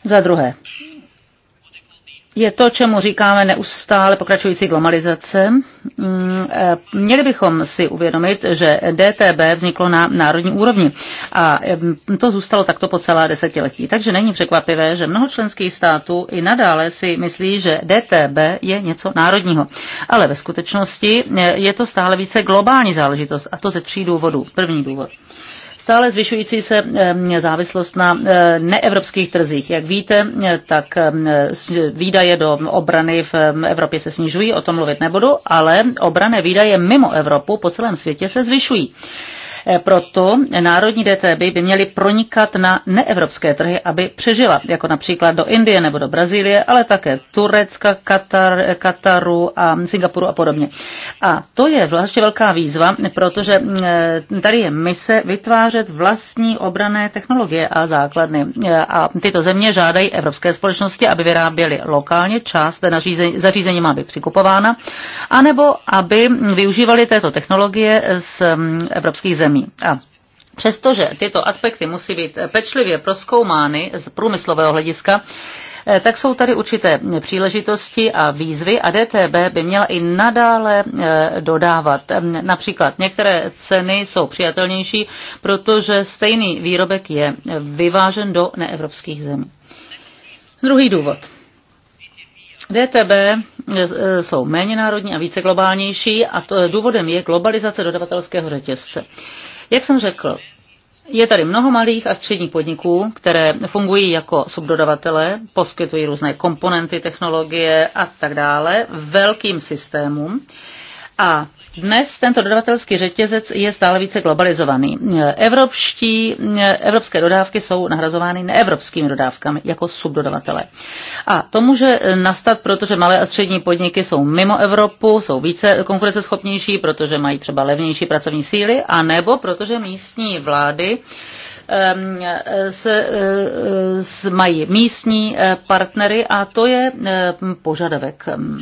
Za druhé, je to, čemu říkáme neustále pokračující globalizace. Mm, eh, měli bychom si uvědomit, že DTB vzniklo na národní úrovni a mm, to zůstalo takto po celá desetiletí. Takže není překvapivé, že mnoho členských států i nadále si myslí, že DTB je něco národního. Ale ve skutečnosti eh, je to stále více globální záležitost a to ze tří důvodů. První důvod stále zvyšující se závislost na eh, neevropských trzích. Jak víte, eh, tak výdaje do obrany v Evropě se snižují, o tom mluvit nebudu, ale obrané výdaje mimo Evropu po celém světě se zvyšují. Eh, proto národní DTB by měly pronikat na neevropské trhy, aby přežila, jako například do Indie nebo do Brazílie, ale také Turecka, Katar, Kataru a Singapuru a podobně. A to je vlastně velká výzva, protože eh, tady je mise vytvářet vlastní obrané technologie a základny. Eh, a tyto země žádají evropské společnosti, aby vyráběly lokálně část řízení, zařízení má být přikupována, anebo aby využívali této technologie z mm, evropských zemí zemí. A Přestože tyto aspekty musí být pečlivě proskoumány z průmyslového hlediska, eh, tak jsou tady určité příležitosti a výzvy a DTB by měla i nadále eh, dodávat. Ehm, například některé ceny jsou přijatelnější, protože stejný výrobek je vyvážen do neevropských zemí. Druhý důvod. DTB eh, jsou méně národní a více globálnější a to eh, důvodem je globalizace dodavatelského řetězce. Jak jsem řekl, je tady mnoho malých a středních podniků, které fungují jako subdodavatele, poskytují různé komponenty, technologie a tak dále velkým systémům. A dnes tento dodavatelský řetězec je stále více globalizovaný. Evropští, evropské dodávky jsou nahrazovány neevropskými dodávkami jako subdodavatele. A to může nastat, protože malé a střední podniky jsou mimo Evropu, jsou více konkurenceschopnější, protože mají třeba levnější pracovní síly, anebo protože místní vlády Ehm, se, eh, s, mají místní eh, partnery a to je eh, požadavek. Ehm,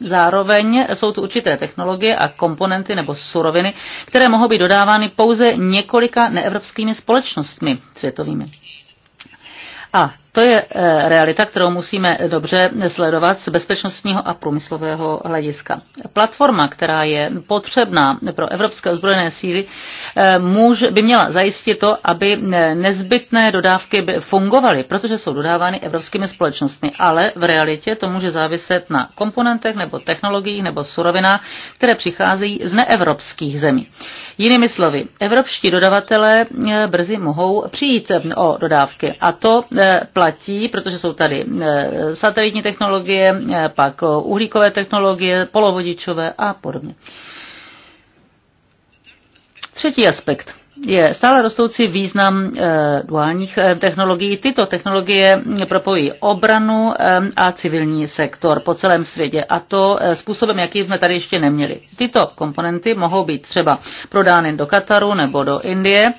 zároveň jsou tu určité technologie a komponenty nebo suroviny, které mohou být dodávány pouze několika neevropskými společnostmi světovými. A to je eh, realita, kterou musíme dobře sledovat z bezpečnostního a průmyslového hlediska. Platforma, která je potřebná pro evropské ozbrojené síly, eh, může, by měla zajistit to, aby eh, nezbytné dodávky fungovaly, protože jsou dodávány evropskými společnostmi. Ale v realitě to může záviset na komponentech nebo technologiích nebo surovinách, které přicházejí z neevropských zemí. Jinými slovy, evropští dodavatelé brzy mohou přijít o dodávky a to platí platí, protože jsou tady eh, satelitní technologie, eh, pak eh, uhlíkové technologie, polovodičové a podobně. Třetí aspekt je stále rostoucí význam e, duálních e, technologií. Tyto technologie hm, propojí obranu e, a civilní sektor po celém světě a to e, způsobem, jaký jsme tady ještě neměli. Tyto komponenty mohou být třeba prodány do Kataru nebo do Indie. E,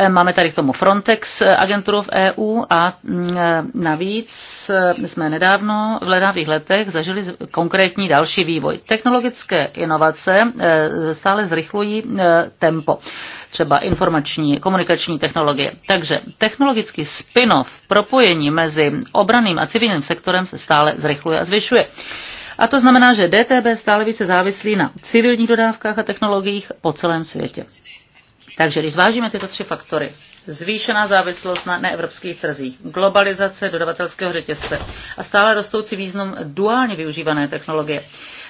Eh, máme tady k tomu Frontex eh, agenturu v EU a mm, eh, navíc jsme nedávno v ledávých letech zažili konkrétní další vývoj. Technologické inovace stále zrychlují tempo, třeba informační, komunikační technologie. Takže technologický spin-off, propojení mezi obraným a civilním sektorem se stále zrychluje a zvyšuje. A to znamená, že DTB stále více závislí na civilních dodávkách a technologiích po celém světě. Takže když zvážíme tyto tři faktory, zvýšená závislost na neevropských trzích, globalizace dodavatelského řetězce a stále rostoucí význam duálně využívané technologie,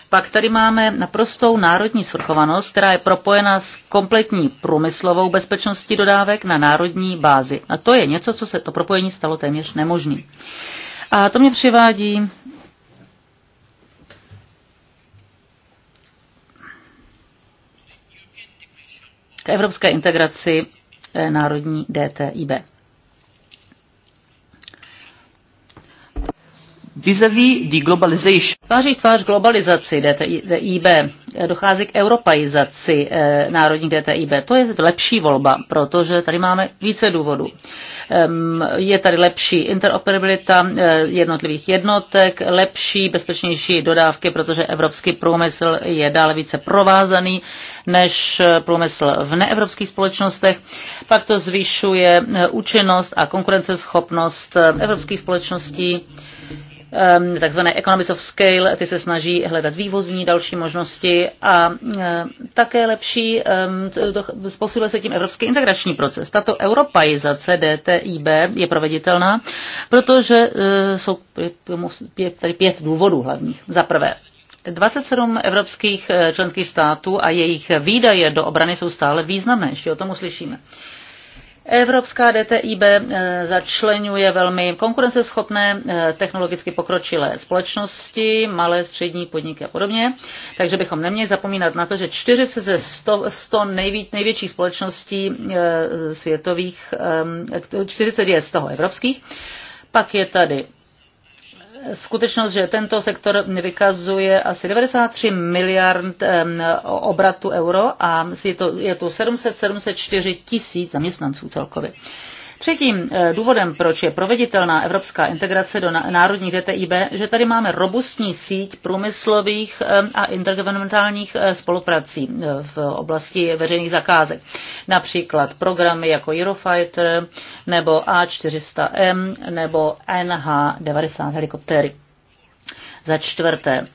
pak tady máme naprostou národní svrchovanost, která je propojena s kompletní průmyslovou bezpečností dodávek na národní bázi. A to je něco, co se to propojení stalo téměř nemožným. A to mě přivádí k evropské integraci eh, národní DTIB. Vis-a-vis the globalization. Tváří tvář globalizaci DTIB dochází k europaizaci eh, národní DTIB. To je lepší volba, protože tady máme více důvodů. Je tady lepší interoperabilita eh, jednotlivých jednotek, lepší, bezpečnější dodávky, protože evropský průmysl je dále více provázaný než eh, průmysl v neevropských společnostech. Pak to zvyšuje účinnost a konkurenceschopnost evropských společností Ehm, takzvané economies of scale, ty se snaží hledat vývozní další možnosti a eh, také lepší, ehm, posiluje se tím evropský integrační proces. Tato europaizace DTIB je proveditelná, protože eh, jsou tady pět důvodů hlavních. Za prvé, 27 evropských eh, členských států a jejich výdaje do obrany jsou stále významné, ještě o tom uslyšíme. Evropská DTIB eh, začlenuje velmi konkurenceschopné eh, technologicky pokročilé společnosti, malé, střední podniky a podobně, takže bychom neměli zapomínat na to, že 40 ze 100, 100 nejví, největších společností eh, světových, 40 je z toho evropských, pak je tady skutečnost, že tento sektor vykazuje asi 93 miliard obratu euro a je to, je to 774 tisíc zaměstnanců celkově. Třetím eh, důvodem, proč je proveditelná evropská integrace do národních DTIB, že tady máme robustní síť průmyslových eh, a intergovernmentálních eh, spoluprací v oblasti veřejných zakázek. Například programy jako Eurofighter nebo A400M nebo NH90 helikoptéry. Za čtvrté,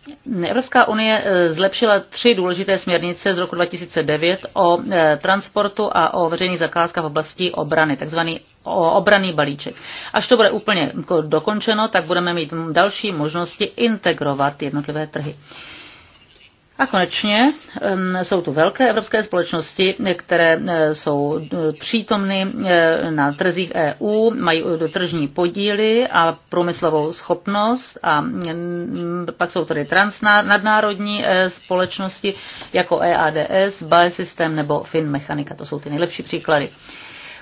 Evropská unie zlepšila tři důležité směrnice z roku 2009 o transportu a o veřejných zakázkách v oblasti obrany, takzvaný obraný balíček. Až to bude úplně jako dokončeno, tak budeme mít další možnosti integrovat jednotlivé trhy. A konečně jsou tu velké evropské společnosti, které jsou e, přítomny e, na trzích EU, mají tržní podíly a průmyslovou schopnost a pak jsou tady transnadnárodní e, společnosti jako EADS, BAE System nebo FinMechanika. To jsou ty nejlepší příklady.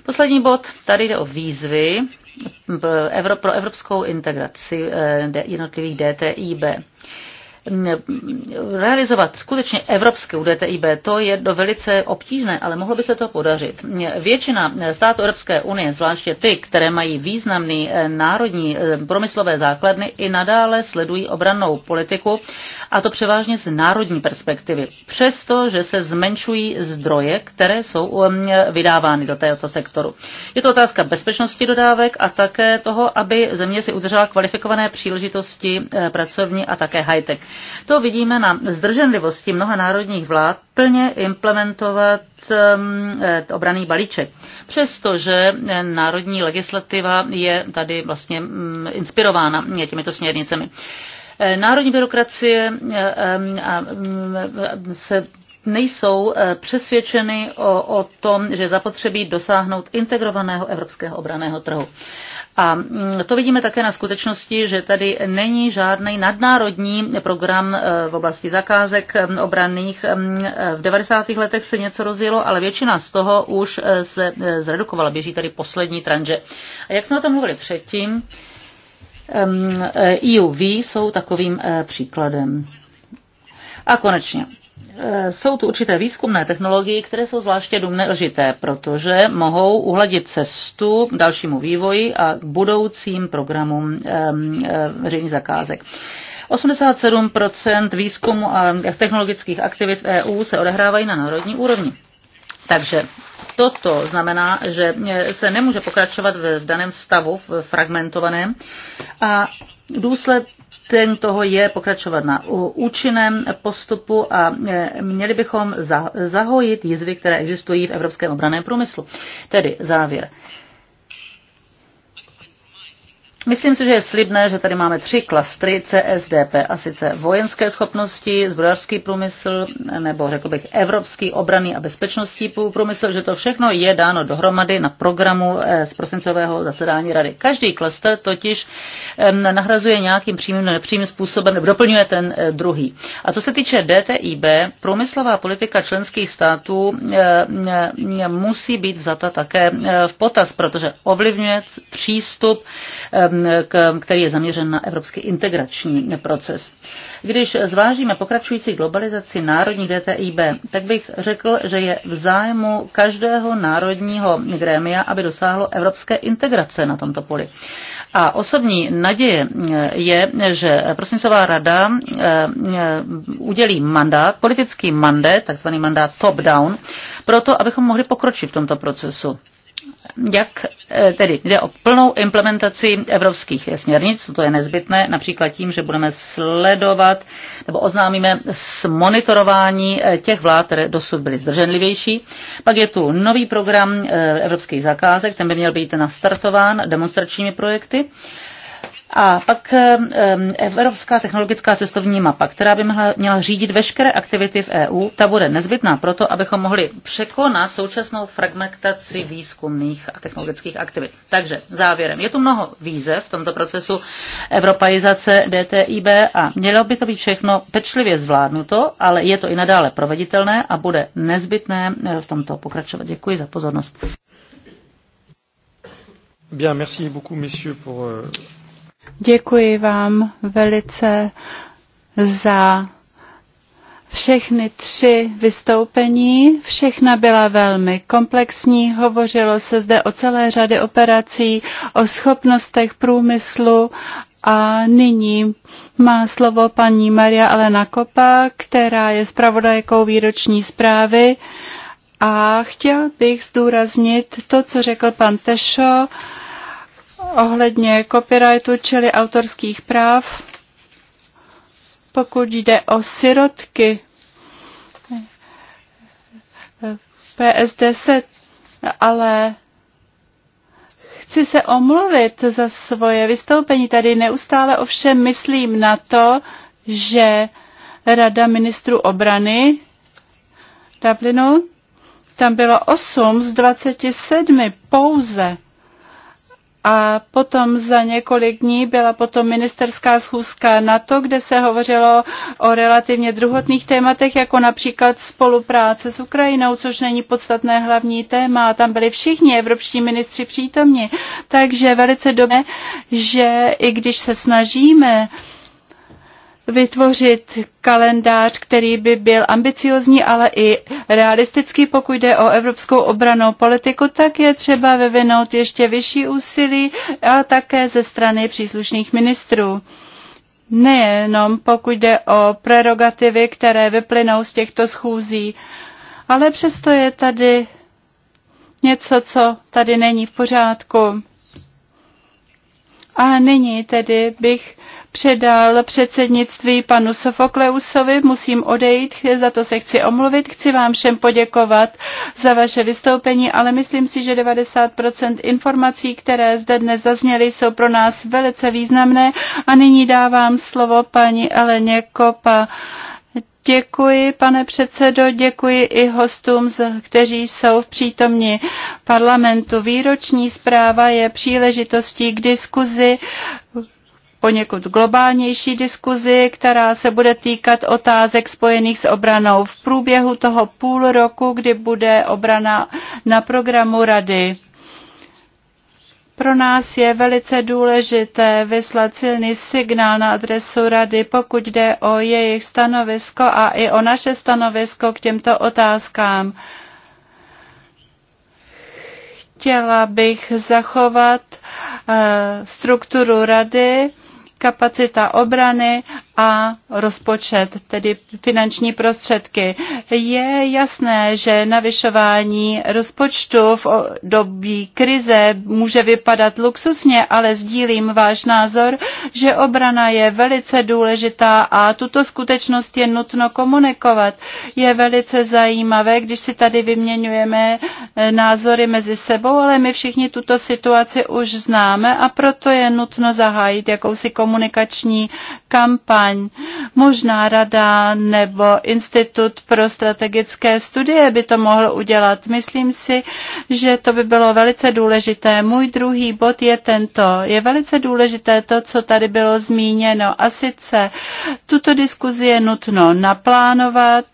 Poslední bod, tady jde o výzvy pro evropskou integraci eh, jednotlivých DTIB realizovat skutečně evropské UDTIB, to je do velice obtížné, ale mohlo by se to podařit. Většina států Evropské unie, zvláště ty, které mají významný eh, národní eh, promyslové základny, i nadále sledují obrannou politiku, a to převážně z národní perspektivy. Přesto, že se zmenšují zdroje, které jsou vydávány do tohoto sektoru. Je to otázka bezpečnosti dodávek a také toho, aby země si udržela kvalifikované příležitosti eh, pracovní a také high-tech. To vidíme na zdrženlivosti mnoha národních vlád plně implementovat um, eh, obraný balíček. Přestože eh, národní legislativa je tady vlastně mm, inspirována těmito směrnicemi. Eh, národní byrokracie mm, se nejsou eh, přesvědčeny o, o tom, že zapotřebí dosáhnout integrovaného evropského obraného trhu. A mm, to vidíme také na skutečnosti, že tady není žádný nadnárodní program eh, v oblasti zakázek eh, obranných. Mm, v 90. letech se něco rozjelo, ale většina z toho už se zredukovala. Běží tady poslední tranže. A jak jsme o tom mluvili předtím, EUV mm, e jsou takovým příkladem. A konečně Eh, jsou tu určité výzkumné technologie, které jsou zvláště důležité, protože mohou uhladit cestu k dalšímu vývoji a k budoucím programům eh, veřejných zakázek. 87 výzkumu a technologických aktivit v EU se odehrávají na národní úrovni. Takže toto znamená, že eh, se nemůže pokračovat v daném stavu, v fragmentovaném. A důsled, ten toho je pokračovat na účinném postupu a e, měli bychom zahojit jizvy, které existují v evropském obraném průmyslu. Tedy závěr. Myslím si, že je slibné, že tady máme tři klastry CSDP, a sice vojenské schopnosti, zbrojařský průmysl, nebo řekl bych evropský obraný a bezpečnostní průmysl, že to všechno je dáno dohromady na programu eh, z prosincového zasedání rady. Každý klastr totiž nahrazuje nějakým přímým nebo nepřímým způsobem, nebo doplňuje ten eh, druhý. A co se týče DTIB, průmyslová politika členských států eh, musí být vzata také v potaz, protože ovlivňuje přístup který je zaměřen na evropský integrační proces. Když zvážíme pokračující globalizaci národní DTIB, tak bych řekl, že je v zájmu každého národního grémia, aby dosáhlo evropské integrace na tomto poli. A osobní naděje je, že prosincová rada eh, eh, udělí mandát, politický mandát, takzvaný mandát top-down, proto, abychom mohli pokročit v tomto procesu jak eh, tedy jde o plnou implementaci evropských směrnic, to je nezbytné, například tím, že budeme sledovat nebo oznámíme monitorování eh, těch vlád, které dosud byly zdrženlivější. Pak je tu nový program eh, evropských zakázek, ten by měl být nastartován demonstračními projekty. A pak Evropská technologická cestovní mapa, která by měla řídit veškeré aktivity v EU, ta bude nezbytná proto, abychom mohli překonat současnou fragmentaci výzkumných a technologických aktivit. Takže závěrem, je tu mnoho výzev v tomto procesu evropaizace DTIB a mělo by to být všechno pečlivě zvládnuto, ale je to i nadále proveditelné a bude nezbytné eh, v tomto pokračovat. Děkuji za pozornost. Bien, merci beaucoup, messieurs, pour euh, Děkuji vám velice za všechny tři vystoupení. Všechna byla velmi komplexní, hovořilo se zde o celé řady operací, o schopnostech průmyslu a nyní má slovo paní Maria Elena Kopa, která je zpravodajkou výroční zprávy. A chtěl bych zdůraznit to, co řekl pan Tešo, ohledně copyrightu, čili autorských práv, pokud jde o sirotky PS10, ale chci se omluvit za svoje vystoupení. Tady neustále ovšem myslím na to, že Rada ministrů obrany Dublinu, tam bylo 8 z 27 pouze a potom za několik dní byla potom ministerská schůzka to, kde se hovořilo o relativně druhotných tématech, jako například spolupráce s Ukrajinou, což není podstatné hlavní téma. Tam byli všichni evropští ministři přítomni. Takže velice dobře, že i když se snažíme, vytvořit kalendář, který by byl ambiciozní, ale i realistický, pokud jde o evropskou obranou politiku, tak je třeba vyvinout ještě vyšší úsilí a také ze strany příslušných ministrů. Nejenom pokud jde o prerogativy, které vyplynou z těchto schůzí, ale přesto je tady něco, co tady není v pořádku. A nyní tedy bych předal předsednictví panu Sofokleusovi. Musím odejít, za to se chci omluvit. Chci vám všem poděkovat za vaše vystoupení, ale myslím si, že 90% informací, které zde dnes zazněly, jsou pro nás velice významné. A nyní dávám slovo paní Eleně Kopa. Děkuji, pane předsedo, děkuji i hostům, kteří jsou v přítomni parlamentu. Výroční zpráva je příležitostí k diskuzi poněkud globálnější diskuzi, která se bude týkat otázek spojených s obranou v průběhu toho půl roku, kdy bude obrana na programu Rady. Pro nás je velice důležité vyslat silný signál na adresu Rady, pokud jde o jejich stanovisko a i o naše stanovisko k těmto otázkám. Chtěla bych zachovat eh, strukturu Rady kapacita obrany a rozpočet, tedy finanční prostředky. Je jasné, že navyšování rozpočtu v dobí krize může vypadat luxusně, ale sdílím váš názor, že obrana je velice důležitá a tuto skutečnost je nutno komunikovat. Je velice zajímavé, když si tady vyměňujeme eh, názory mezi sebou, ale my všichni tuto situaci už známe a proto je nutno zahájit jakousi komunikační kampaň daň. Možná rada nebo Institut pro strategické studie by to mohl udělat. Myslím si, že to by bylo velice důležité. Můj druhý bod je tento. Je velice důležité to, co tady bylo zmíněno. A sice tuto diskuzi je nutno naplánovat,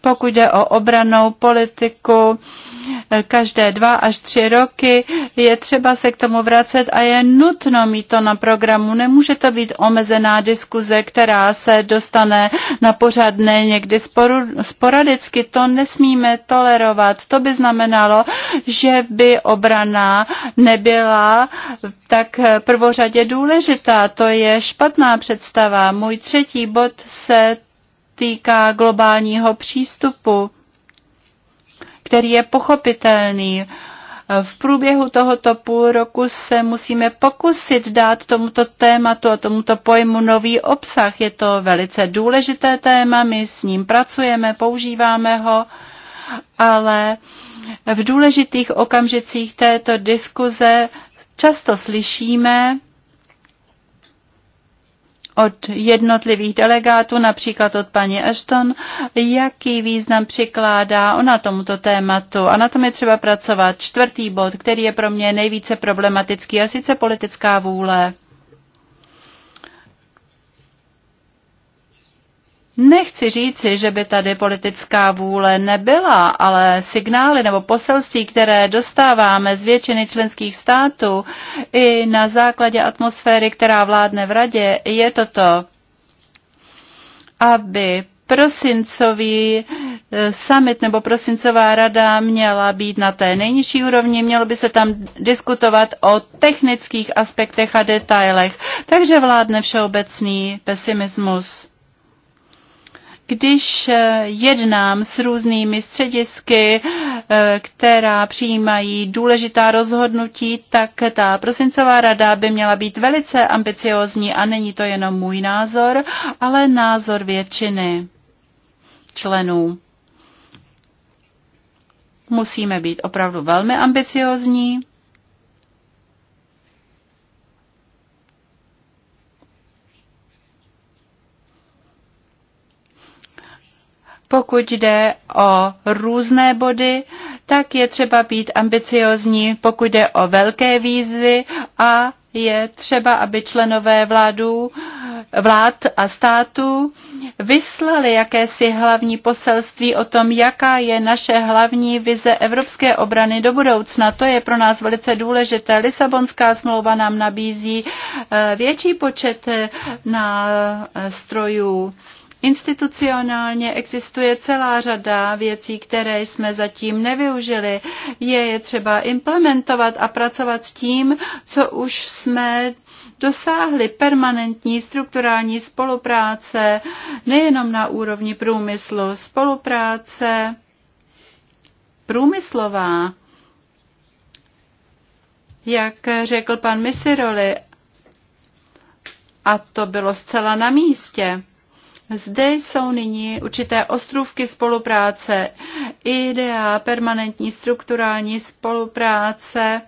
pokud jde o obranou politiku, každé dva až tři roky. Je třeba se k tomu vracet a je nutno mít to na programu. Nemůže to být omezená diskuze, která se dostane na pořadné někdy sporadicky. To nesmíme tolerovat. To by znamenalo, že by obrana nebyla tak prvořadě důležitá. To je špatná představa. Můj třetí bod se týká globálního přístupu který je pochopitelný. V průběhu tohoto půl roku se musíme pokusit dát tomuto tématu a tomuto pojmu nový obsah. Je to velice důležité téma, my s ním pracujeme, používáme ho, ale v důležitých okamžicích této diskuze často slyšíme, od jednotlivých delegátů, například od paní Ashton, jaký význam přikládá ona tomuto tématu. A na tom je třeba pracovat. Čtvrtý bod, který je pro mě nejvíce problematický, a sice politická vůle. Nechci říci, že by tady politická vůle nebyla, ale signály nebo poselství, které dostáváme z většiny členských států i na základě atmosféry, která vládne v radě, je toto, aby prosincový eh, summit nebo prosincová rada měla být na té nejnižší úrovni, mělo by se tam diskutovat o technických aspektech a detailech, takže vládne všeobecný pesimismus. Když eh, jednám s různými středisky, eh, která přijímají důležitá rozhodnutí, tak ta prosincová rada by měla být velice ambiciozní a není to jenom můj názor, ale názor většiny členů. Musíme být opravdu velmi ambiciozní Pokud jde o různé body, tak je třeba být ambiciozní, pokud jde o velké výzvy a je třeba, aby členové vládu, vlád a států vyslali jakési hlavní poselství o tom, jaká je naše hlavní vize evropské obrany do budoucna. To je pro nás velice důležité. Lisabonská smlouva nám nabízí eh, větší počet nástrojů. Eh, na eh, Institucionálně existuje celá řada věcí, které jsme zatím nevyužili. Je je třeba implementovat a pracovat s tím, co už jsme dosáhli permanentní strukturální spolupráce nejenom na úrovni průmyslu, spolupráce průmyslová, jak řekl pan Misiroli, a to bylo zcela na místě. Zde jsou nyní určité ostrůvky spolupráce, idea permanentní strukturální spolupráce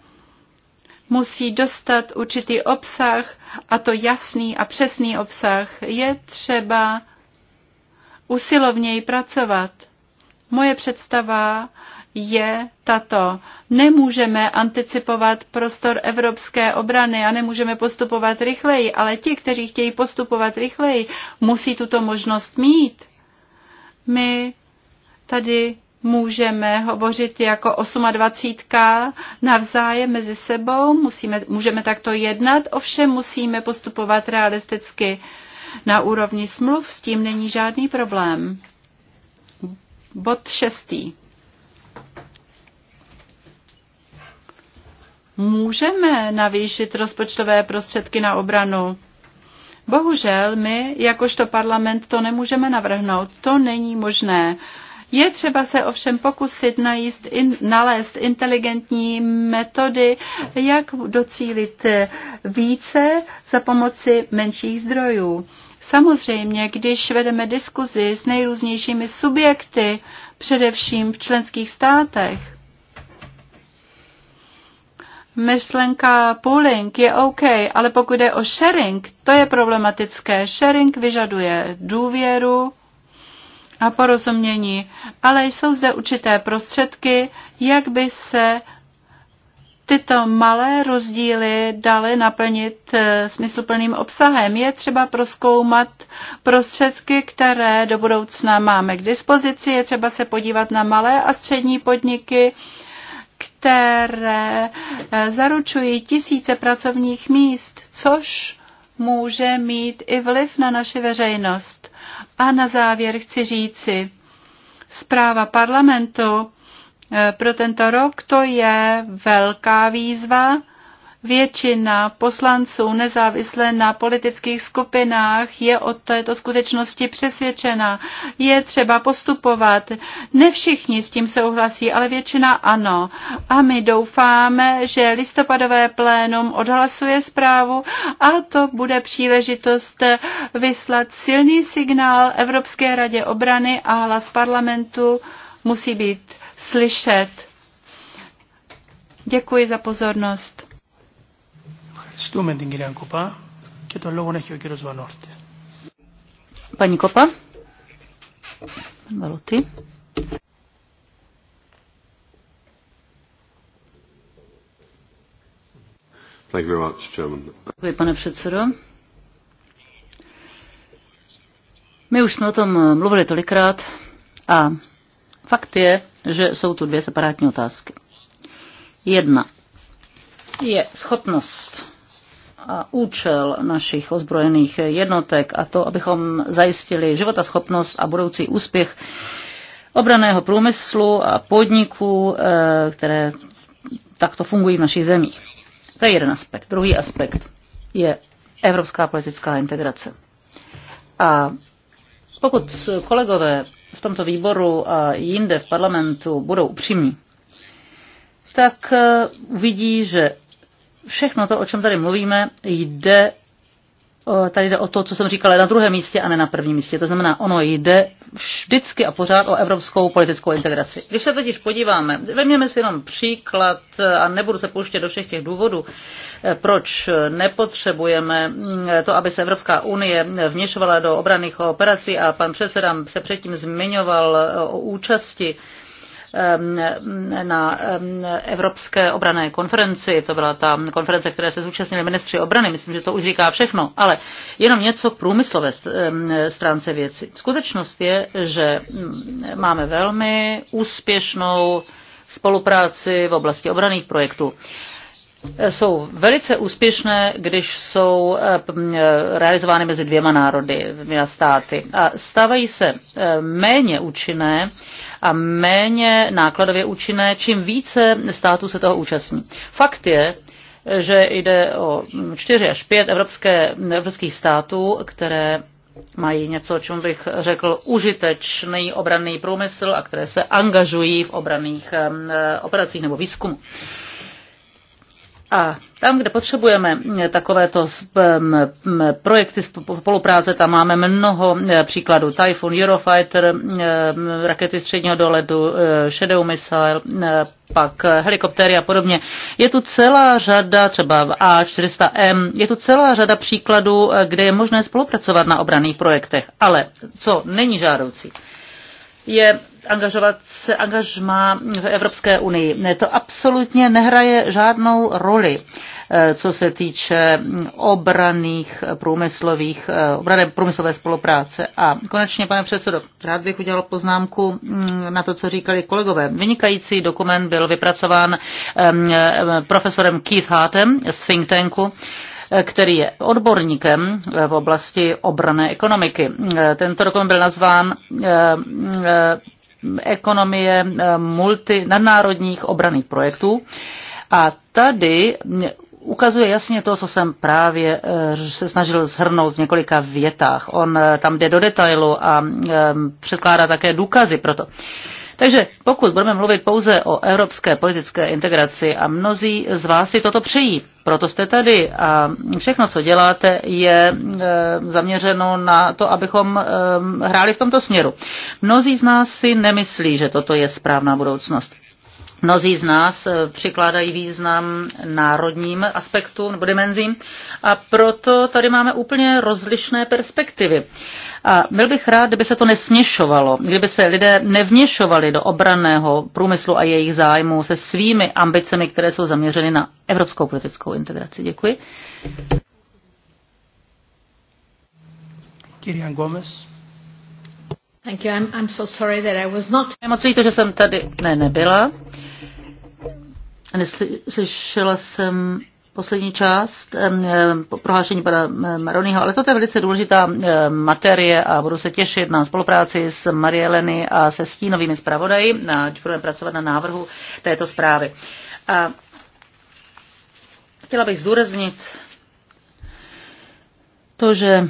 musí dostat určitý obsah, a to jasný a přesný obsah. Je třeba usilovněji pracovat. Moje představa je tato. Nemůžeme anticipovat prostor evropské obrany a nemůžeme postupovat rychleji, ale ti, kteří chtějí postupovat rychleji, musí tuto možnost mít. My tady můžeme hovořit jako 28 navzájem mezi sebou, musíme, můžeme takto jednat, ovšem musíme postupovat realisticky. Na úrovni smluv s tím není žádný problém. Bod šestý. můžeme navýšit rozpočtové prostředky na obranu. Bohužel my, jakožto parlament, to nemůžeme navrhnout. To není možné. Je třeba se ovšem pokusit najíst, in, nalézt inteligentní metody, jak docílit více za pomoci menších zdrojů. Samozřejmě, když vedeme diskuzi s nejrůznějšími subjekty, především v členských státech, myšlenka pooling je OK, ale pokud jde o sharing, to je problematické. Sharing vyžaduje důvěru a porozumění, ale jsou zde určité prostředky, jak by se tyto malé rozdíly daly naplnit eh, smysluplným obsahem. Je třeba proskoumat prostředky, které do budoucna máme k dispozici, je třeba se podívat na malé a střední podniky, které eh, zaručují tisíce pracovních míst, což může mít i vliv na naši veřejnost. A na závěr chci říci, zpráva parlamentu eh, pro tento rok to je velká výzva, Většina poslanců nezávisle na politických skupinách je o této skutečnosti přesvědčena. Je třeba postupovat. Ne všichni s tím souhlasí, ale většina ano. A my doufáme, že listopadové plénum odhlasuje zprávu a to bude příležitost vyslat silný signál Evropské radě obrany a hlas parlamentu musí být slyšet. Děkuji za pozornost. Ευχαριστούμε την κυρία Κοπά και τον λόγο έχει ο κύριος Βανόρτη. Paní Κοπά. Βαλωτή. Thank you very much, Chairman. Děkuji, pane předsedo. My už jsme o tom mluvili tolikrát a fakt je, že jsou tu dvě separátní otázky. Jedna je schopnost a účel našich ozbrojených jednotek a to, abychom zajistili životaschopnost a budoucí úspěch obraného průmyslu a podniků, eh, které takto fungují v našich zemích. To je jeden aspekt. Druhý aspekt je evropská politická integrace. A pokud kolegové v tomto výboru a jinde v parlamentu budou upřímní, tak eh, uvidí, že všechno to, o čem tady mluvíme, jde tady jde o to, co jsem říkala, na druhém místě a ne na prvním místě. To znamená, ono jde vždycky a pořád o evropskou politickou integraci. Když se totiž podíváme, vezměme si jenom příklad a nebudu se pouštět do všech těch důvodů, proč nepotřebujeme to, aby se Evropská unie vněšovala do obraných operací a pan předseda se předtím zmiňoval o účasti na Evropské obrané konferenci, to byla ta konference, které se zúčastnili ministři obrany, myslím, že to už říká všechno, ale jenom něco k průmyslové stránce věci. Skutečnost je, že mm, máme velmi úspěšnou spolupráci v oblasti obraných projektů jsou velice úspěšné, když jsou realizovány mezi dvěma národy, dvěma státy. A stávají se méně účinné, a méně nákladově účinné, čím více států se toho účastní. Fakt je, že jde o čtyři, až pět evropské, evropských států, které mají něco, o čem bych řekl, užitečný obranný průmysl a které se angažují v obranných eh, operacích nebo výzkumu. A tam, kde potřebujeme takovéto projekty spolupráce, tam máme mnoho příkladů. Typhoon, Eurofighter, rakety středního doledu, e, Shadow Missile, e, pak helikoptéry a podobně. Je tu celá řada, třeba A400M, je tu celá řada příkladů, e, kde je možné spolupracovat na obraných projektech. Ale co není žádoucí, je angažovat se angažma v Evropské unii. To absolutně nehraje žádnou roli, eh, co se týče obraných průmyslových, eh, obrané průmyslové spolupráce. A konečně, pane předsedo, rád bych udělal poznámku mm, na to, co říkali kolegové. Vynikající dokument byl vypracován ehm, eh, profesorem Keith Hartem z think tanku který je odborníkem v oblasti obrané ekonomiky. Tento dokument byl nazván ekonomie eh, multi, nadnárodních obraných projektů. A tady ukazuje jasně to, co jsem právě eh, se snažil shrnout v několika větách. On eh, tam jde do detailu a předkládá také důkazy pro to. Takže pokud budeme mluvit pouze o evropské politické integraci a mnozí z vás si toto přejí, proto jste tady a všechno, co děláte, je e, zaměřeno na to, abychom e, hráli v tomto směru. Mnozí z nás si nemyslí, že toto je správná budoucnost. Mnozí z nás eh, přikládají význam národním aspektům nebo dimenzím a proto tady máme úplně rozlišné perspektivy. A byl bych rád, kdyby se to nesměšovalo, kdyby se lidé nevněšovali do obraného průmyslu a jejich zájmů se svými ambicemi, které jsou zaměřeny na evropskou politickou integraci. Děkuji. Kirian Gomez. Thank you. I'm, I'm so sorry that I was not. Moc líto, že jsem tady ne, nebyla. Neslyšela jsem poslední část prohlášení pana Maroniho, ale toto je velice důležitá materie a budu se těšit na spolupráci s Marieleny a se stínovými zpravodaji, ať budeme pracovat na návrhu této zprávy. A chtěla bych zúraznit to, že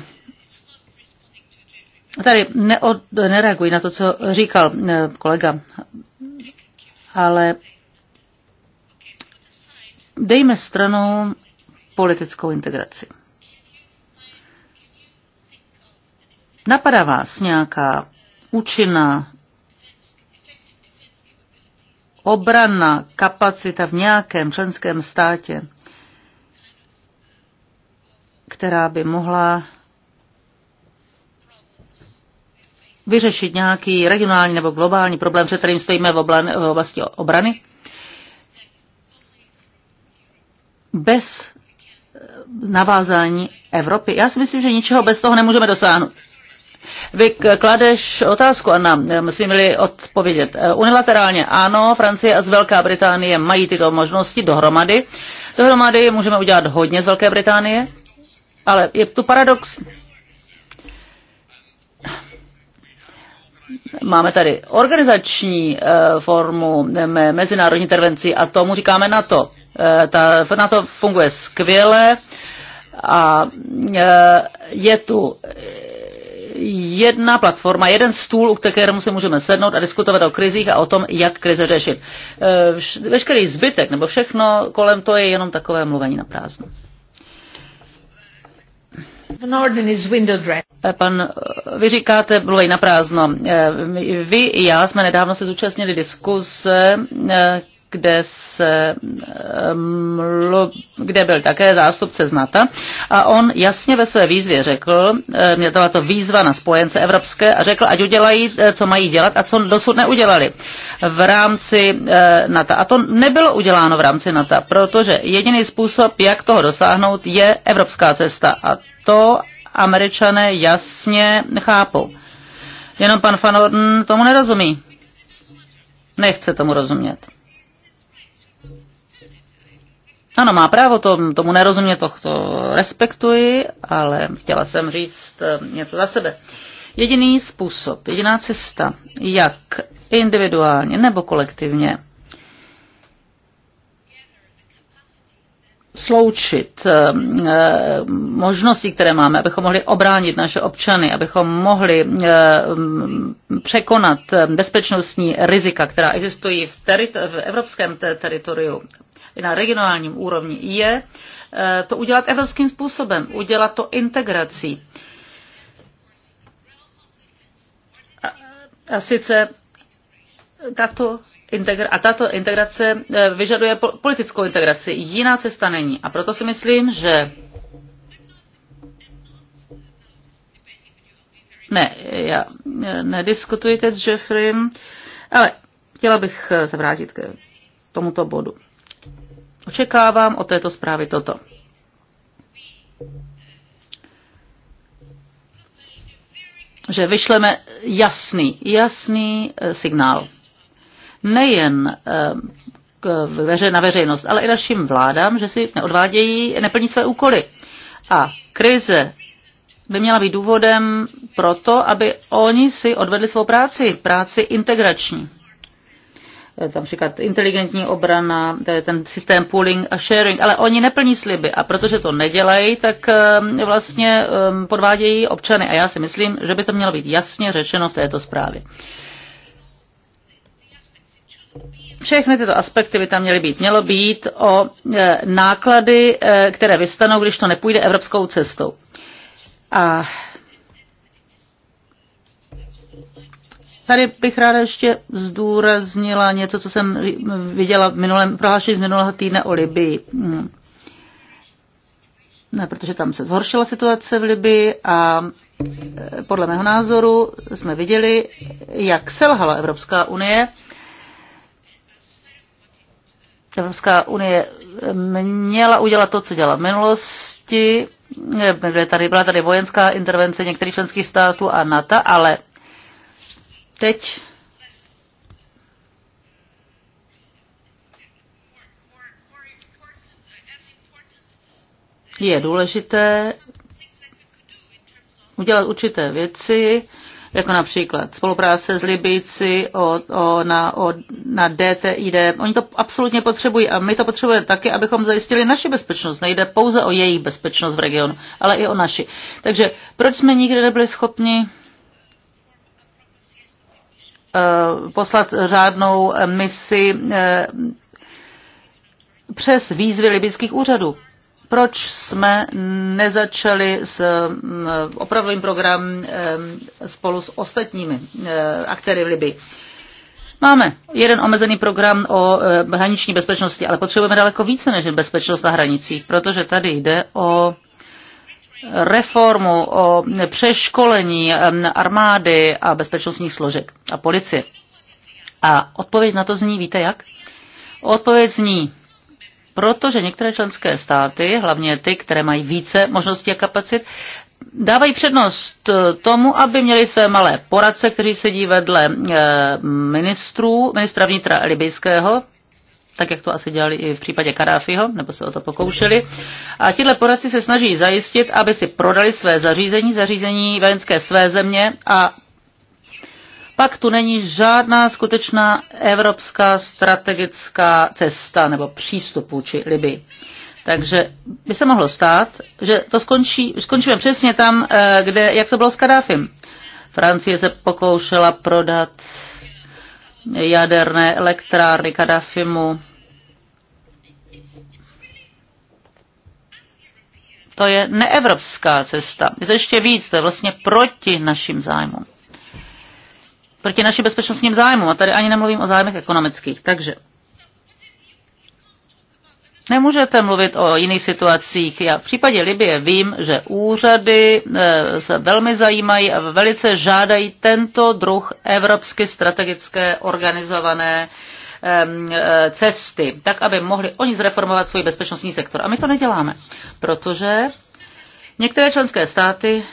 tady neod, nereaguji na to, co říkal kolega, ale Dejme stranou politickou integraci. Napadá vás nějaká účinná obranná kapacita v nějakém členském státě, která by mohla vyřešit nějaký regionální nebo globální problém, před kterým stojíme v oblasti obrany? bez eh, navázání Evropy. Já si myslím, že ničeho bez toho nemůžeme dosáhnout. Vy kladeš otázku, Anna, eh, musíme měli odpovědět. Eh, unilaterálně ano, Francie a z Velká Británie mají tyto možnosti dohromady. Dohromady můžeme udělat hodně z Velké Británie, ale je tu paradox. Máme tady organizační formu mezinárodní intervenci a tomu říkáme NATO. Eh, ta, na to funguje skvěle a eh, je tu eh, jedna platforma, jeden stůl, u kterému se můžeme sednout a diskutovat o krizích a o tom, jak krize řešit. Veškerý zbytek nebo všechno kolem to je jenom takové mluvení na prázdno. Pan, vy říkáte, mluví na prázdno. Vy i já jsme nedávno se zúčastnili diskuse kde, se, ehm, kde byl také zástupce z NATO a on jasně ve své výzvě řekl, eh, mě to to výzva na spojence evropské a řekl, ať udělají, eh, co mají dělat a co dosud neudělali v rámci eh, NATO. A to nebylo uděláno v rámci NATO, protože jediný způsob, jak toho dosáhnout, je evropská cesta a to američané jasně chápou. Jenom pan Fanorden tomu nerozumí. Nechce tomu rozumět. Ano, má právo, to, tomu nerozumě, to, to respektuji, ale chtěla jsem říct eh, něco za sebe. Jediný způsob, jediná cesta, jak individuálně nebo kolektivně sloučit eh, eh, možnosti, které máme, abychom mohli obránit naše občany, abychom mohli mm, překonat bezpečnostní rizika, která existují v, v evropském teritoriu na regionálním úrovni je eh, to udělat evropským způsobem, udělat to integrací. A, a sice tato integra- a tato integrace eh, vyžaduje politickou integraci. Jiná cesta není. A proto si myslím, že Ne, já eh, nediskutuji teď s Jeffrem, ale chtěla bych se vrátit k tomuto bodu. Očekávám od této zprávy toto. Že vyšleme jasný, jasný eh, signál. Nejen eh, k veře, na veřejnost, ale i našim vládám, že si neodvádějí, neplní své úkoly. A krize by měla být důvodem pro to, aby oni si odvedli svou práci, práci integrační. Tam eh, například inteligentní obrana, to je ten systém pooling a sharing, ale oni neplní sliby a protože to nedělají, tak eh, vlastně eh, podvádějí občany a já si myslím, že by to mělo být jasně řečeno v této zprávě. Všechny tyto aspekty by tam měly být. Mělo být o náklady, které vystanou, když to nepůjde evropskou cestou. A Tady bych ráda ještě zdůraznila něco, co jsem viděla v minulém prohlášení z minulého týdne o Libii. Mm. Ne, protože tam se zhoršila situace v Libii a e, podle mého názoru jsme viděli, jak selhala Evropská unie. Evropská unie měla udělat to, co dělala v minulosti. E, tady, byla tady vojenská intervence některých členských států a NATO, ale Teď je důležité udělat určité věci, jako například spolupráce s Libíci o, o, na, o, na DTID. Oni to absolutně potřebují a my to potřebujeme taky, abychom zajistili naši bezpečnost. Nejde pouze o jejich bezpečnost v regionu, ale i o naši. Takže proč jsme nikdy nebyli schopni Eh, poslat řádnou misi eh, přes výzvy libyských úřadů. Proč jsme nezačali s mm, opravdovým program eh, spolu s ostatními aktéry v Libii? Máme jeden omezený program o hraniční bezpečnosti, ale potřebujeme daleko více než bezpečnost na hranicích, protože tady jde o reformu, o přeškolení armády a bezpečnostních složek a policie. A odpověď na to zní, víte jak? Odpověď zní, protože některé členské státy, hlavně ty, které mají více možností a kapacit, dávají přednost eh, tomu, aby měli své malé poradce, kteří sedí vedle eh, ministrů, ministra vnitra libijského, tak jak to asi dělali i v případě Karáfiho, nebo se o to pokoušeli. A tihle poradci se snaží zajistit, aby si prodali své zařízení, zařízení vojenské své země a pak tu není žádná skutečná evropská strategická cesta nebo přístup či Libii. Takže by se mohlo stát, že to skončí, skončíme přesně tam, eh, kde, jak to bylo s Kadáfim. Francie se pokoušela prodat jaderné elektrárny Kadáfimu To je neevropská cesta. Je to ještě víc, to je vlastně proti našim zájmům. Proti našim bezpečnostním zájmům. A tady ani nemluvím o zájmech ekonomických. Takže Nemůžete mluvit o jiných situacích. Já v případě Libie vím, že úřady eh, se velmi zajímají a velice žádají tento druh evropsky strategické organizované Eh, cesty, tak aby mohli oni zreformovat svůj bezpečnostní sektor. A my to neděláme, protože některé členské státy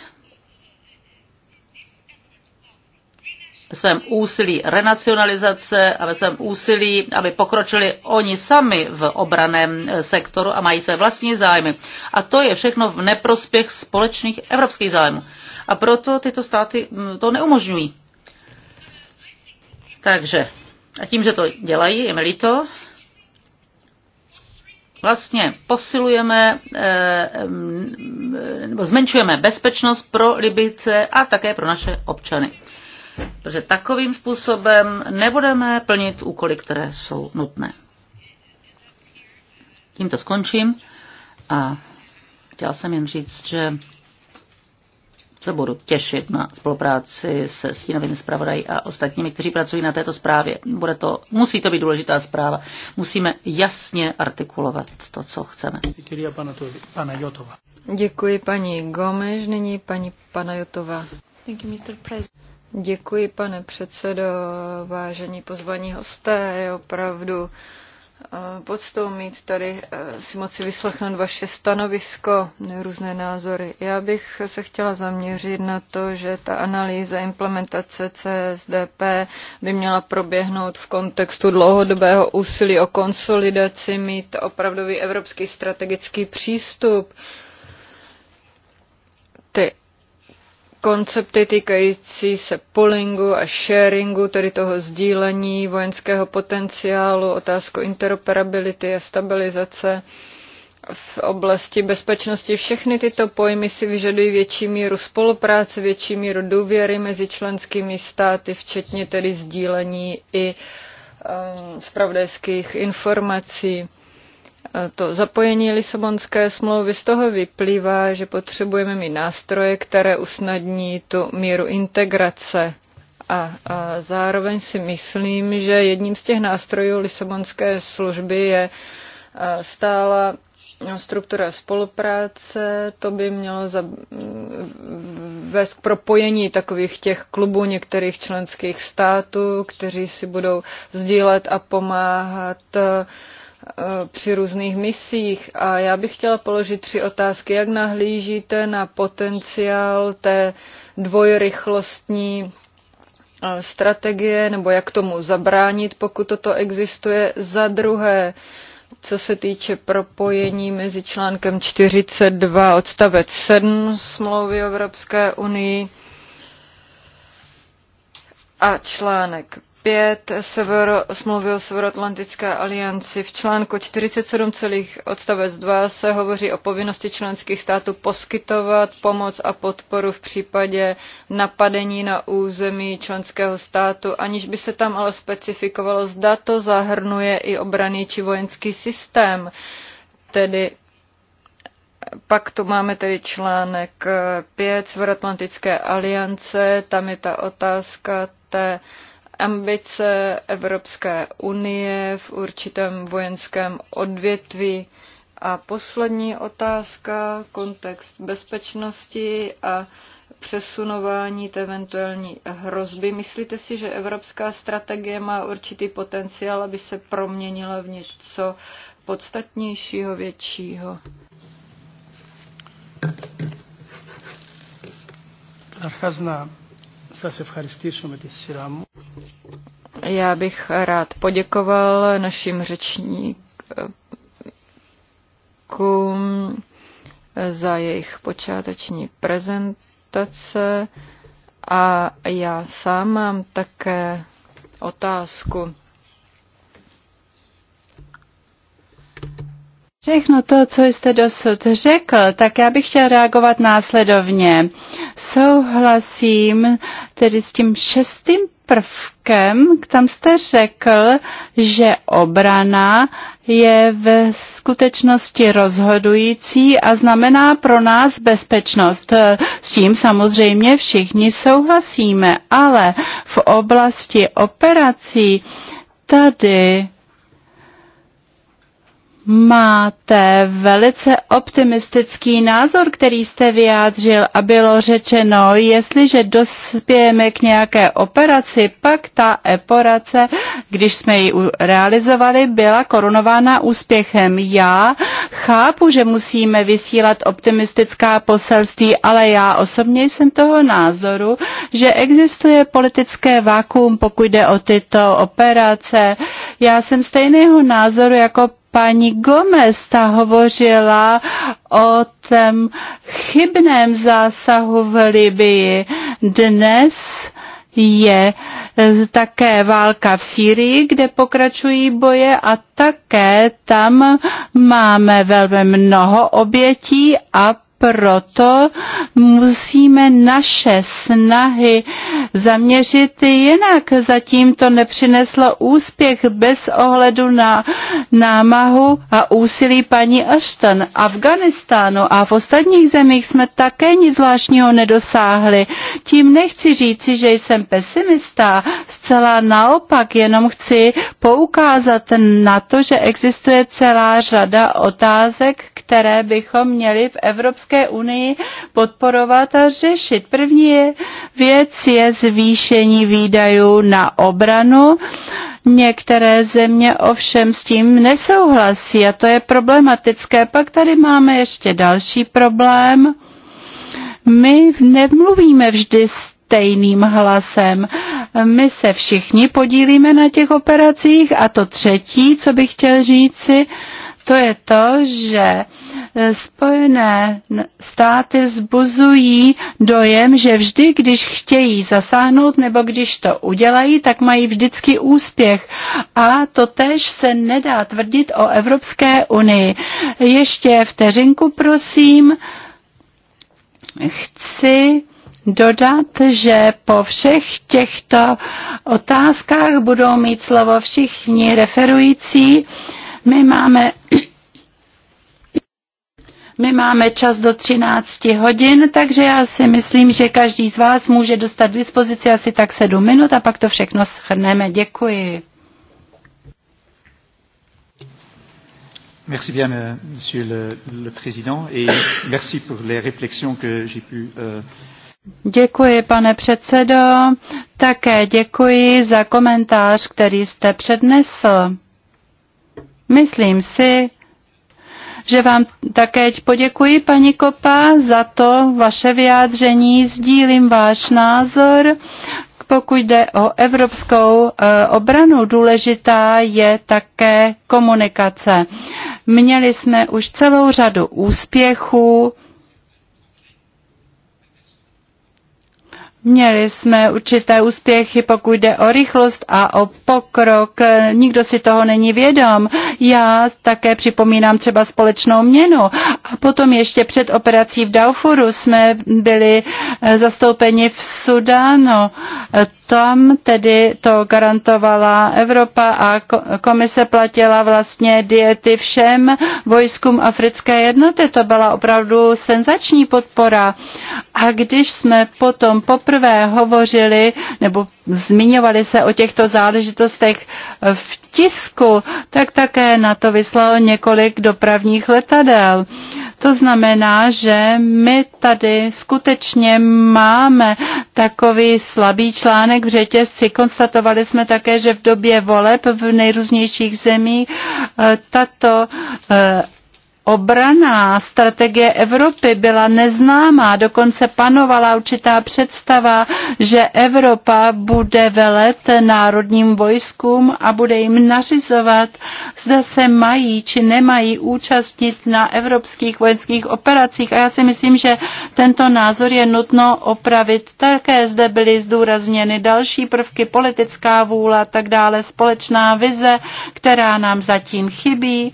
ve svém úsilí renacionalizace a ve svém úsilí, aby pokročili oni sami v obraném eh, sektoru a mají své vlastní zájmy. A to je všechno v neprospěch společných evropských zájmů. A proto tyto státy mm, to neumožňují. Takže a tím, že to dělají, je mi líto, vlastně posilujeme eh, nebo zmenšujeme bezpečnost pro Libice a také pro naše občany. Protože takovým způsobem nebudeme plnit úkoly, které jsou nutné. Tímto skončím a chtěla jsem jen říct, že se budu těšit na spolupráci se stínovými zpravodají a ostatními, kteří pracují na této zprávě. Bude to, musí to být důležitá zpráva. Musíme jasně artikulovat to, co chceme. Děkuji paní Gomež, nyní paní Panajotova. Thank you, Mr. President. Děkuji, pane předsedo, vážení pozvaní hosté, je opravdu Eh, podstou mít tady eh, si moci vyslechnout vaše stanovisko, různé názory. Já bych se chtěla zaměřit na to, že ta analýza implementace CSDP by měla proběhnout v kontextu dlouhodobého úsilí o konsolidaci, mít opravdový evropský strategický přístup. Ty koncepty týkající se pullingu a sharingu, tedy toho sdílení vojenského potenciálu, otázku interoperability a stabilizace v oblasti bezpečnosti. Všechny tyto pojmy si vyžadují větší míru spolupráce, větší míru důvěry mezi členskými státy, včetně tedy sdílení i um, spravodajských informací to zapojení Lisabonské smlouvy z toho vyplývá, že potřebujeme mít nástroje, které usnadní tu míru integrace. A, a zároveň si myslím, že jedním z těch nástrojů Lisabonské služby je stála struktura spolupráce, to by mělo za, vést k propojení takových těch klubů některých členských států, kteří si budou sdílet a pomáhat Eh, při různých misích. A já bych chtěla položit tři otázky. Jak nahlížíte na potenciál té dvojrychlostní eh, strategie, nebo jak tomu zabránit, pokud toto existuje? Za druhé, co se týče propojení mezi článkem 42 odstavec 7 smlouvy Evropské unii a článek 5 Sever. smlouvy o Severoatlantické alianci. V článku 47, odstavec 2 se hovoří o povinnosti členských států poskytovat pomoc a podporu v případě napadení na území členského státu, aniž by se tam ale specifikovalo, zda to zahrnuje i obraný či vojenský systém. Tedy pak tu máme tedy článek 5 Severoatlantické aliance, tam je ta otázka té ambice Evropské unie v určitém vojenském odvětví. A poslední otázka, kontext bezpečnosti a přesunování té eventuální hrozby. Myslíte si, že evropská strategie má určitý potenciál, aby se proměnila v něco podstatnějšího, většího? Archazna se σας ευχαριστήσω με já bych rád poděkoval našim řečníkům za jejich počáteční prezentace a já sám mám také otázku. Všechno to, co jste dosud řekl, tak já bych chtěl reagovat následovně. Souhlasím tedy s tím šestým prvkem, tam jste řekl, že obrana je v skutečnosti rozhodující a znamená pro nás bezpečnost. S tím samozřejmě všichni souhlasíme, ale v oblasti operací tady máte velice optimistický názor, který jste vyjádřil a bylo řečeno, jestliže dospějeme k nějaké operaci, pak ta operace, když jsme ji realizovali, byla korunována úspěchem. Já chápu, že musíme vysílat optimistická poselství, ale já osobně jsem toho názoru, že existuje politické vákuum, pokud jde o tyto operace. Já jsem stejného názoru jako paní Gomez, ta hovořila o tom chybném zásahu v Libii. Dnes je také válka v Sýrii, kde pokračují boje a také tam máme velmi mnoho obětí a proto musíme naše snahy zaměřit jinak. Zatím to nepřineslo úspěch bez ohledu na námahu a úsilí paní Ashton. Afganistánu a v ostatních zemích jsme také nic zvláštního nedosáhli. Tím nechci říci, že jsem pesimista, zcela naopak, jenom chci poukázat na to, že existuje celá řada otázek, které bychom měli v Evropské unii podporovat a řešit. První je, věc je zvýšení výdajů na obranu. Některé země ovšem s tím nesouhlasí a to je problematické. Pak tady máme ještě další problém. My nemluvíme vždy stejným hlasem. My se všichni podílíme na těch operacích a to třetí, co bych chtěl říci, to je to, že Spojené státy vzbuzují dojem, že vždy, když chtějí zasáhnout nebo když to udělají, tak mají vždycky úspěch. A to tež se nedá tvrdit o Evropské unii. Ještě vteřinku, prosím. Chci dodat, že po všech těchto otázkách budou mít slovo všichni referující my máme my máme čas do 13 hodin, takže já si myslím, že každý z vás může dostat k dispozici asi tak 7 minut a pak to všechno schrneme. Děkuji. Merci bien, euh, Monsieur le, le Président, et merci pour les réflexions que j'ai pu. Euh... Děkuji, pane předsedo. Také děkuji za komentář, který jste přednesl. Myslím si, že vám také poděkuji, paní Kopa, za to vaše vyjádření. Sdílím váš názor. Pokud jde o evropskou eh, obranu, důležitá je také komunikace. Měli jsme už celou řadu úspěchů Měli jsme určité úspěchy, pokud jde o rychlost a o pokrok. Nikdo si toho není vědom. Já také připomínám třeba společnou měnu. A potom ještě před operací v Daufuru jsme byli eh, zastoupeni v Sudánu. Tam tedy to garantovala Evropa a komise platila vlastně diety všem vojskům africké jednoty. To byla opravdu senzační podpora. A když jsme potom poprvé poprvé hovořili nebo zmiňovali se o těchto záležitostech v tisku, tak také na to vyslalo několik dopravních letadel. To znamená, že my tady skutečně máme takový slabý článek v řetězci. Konstatovali jsme také, že v době voleb v nejrůznějších zemích eh, tato eh, obraná strategie Evropy byla neznámá, dokonce panovala určitá představa, že Evropa bude velet národním vojskům a bude jim nařizovat, zda se mají či nemají účastnit na evropských vojenských operacích. A já si myslím, že tento názor je nutno opravit. Také zde byly zdůrazněny další prvky, politická vůle a tak dále, společná vize, která nám zatím chybí.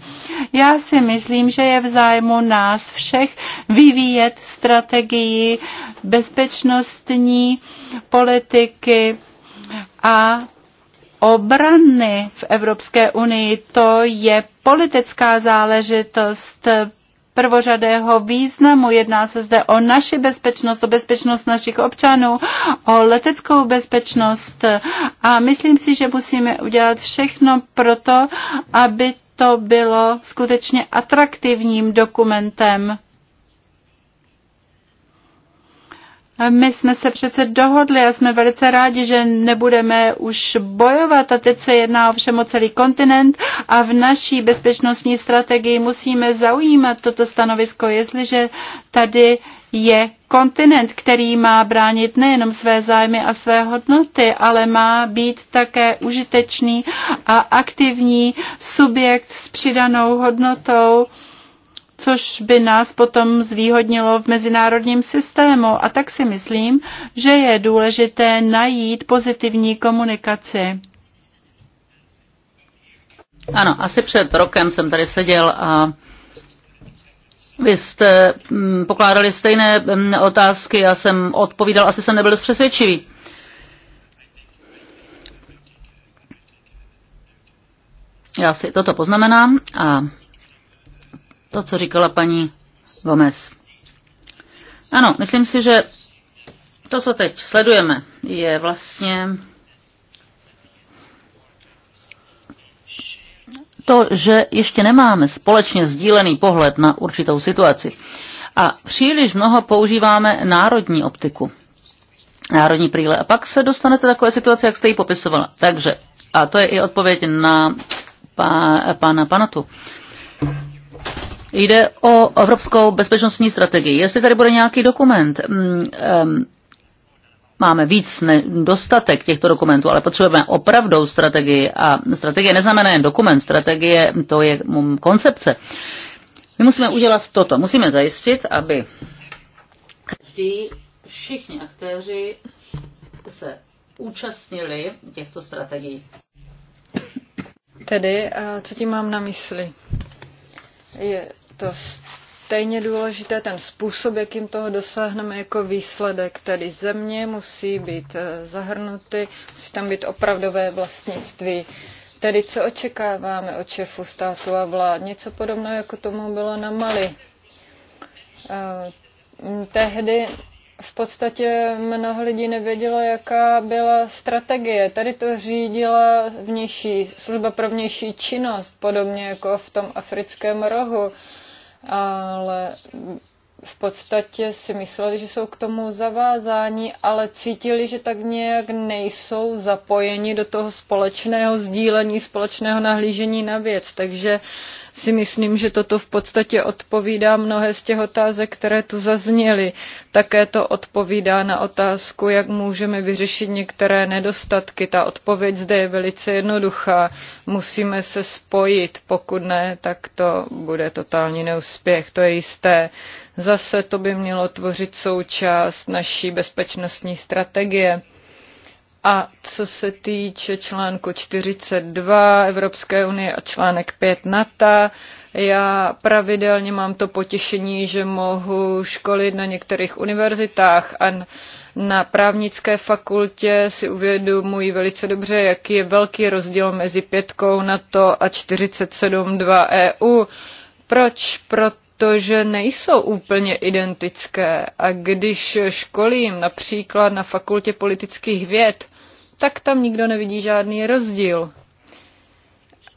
Já si myslím, že že je v zájmu nás všech vyvíjet strategii bezpečnostní politiky a obrany v Evropské unii. To je politická záležitost prvořadého významu. Jedná se zde o naši bezpečnost, o bezpečnost našich občanů, o leteckou bezpečnost a myslím si, že musíme udělat všechno proto, aby to bylo skutečně atraktivním dokumentem. My jsme se přece dohodli a jsme velice rádi, že nebudeme už bojovat a teď se jedná ovšem o celý kontinent a v naší bezpečnostní strategii musíme zaujímat toto stanovisko, jestliže tady je kontinent, který má bránit nejenom své zájmy a své hodnoty, ale má být také užitečný a aktivní subjekt s přidanou hodnotou což by nás potom zvýhodnilo v mezinárodním systému. A tak si myslím, že je důležité najít pozitivní komunikaci. Ano, asi před rokem jsem tady seděl a vy jste mm, pokládali stejné mm, otázky, já jsem odpovídal, asi jsem nebyl přesvědčivý. Já si toto poznamenám a to, co říkala paní Gomez. Ano, myslím si, že to, co teď sledujeme, je vlastně to, že ještě nemáme společně sdílený pohled na určitou situaci. A příliš mnoho používáme národní optiku, národní prýle. A pak se dostanete takové situace, jak jste ji popisovala. Takže, a to je i odpověď na pana pána Panatu. Jde o evropskou bezpečnostní strategii. Jestli tady bude nějaký dokument, um, máme víc ne, dostatek těchto dokumentů, ale potřebujeme opravdu strategii a strategie neznamená jen dokument, strategie to je mm, koncepce. My musíme udělat toto, musíme zajistit, aby každý, všichni aktéři se účastnili těchto strategií. Tedy, co tím mám na mysli? Je to stejně důležité ten způsob, jakým toho dosáhneme jako výsledek, tedy země musí být eh, zahrnuty, musí tam být opravdové vlastnictví. Tedy co očekáváme od šefu státu a vlád? Něco podobného, jako tomu bylo na Mali. Eh, tehdy v podstatě mnoho lidí nevědělo, jaká byla strategie. Tady to řídila vnější, služba pro vnější činnost, podobně jako v tom africkém rohu ale v podstatě si mysleli, že jsou k tomu zavázáni, ale cítili, že tak nějak nejsou zapojeni do toho společného sdílení, společného nahlížení na věc. Takže uh, si myslím, že toto v podstatě odpovídá mnohé z těch otázek, které tu zazněly. Také to odpovídá na otázku, jak můžeme vyřešit některé nedostatky. Ta odpověď zde je velice jednoduchá. Musíme se spojit, pokud ne, tak to bude totální neúspěch, to je jisté. Zase to by mělo tvořit součást naší bezpečnostní strategie a co se týče článku 42 Evropské unie a článek 5 NATO, já pravidelně mám to potěšení, že mohu školit na některých univerzitách a na právnické fakultě si uvědomuji velice dobře, jaký je velký rozdíl mezi pětkou NATO a 47.2 EU. Proč? Protože nejsou úplně identické. A když školím například na fakultě politických věd, tak tam nikdo nevidí žádný rozdíl.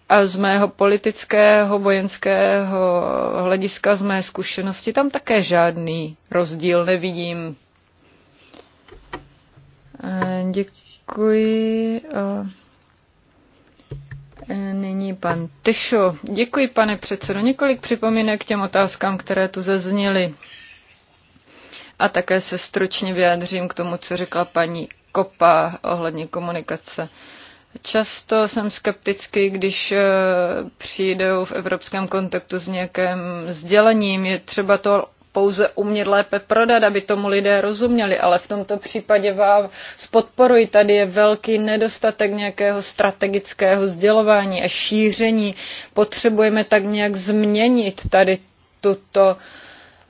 A z mého politického, vojenského hlediska, z mé zkušenosti, tam také žádný rozdíl nevidím. E, děkuji. E, nyní pan Tešo. Děkuji, pane předsedo. Několik připomínek k těm otázkám, které tu zazněly. A také se stručně vyjádřím k tomu, co řekla paní kopa ohledně komunikace. Často jsem skeptický, když eh, přijdou v evropském kontaktu s nějakým sdělením. Je třeba to pouze umět lépe prodat, aby tomu lidé rozuměli, ale v tomto případě vám podporuji. Tady je velký nedostatek nějakého strategického sdělování a šíření. Potřebujeme tak nějak změnit tady tuto uh,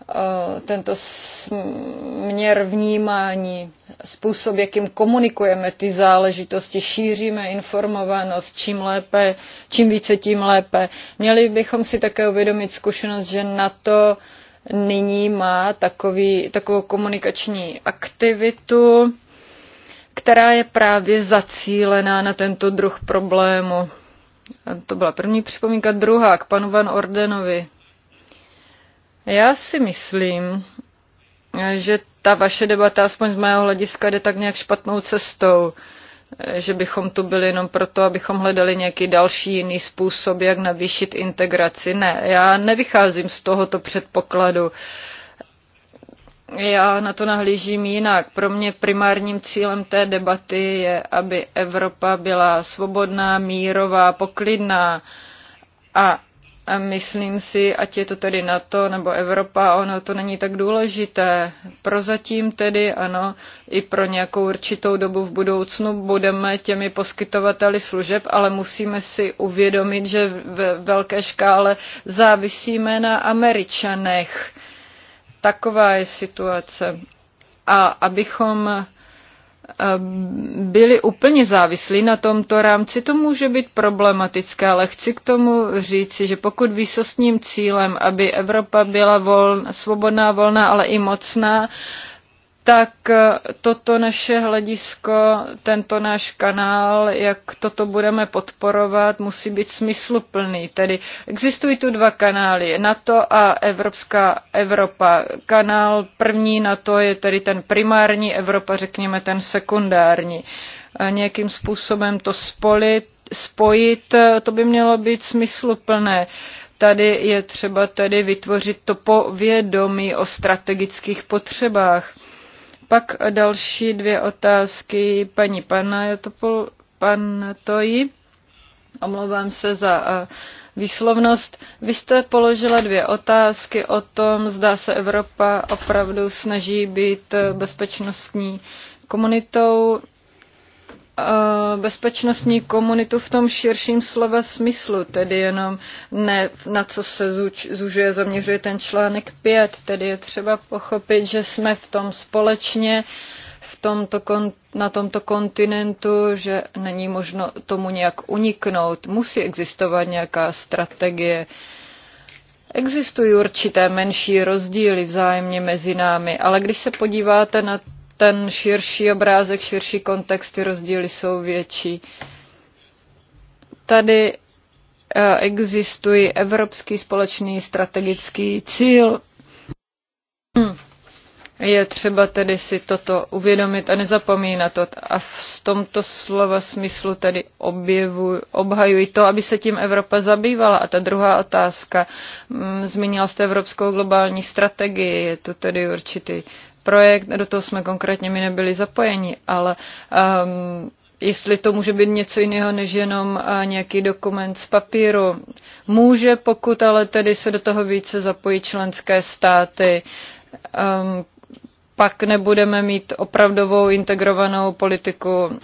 Eh, tento směr vnímání, způsob, jakým komunikujeme ty záležitosti, šíříme informovanost, čím lépe, čím více, tím lépe. Měli bychom si také uvědomit zkušenost, že na to nyní má takový, takovou komunikační aktivitu, která je právě zacílená na tento druh problému. A to byla první připomínka. Druhá k panu Van Ordenovi já si myslím, že ta vaše debata, aspoň z mého hlediska, jde tak nějak špatnou cestou že bychom tu byli jenom proto, abychom hledali nějaký další jiný způsob, jak navýšit integraci. Ne, já nevycházím z tohoto předpokladu. Já na to nahlížím jinak. Pro mě primárním cílem té debaty je, aby Evropa byla svobodná, mírová, poklidná. A a myslím si, ať je to tedy NATO nebo Evropa, ono to není tak důležité. Prozatím tedy ano, i pro nějakou určitou dobu v budoucnu budeme těmi poskytovateli služeb, ale musíme si uvědomit, že ve velké škále závisíme na Američanech. Taková je situace. A abychom Eh, byli úplně závislí na tomto rámci, to může být problematické, ale chci k tomu říci, že pokud výsostním cílem, aby Evropa byla voln, svobodná, volná, ale i mocná, tak eh, toto naše hledisko, tento náš kanál, jak toto budeme podporovat, musí být smysluplný. Tedy existují tu dva kanály, NATO a Evropská Evropa. Kanál první NATO je tedy ten primární, Evropa řekněme ten sekundární. A nějakým způsobem to spolit, spojit, eh, to by mělo být smysluplné. Tady je třeba tedy vytvořit to povědomí o strategických potřebách pak další dvě otázky paní Panajotopol, pan Toji. Omlouvám se za eh, výslovnost. Vy jste položila dvě otázky o tom, zda se Evropa opravdu snaží být eh, bezpečnostní komunitou bezpečnostní komunitu v tom širším slova smyslu, tedy jenom ne na co se zužuje, zaměřuje ten článek 5, tedy je třeba pochopit, že jsme v tom společně, v tomto kon, na tomto kontinentu, že není možno tomu nějak uniknout. Musí existovat nějaká strategie, Existují určité menší rozdíly vzájemně mezi námi, ale když se podíváte na ten širší obrázek, širší kontext, ty rozdíly jsou větší. Tady eh, existuje evropský společný strategický cíl. Je třeba tedy si toto uvědomit a nezapomínat to. A v tomto slova smyslu tedy objevuj, obhajuji to, aby se tím Evropa zabývala. A ta druhá otázka, mm, zmínila jste Evropskou globální strategii, je to tedy určitý projekt, do toho jsme konkrétně my nebyli zapojeni, ale um, jestli to může být něco jiného než jenom uh, nějaký dokument z papíru. Může, pokud ale tedy se do toho více zapojí členské státy, um, pak nebudeme mít opravdovou integrovanou politiku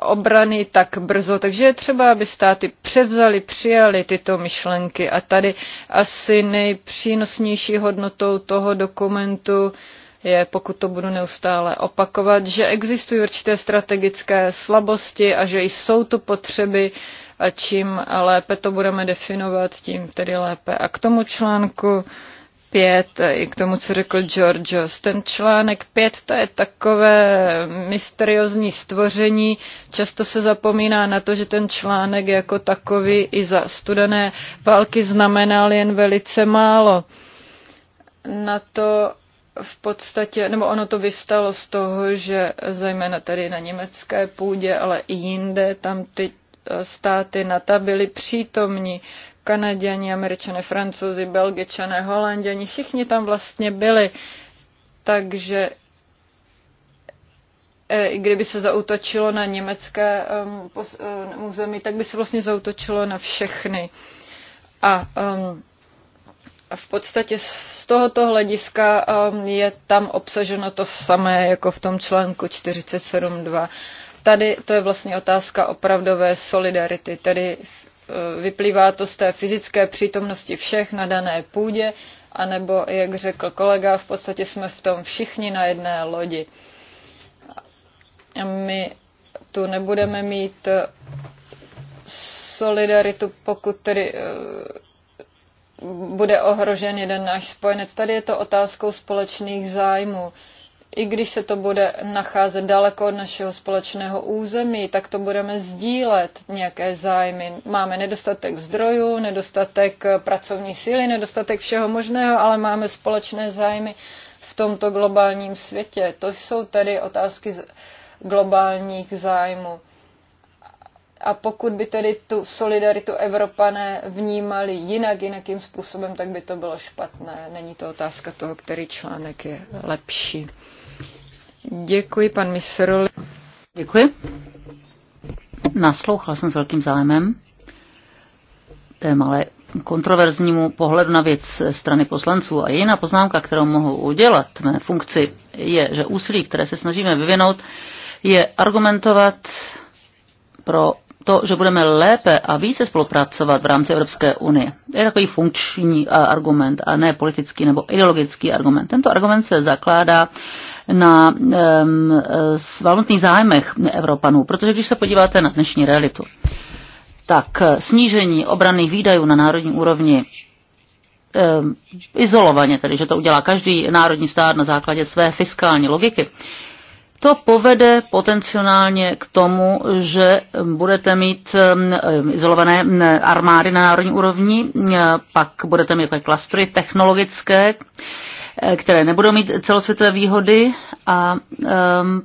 obrany tak brzo. Takže je třeba, aby státy převzali, přijali tyto myšlenky. A tady asi nejpřínosnější hodnotou toho dokumentu je, pokud to budu neustále opakovat, že existují určité strategické slabosti a že jsou to potřeby a čím lépe to budeme definovat, tím tedy lépe. A k tomu článku pět i k tomu, co řekl Georgios. Ten článek pět to je takové mysteriozní stvoření. Často se zapomíná na to, že ten článek jako takový i za studené války znamenal jen velice málo. Na to v podstatě, nebo ono to vystalo z toho, že zejména tady na německé půdě, ale i jinde, tam ty eh, státy NATO byly přítomní. Kanaděni, Američané, Francouzi, Belgičané, Holanděni, všichni tam vlastně byli. Takže eh, i kdyby se zautočilo na německé um, území, tak by se vlastně zautočilo na všechny. A um, v podstatě z tohoto hlediska um, je tam obsaženo to samé jako v tom článku 47.2. Tady to je vlastně otázka opravdové solidarity, tedy uh, vyplývá to z té fyzické přítomnosti všech na dané půdě, anebo, jak řekl kolega, v podstatě jsme v tom všichni na jedné lodi. My tu nebudeme mít uh, solidaritu, pokud tedy uh, bude ohrožen jeden náš spojenec. Tady je to otázkou společných zájmů. I když se to bude nacházet daleko od našeho společného území, tak to budeme sdílet nějaké zájmy. Máme nedostatek zdrojů, nedostatek pracovní síly, nedostatek všeho možného, ale máme společné zájmy v tomto globálním světě. To jsou tedy otázky globálních zájmů. A pokud by tedy tu solidaritu Evropané vnímali jinak, jinakým způsobem, tak by to bylo špatné. Není to otázka toho, který článek je lepší. Děkuji, pan Misroli. Děkuji. Naslouchal jsem s velkým zájmem té malé kontroverznímu pohledu na věc strany poslanců. A jiná poznámka, kterou mohu udělat mé funkci, je, že úsilí, které se snažíme vyvinout, je argumentovat pro to, že budeme lépe a více spolupracovat v rámci Evropské unie. To je takový funkční argument a ne politický nebo ideologický argument. Tento argument se zakládá na um, svalnutných zájmech Evropanů, protože když se podíváte na dnešní realitu, tak snížení obranných výdajů na národní úrovni um, izolovaně, tedy že to udělá každý národní stát na základě své fiskální logiky, to povede potenciálně k tomu, že budete mít um, um, izolované um, armády na národní úrovni, uh, pak budete mít klastry technologické, uh, které nebudou mít celosvětové výhody a um,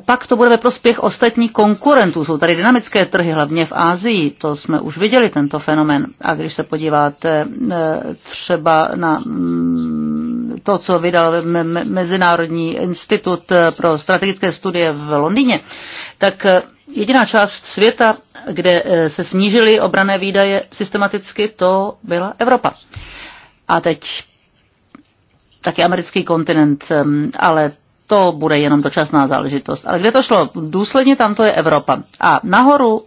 pak to bude ve prospěch ostatních konkurentů. Jsou tady dynamické trhy, hlavně v Ázii, to jsme už viděli, tento fenomen. A když se podíváte eh, třeba na mm, to, co vydal Mezinárodní institut eh, pro strategické studie v Londýně, tak eh, jediná část světa, kde se snížily obrané výdaje systematicky, to byla Evropa. A teď taky americký kontinent, ale to bude jenom dočasná záležitost. Ale kde to šlo? Důsledně tam to je Evropa. A nahoru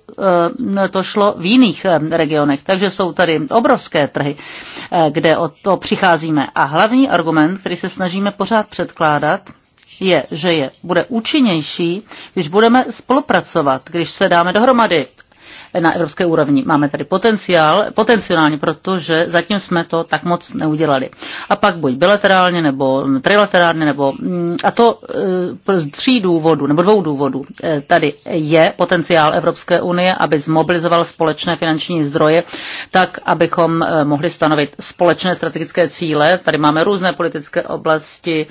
eh, to šlo v jiných eh, regionech, takže jsou tady obrovské trhy, eh, kde o to přicházíme. A hlavní argument, který se snažíme pořád předkládat, je, že je bude účinnější, když budeme spolupracovat, když se dáme dohromady na evropské úrovni. Máme tady potenciál, potenciálně, protože zatím jsme to tak moc neudělali. A pak buď bilaterálně, nebo trilaterálně, nebo mm, a to e, z tří důvodů, nebo dvou důvodů. E, tady je potenciál Evropské unie, aby zmobilizoval společné finanční zdroje, tak, abychom e, mohli stanovit společné strategické cíle. Tady máme různé politické oblasti,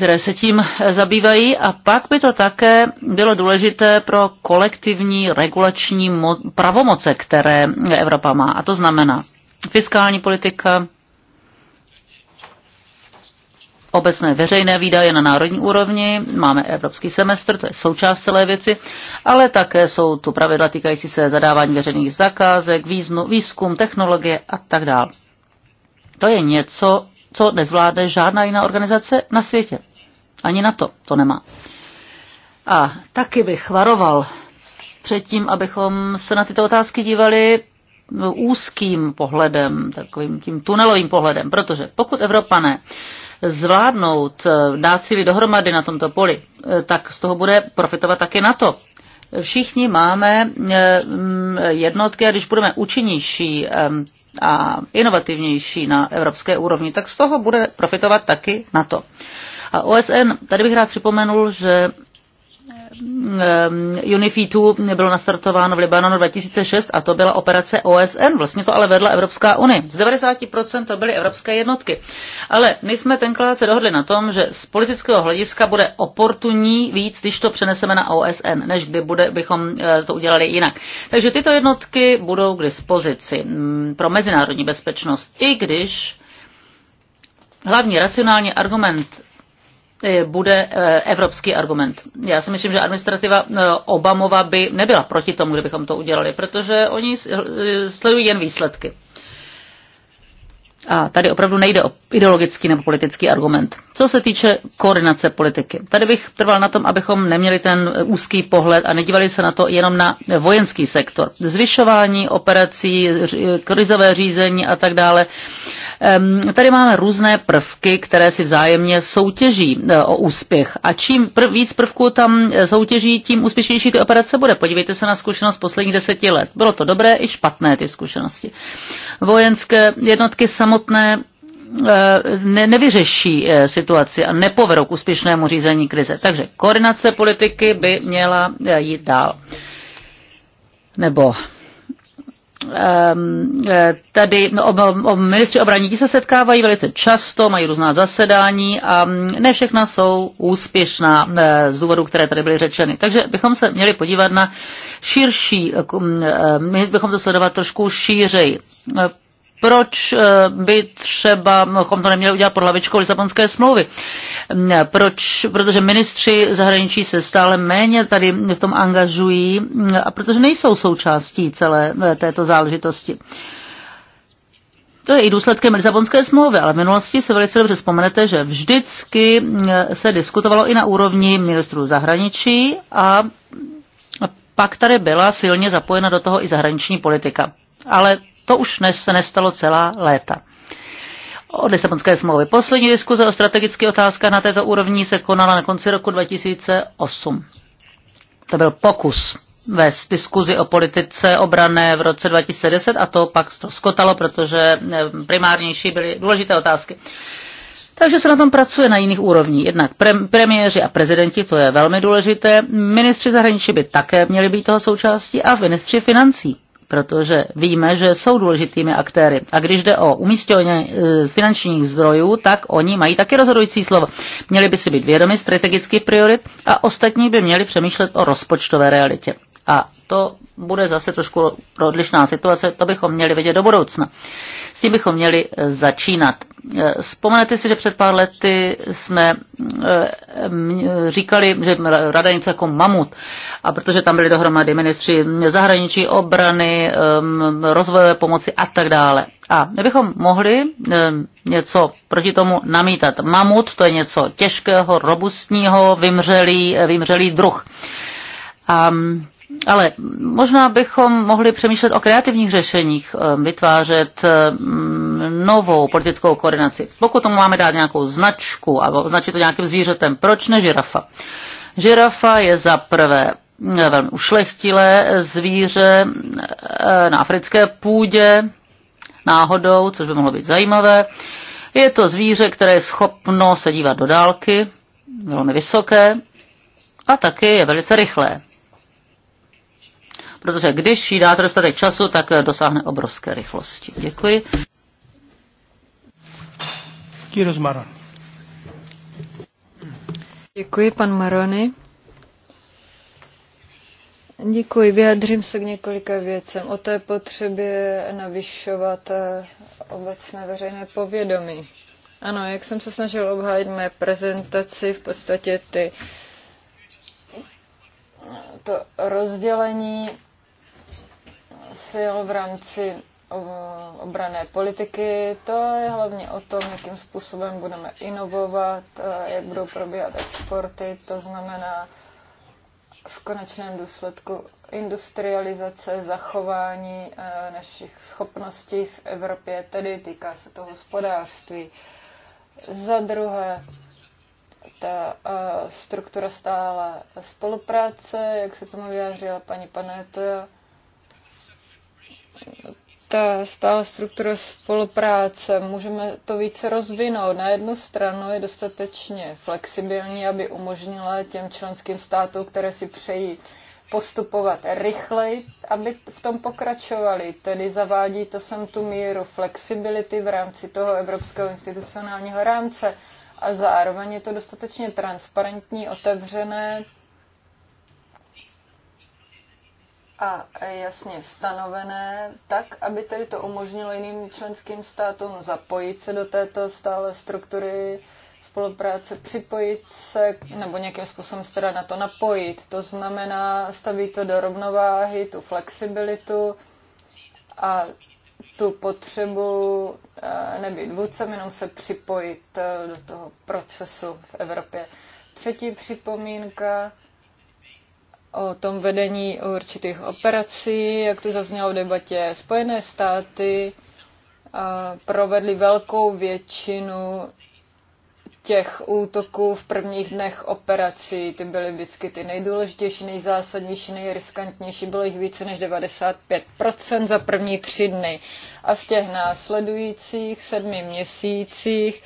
které se tím eh, zabývají a pak by to také bylo důležité pro kolektivní regulační pravomoce, které Evropa má. A to znamená fiskální politika, obecné veřejné výdaje na národní úrovni, máme evropský semestr, to je součást celé věci, ale také jsou tu pravidla týkající se zadávání veřejných zakázek, význu, výzkum, technologie a tak dále. To je něco, co nezvládne žádná jiná organizace na světě. Ani na to to nemá. A taky bych varoval předtím, abychom se na tyto otázky dívali no, úzkým pohledem, takovým tím tunelovým pohledem, protože pokud Evropané zvládnout, eh, dát si dohromady na tomto poli, eh, tak z toho bude profitovat také NATO. Všichni máme eh, mm, jednotky a když budeme účinnější a inovativnější na evropské úrovni, tak z toho bude profitovat taky NATO. A OSN, tady bych rád připomenul, že eh, UNIFITu bylo nastartováno v Libanonu 2006 a to byla operace OSN, vlastně to ale vedla Evropská unie. Z 90% to byly evropské jednotky. Ale my jsme tenkrát se dohodli na tom, že z politického hlediska bude oportunní víc, když to přeneseme na OSN, než by bude, bychom eh, to udělali jinak. Takže tyto jednotky budou k dispozici mm, pro mezinárodní bezpečnost, i když hlavní racionální argument bude eh, evropský argument. Já si myslím, že administrativa eh, Obamova by nebyla proti tomu, kdybychom to udělali, protože oni eh, sledují jen výsledky. A tady opravdu nejde o ideologický nebo politický argument. Co se týče koordinace politiky, tady bych trval na tom, abychom neměli ten úzký pohled a nedívali se na to jenom na vojenský sektor. Zvyšování operací, krizové řízení a tak dále. Tady máme různé prvky, které si vzájemně soutěží e, o úspěch. A čím prv, víc prvků tam e, soutěží, tím úspěšnější ty operace bude. Podívejte se na zkušenost posledních deseti let. Bylo to dobré i špatné ty zkušenosti. Vojenské jednotky samozřejmě samotné eh, ne, nevyřeší eh, situaci a nepovedou k úspěšnému řízení krize. Takže koordinace politiky by měla eh, jít dál. Nebo ehm, tady o, o ministři obraní se setkávají velice často, mají různá zasedání a mm, ne všechna jsou úspěšná z důvodů, které tady byly řečeny. Takže bychom se měli podívat na širší, my bychom to sledovat trošku šířej proč eh, by třeba, no, to neměli udělat pod hlavičkou Lisabonské smlouvy. Proč? Protože ministři zahraničí se stále méně tady v tom angažují mm, a protože nejsou součástí celé eh, této záležitosti. To je i důsledkem Lisabonské smlouvy, ale v minulosti se velice dobře vzpomenete, že vždycky eh, se diskutovalo i na úrovni ministrů zahraničí a pak tady byla silně zapojena do toho i zahraniční politika. Ale to už se nestalo celá léta od Lisabonské smlouvy. Poslední diskuze o strategické otázkách na této úrovni se konala na konci roku 2008. To byl pokus vést diskuzi o politice obrané v roce 2010 a to pak skotalo, protože eh, primárnější byly důležité otázky. Takže se na tom pracuje na jiných úrovních. Jednak pre- premiéři a prezidenti, to je velmi důležité. Ministři zahraničí by také měli být toho součástí a ministři financí protože víme, že jsou důležitými aktéry. A když jde o umístění e, finančních zdrojů, tak oni mají taky rozhodující slovo. Měli by si být vědomi strategických priorit a ostatní by měli přemýšlet o rozpočtové realitě. A to bude zase trošku odlišná situace, to bychom měli vědět do budoucna. S tím bychom měli e, začínat. Eh, vzpomenete si, že před pár lety jsme eh, eh, říkali, že rada něco jako mamut, a protože tam byli dohromady ministři zahraničí, obrany, rozvojové pomoci a tak dále. A my bychom mohli něco proti tomu namítat. Mamut to je něco těžkého, robustního, vymřelý, vymřelý druh. A ale možná bychom mohli přemýšlet o kreativních řešeních, vytvářet novou politickou koordinaci. Pokud tomu máme dát nějakou značku a označit to nějakým zvířetem, proč ne žirafa? Žirafa je za prvé eh, velmi ušlechtilé zvíře eh, na africké půdě, náhodou, což by mohlo být zajímavé. Je to zvíře, které je schopno se dívat do dálky, velmi vysoké a taky je velice rychlé. Protože když jí dáte dostatek času, tak eh, dosáhne obrovské rychlosti. Děkuji. Kyros Maron. Děkuji, pan Marony. Děkuji. Vyjadřím se k několika věcem. O té potřebě navyšovat eh, obecné veřejné povědomí. Ano, jak jsem se snažil obhájit mé prezentaci, v podstatě ty, to rozdělení sil v rámci Eh, obrané politiky. To je hlavně o tom, jakým způsobem budeme inovovat, eh, jak budou probíhat exporty. To znamená v konečném důsledku industrializace, zachování eh, našich schopností v Evropě, tedy týká se to hospodářství. Za druhé, ta struktura stále spolupráce, jak se tomu vyjádřila paní Panéto, ta stála struktura spolupráce, můžeme to více rozvinout. Na jednu stranu je dostatečně flexibilní, aby umožnila těm členským státům, které si přejí postupovat rychleji, aby v tom pokračovali. Tedy zavádí to sem tu míru flexibility v rámci toho evropského institucionálního rámce a zároveň je to dostatečně transparentní, otevřené, a jasně stanovené, tak, aby tedy to umožnilo jiným členským státům zapojit se do této stále struktury spolupráce, připojit se nebo nějakým způsobem se teda na to napojit. To znamená, staví to do rovnováhy, tu flexibilitu a tu potřebu eh, nebýt vůdcem, jenom se připojit eh, do toho procesu v Evropě. Třetí připomínka, o tom vedení určitých operací, jak to zaznělo v debatě. Spojené státy provedly velkou většinu těch útoků v prvních dnech operací. Ty byly vždycky ty nejdůležitější, nejzásadnější, nejriskantnější. Bylo jich více než 95% za první tři dny. A v těch následujících sedmi měsících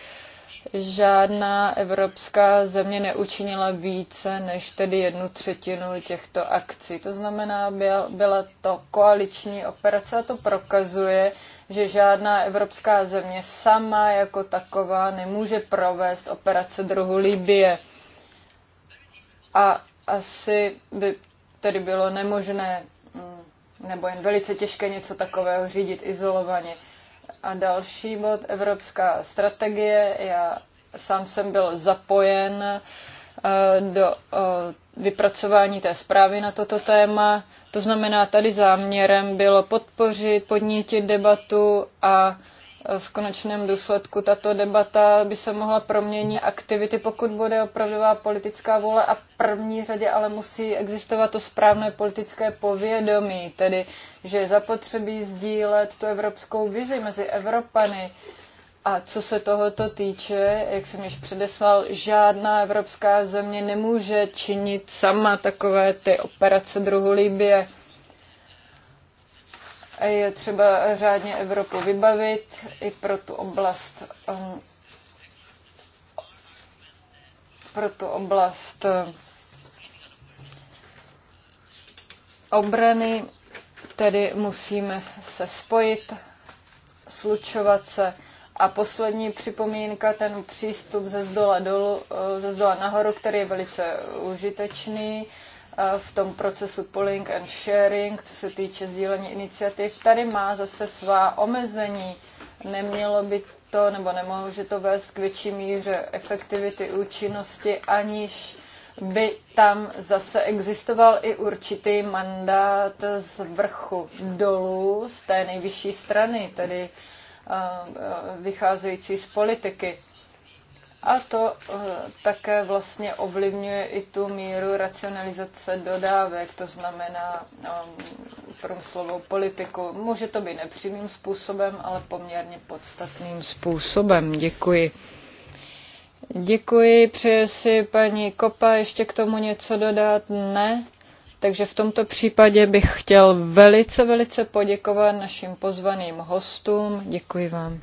žádná evropská země neučinila více než tedy jednu třetinu těchto akcí. To znamená, byla to koaliční operace a to prokazuje, že žádná evropská země sama jako taková nemůže provést operace druhu Libie. A asi by tedy bylo nemožné mm, nebo jen velice těžké něco takového řídit izolovaně. A další bod, evropská strategie. Já sám jsem byl zapojen eh, do eh, vypracování té zprávy na toto téma. To znamená, tady záměrem bylo podpořit, podnítit debatu a v konečném důsledku tato debata by se mohla proměnit aktivity, pokud bude opravdová politická vůle a první řadě ale musí existovat to správné politické povědomí, tedy že je zapotřebí sdílet tu evropskou vizi mezi Evropany. A co se tohoto týče, jak jsem již předeslal, žádná evropská země nemůže činit sama takové ty operace druhu Libie. Je třeba řádně Evropu vybavit i pro tu oblast um, pro tu oblast eh, obrany, tedy musíme se spojit, slučovat se. A poslední připomínka, ten přístup ze zdola, dolu, eh, ze zdola nahoru, který je velice užitečný, Eh, v tom procesu pooling and sharing, co se týče sdílení iniciativ, tady má zase svá omezení. Nemělo by to, nebo nemůže to vést k větší míře efektivity, účinnosti, aniž by tam zase existoval i určitý mandát z vrchu dolů, z té nejvyšší strany, tedy eh, eh, vycházející z politiky. A to eh, také vlastně ovlivňuje i tu míru racionalizace dodávek, to znamená eh, průmyslovou politiku. Může to být nepřímým způsobem, ale poměrně podstatným způsobem. Děkuji. Děkuji, přeje si paní Kopa ještě k tomu něco dodat? Ne? Takže v tomto případě bych chtěl velice, velice poděkovat našim pozvaným hostům. Děkuji vám.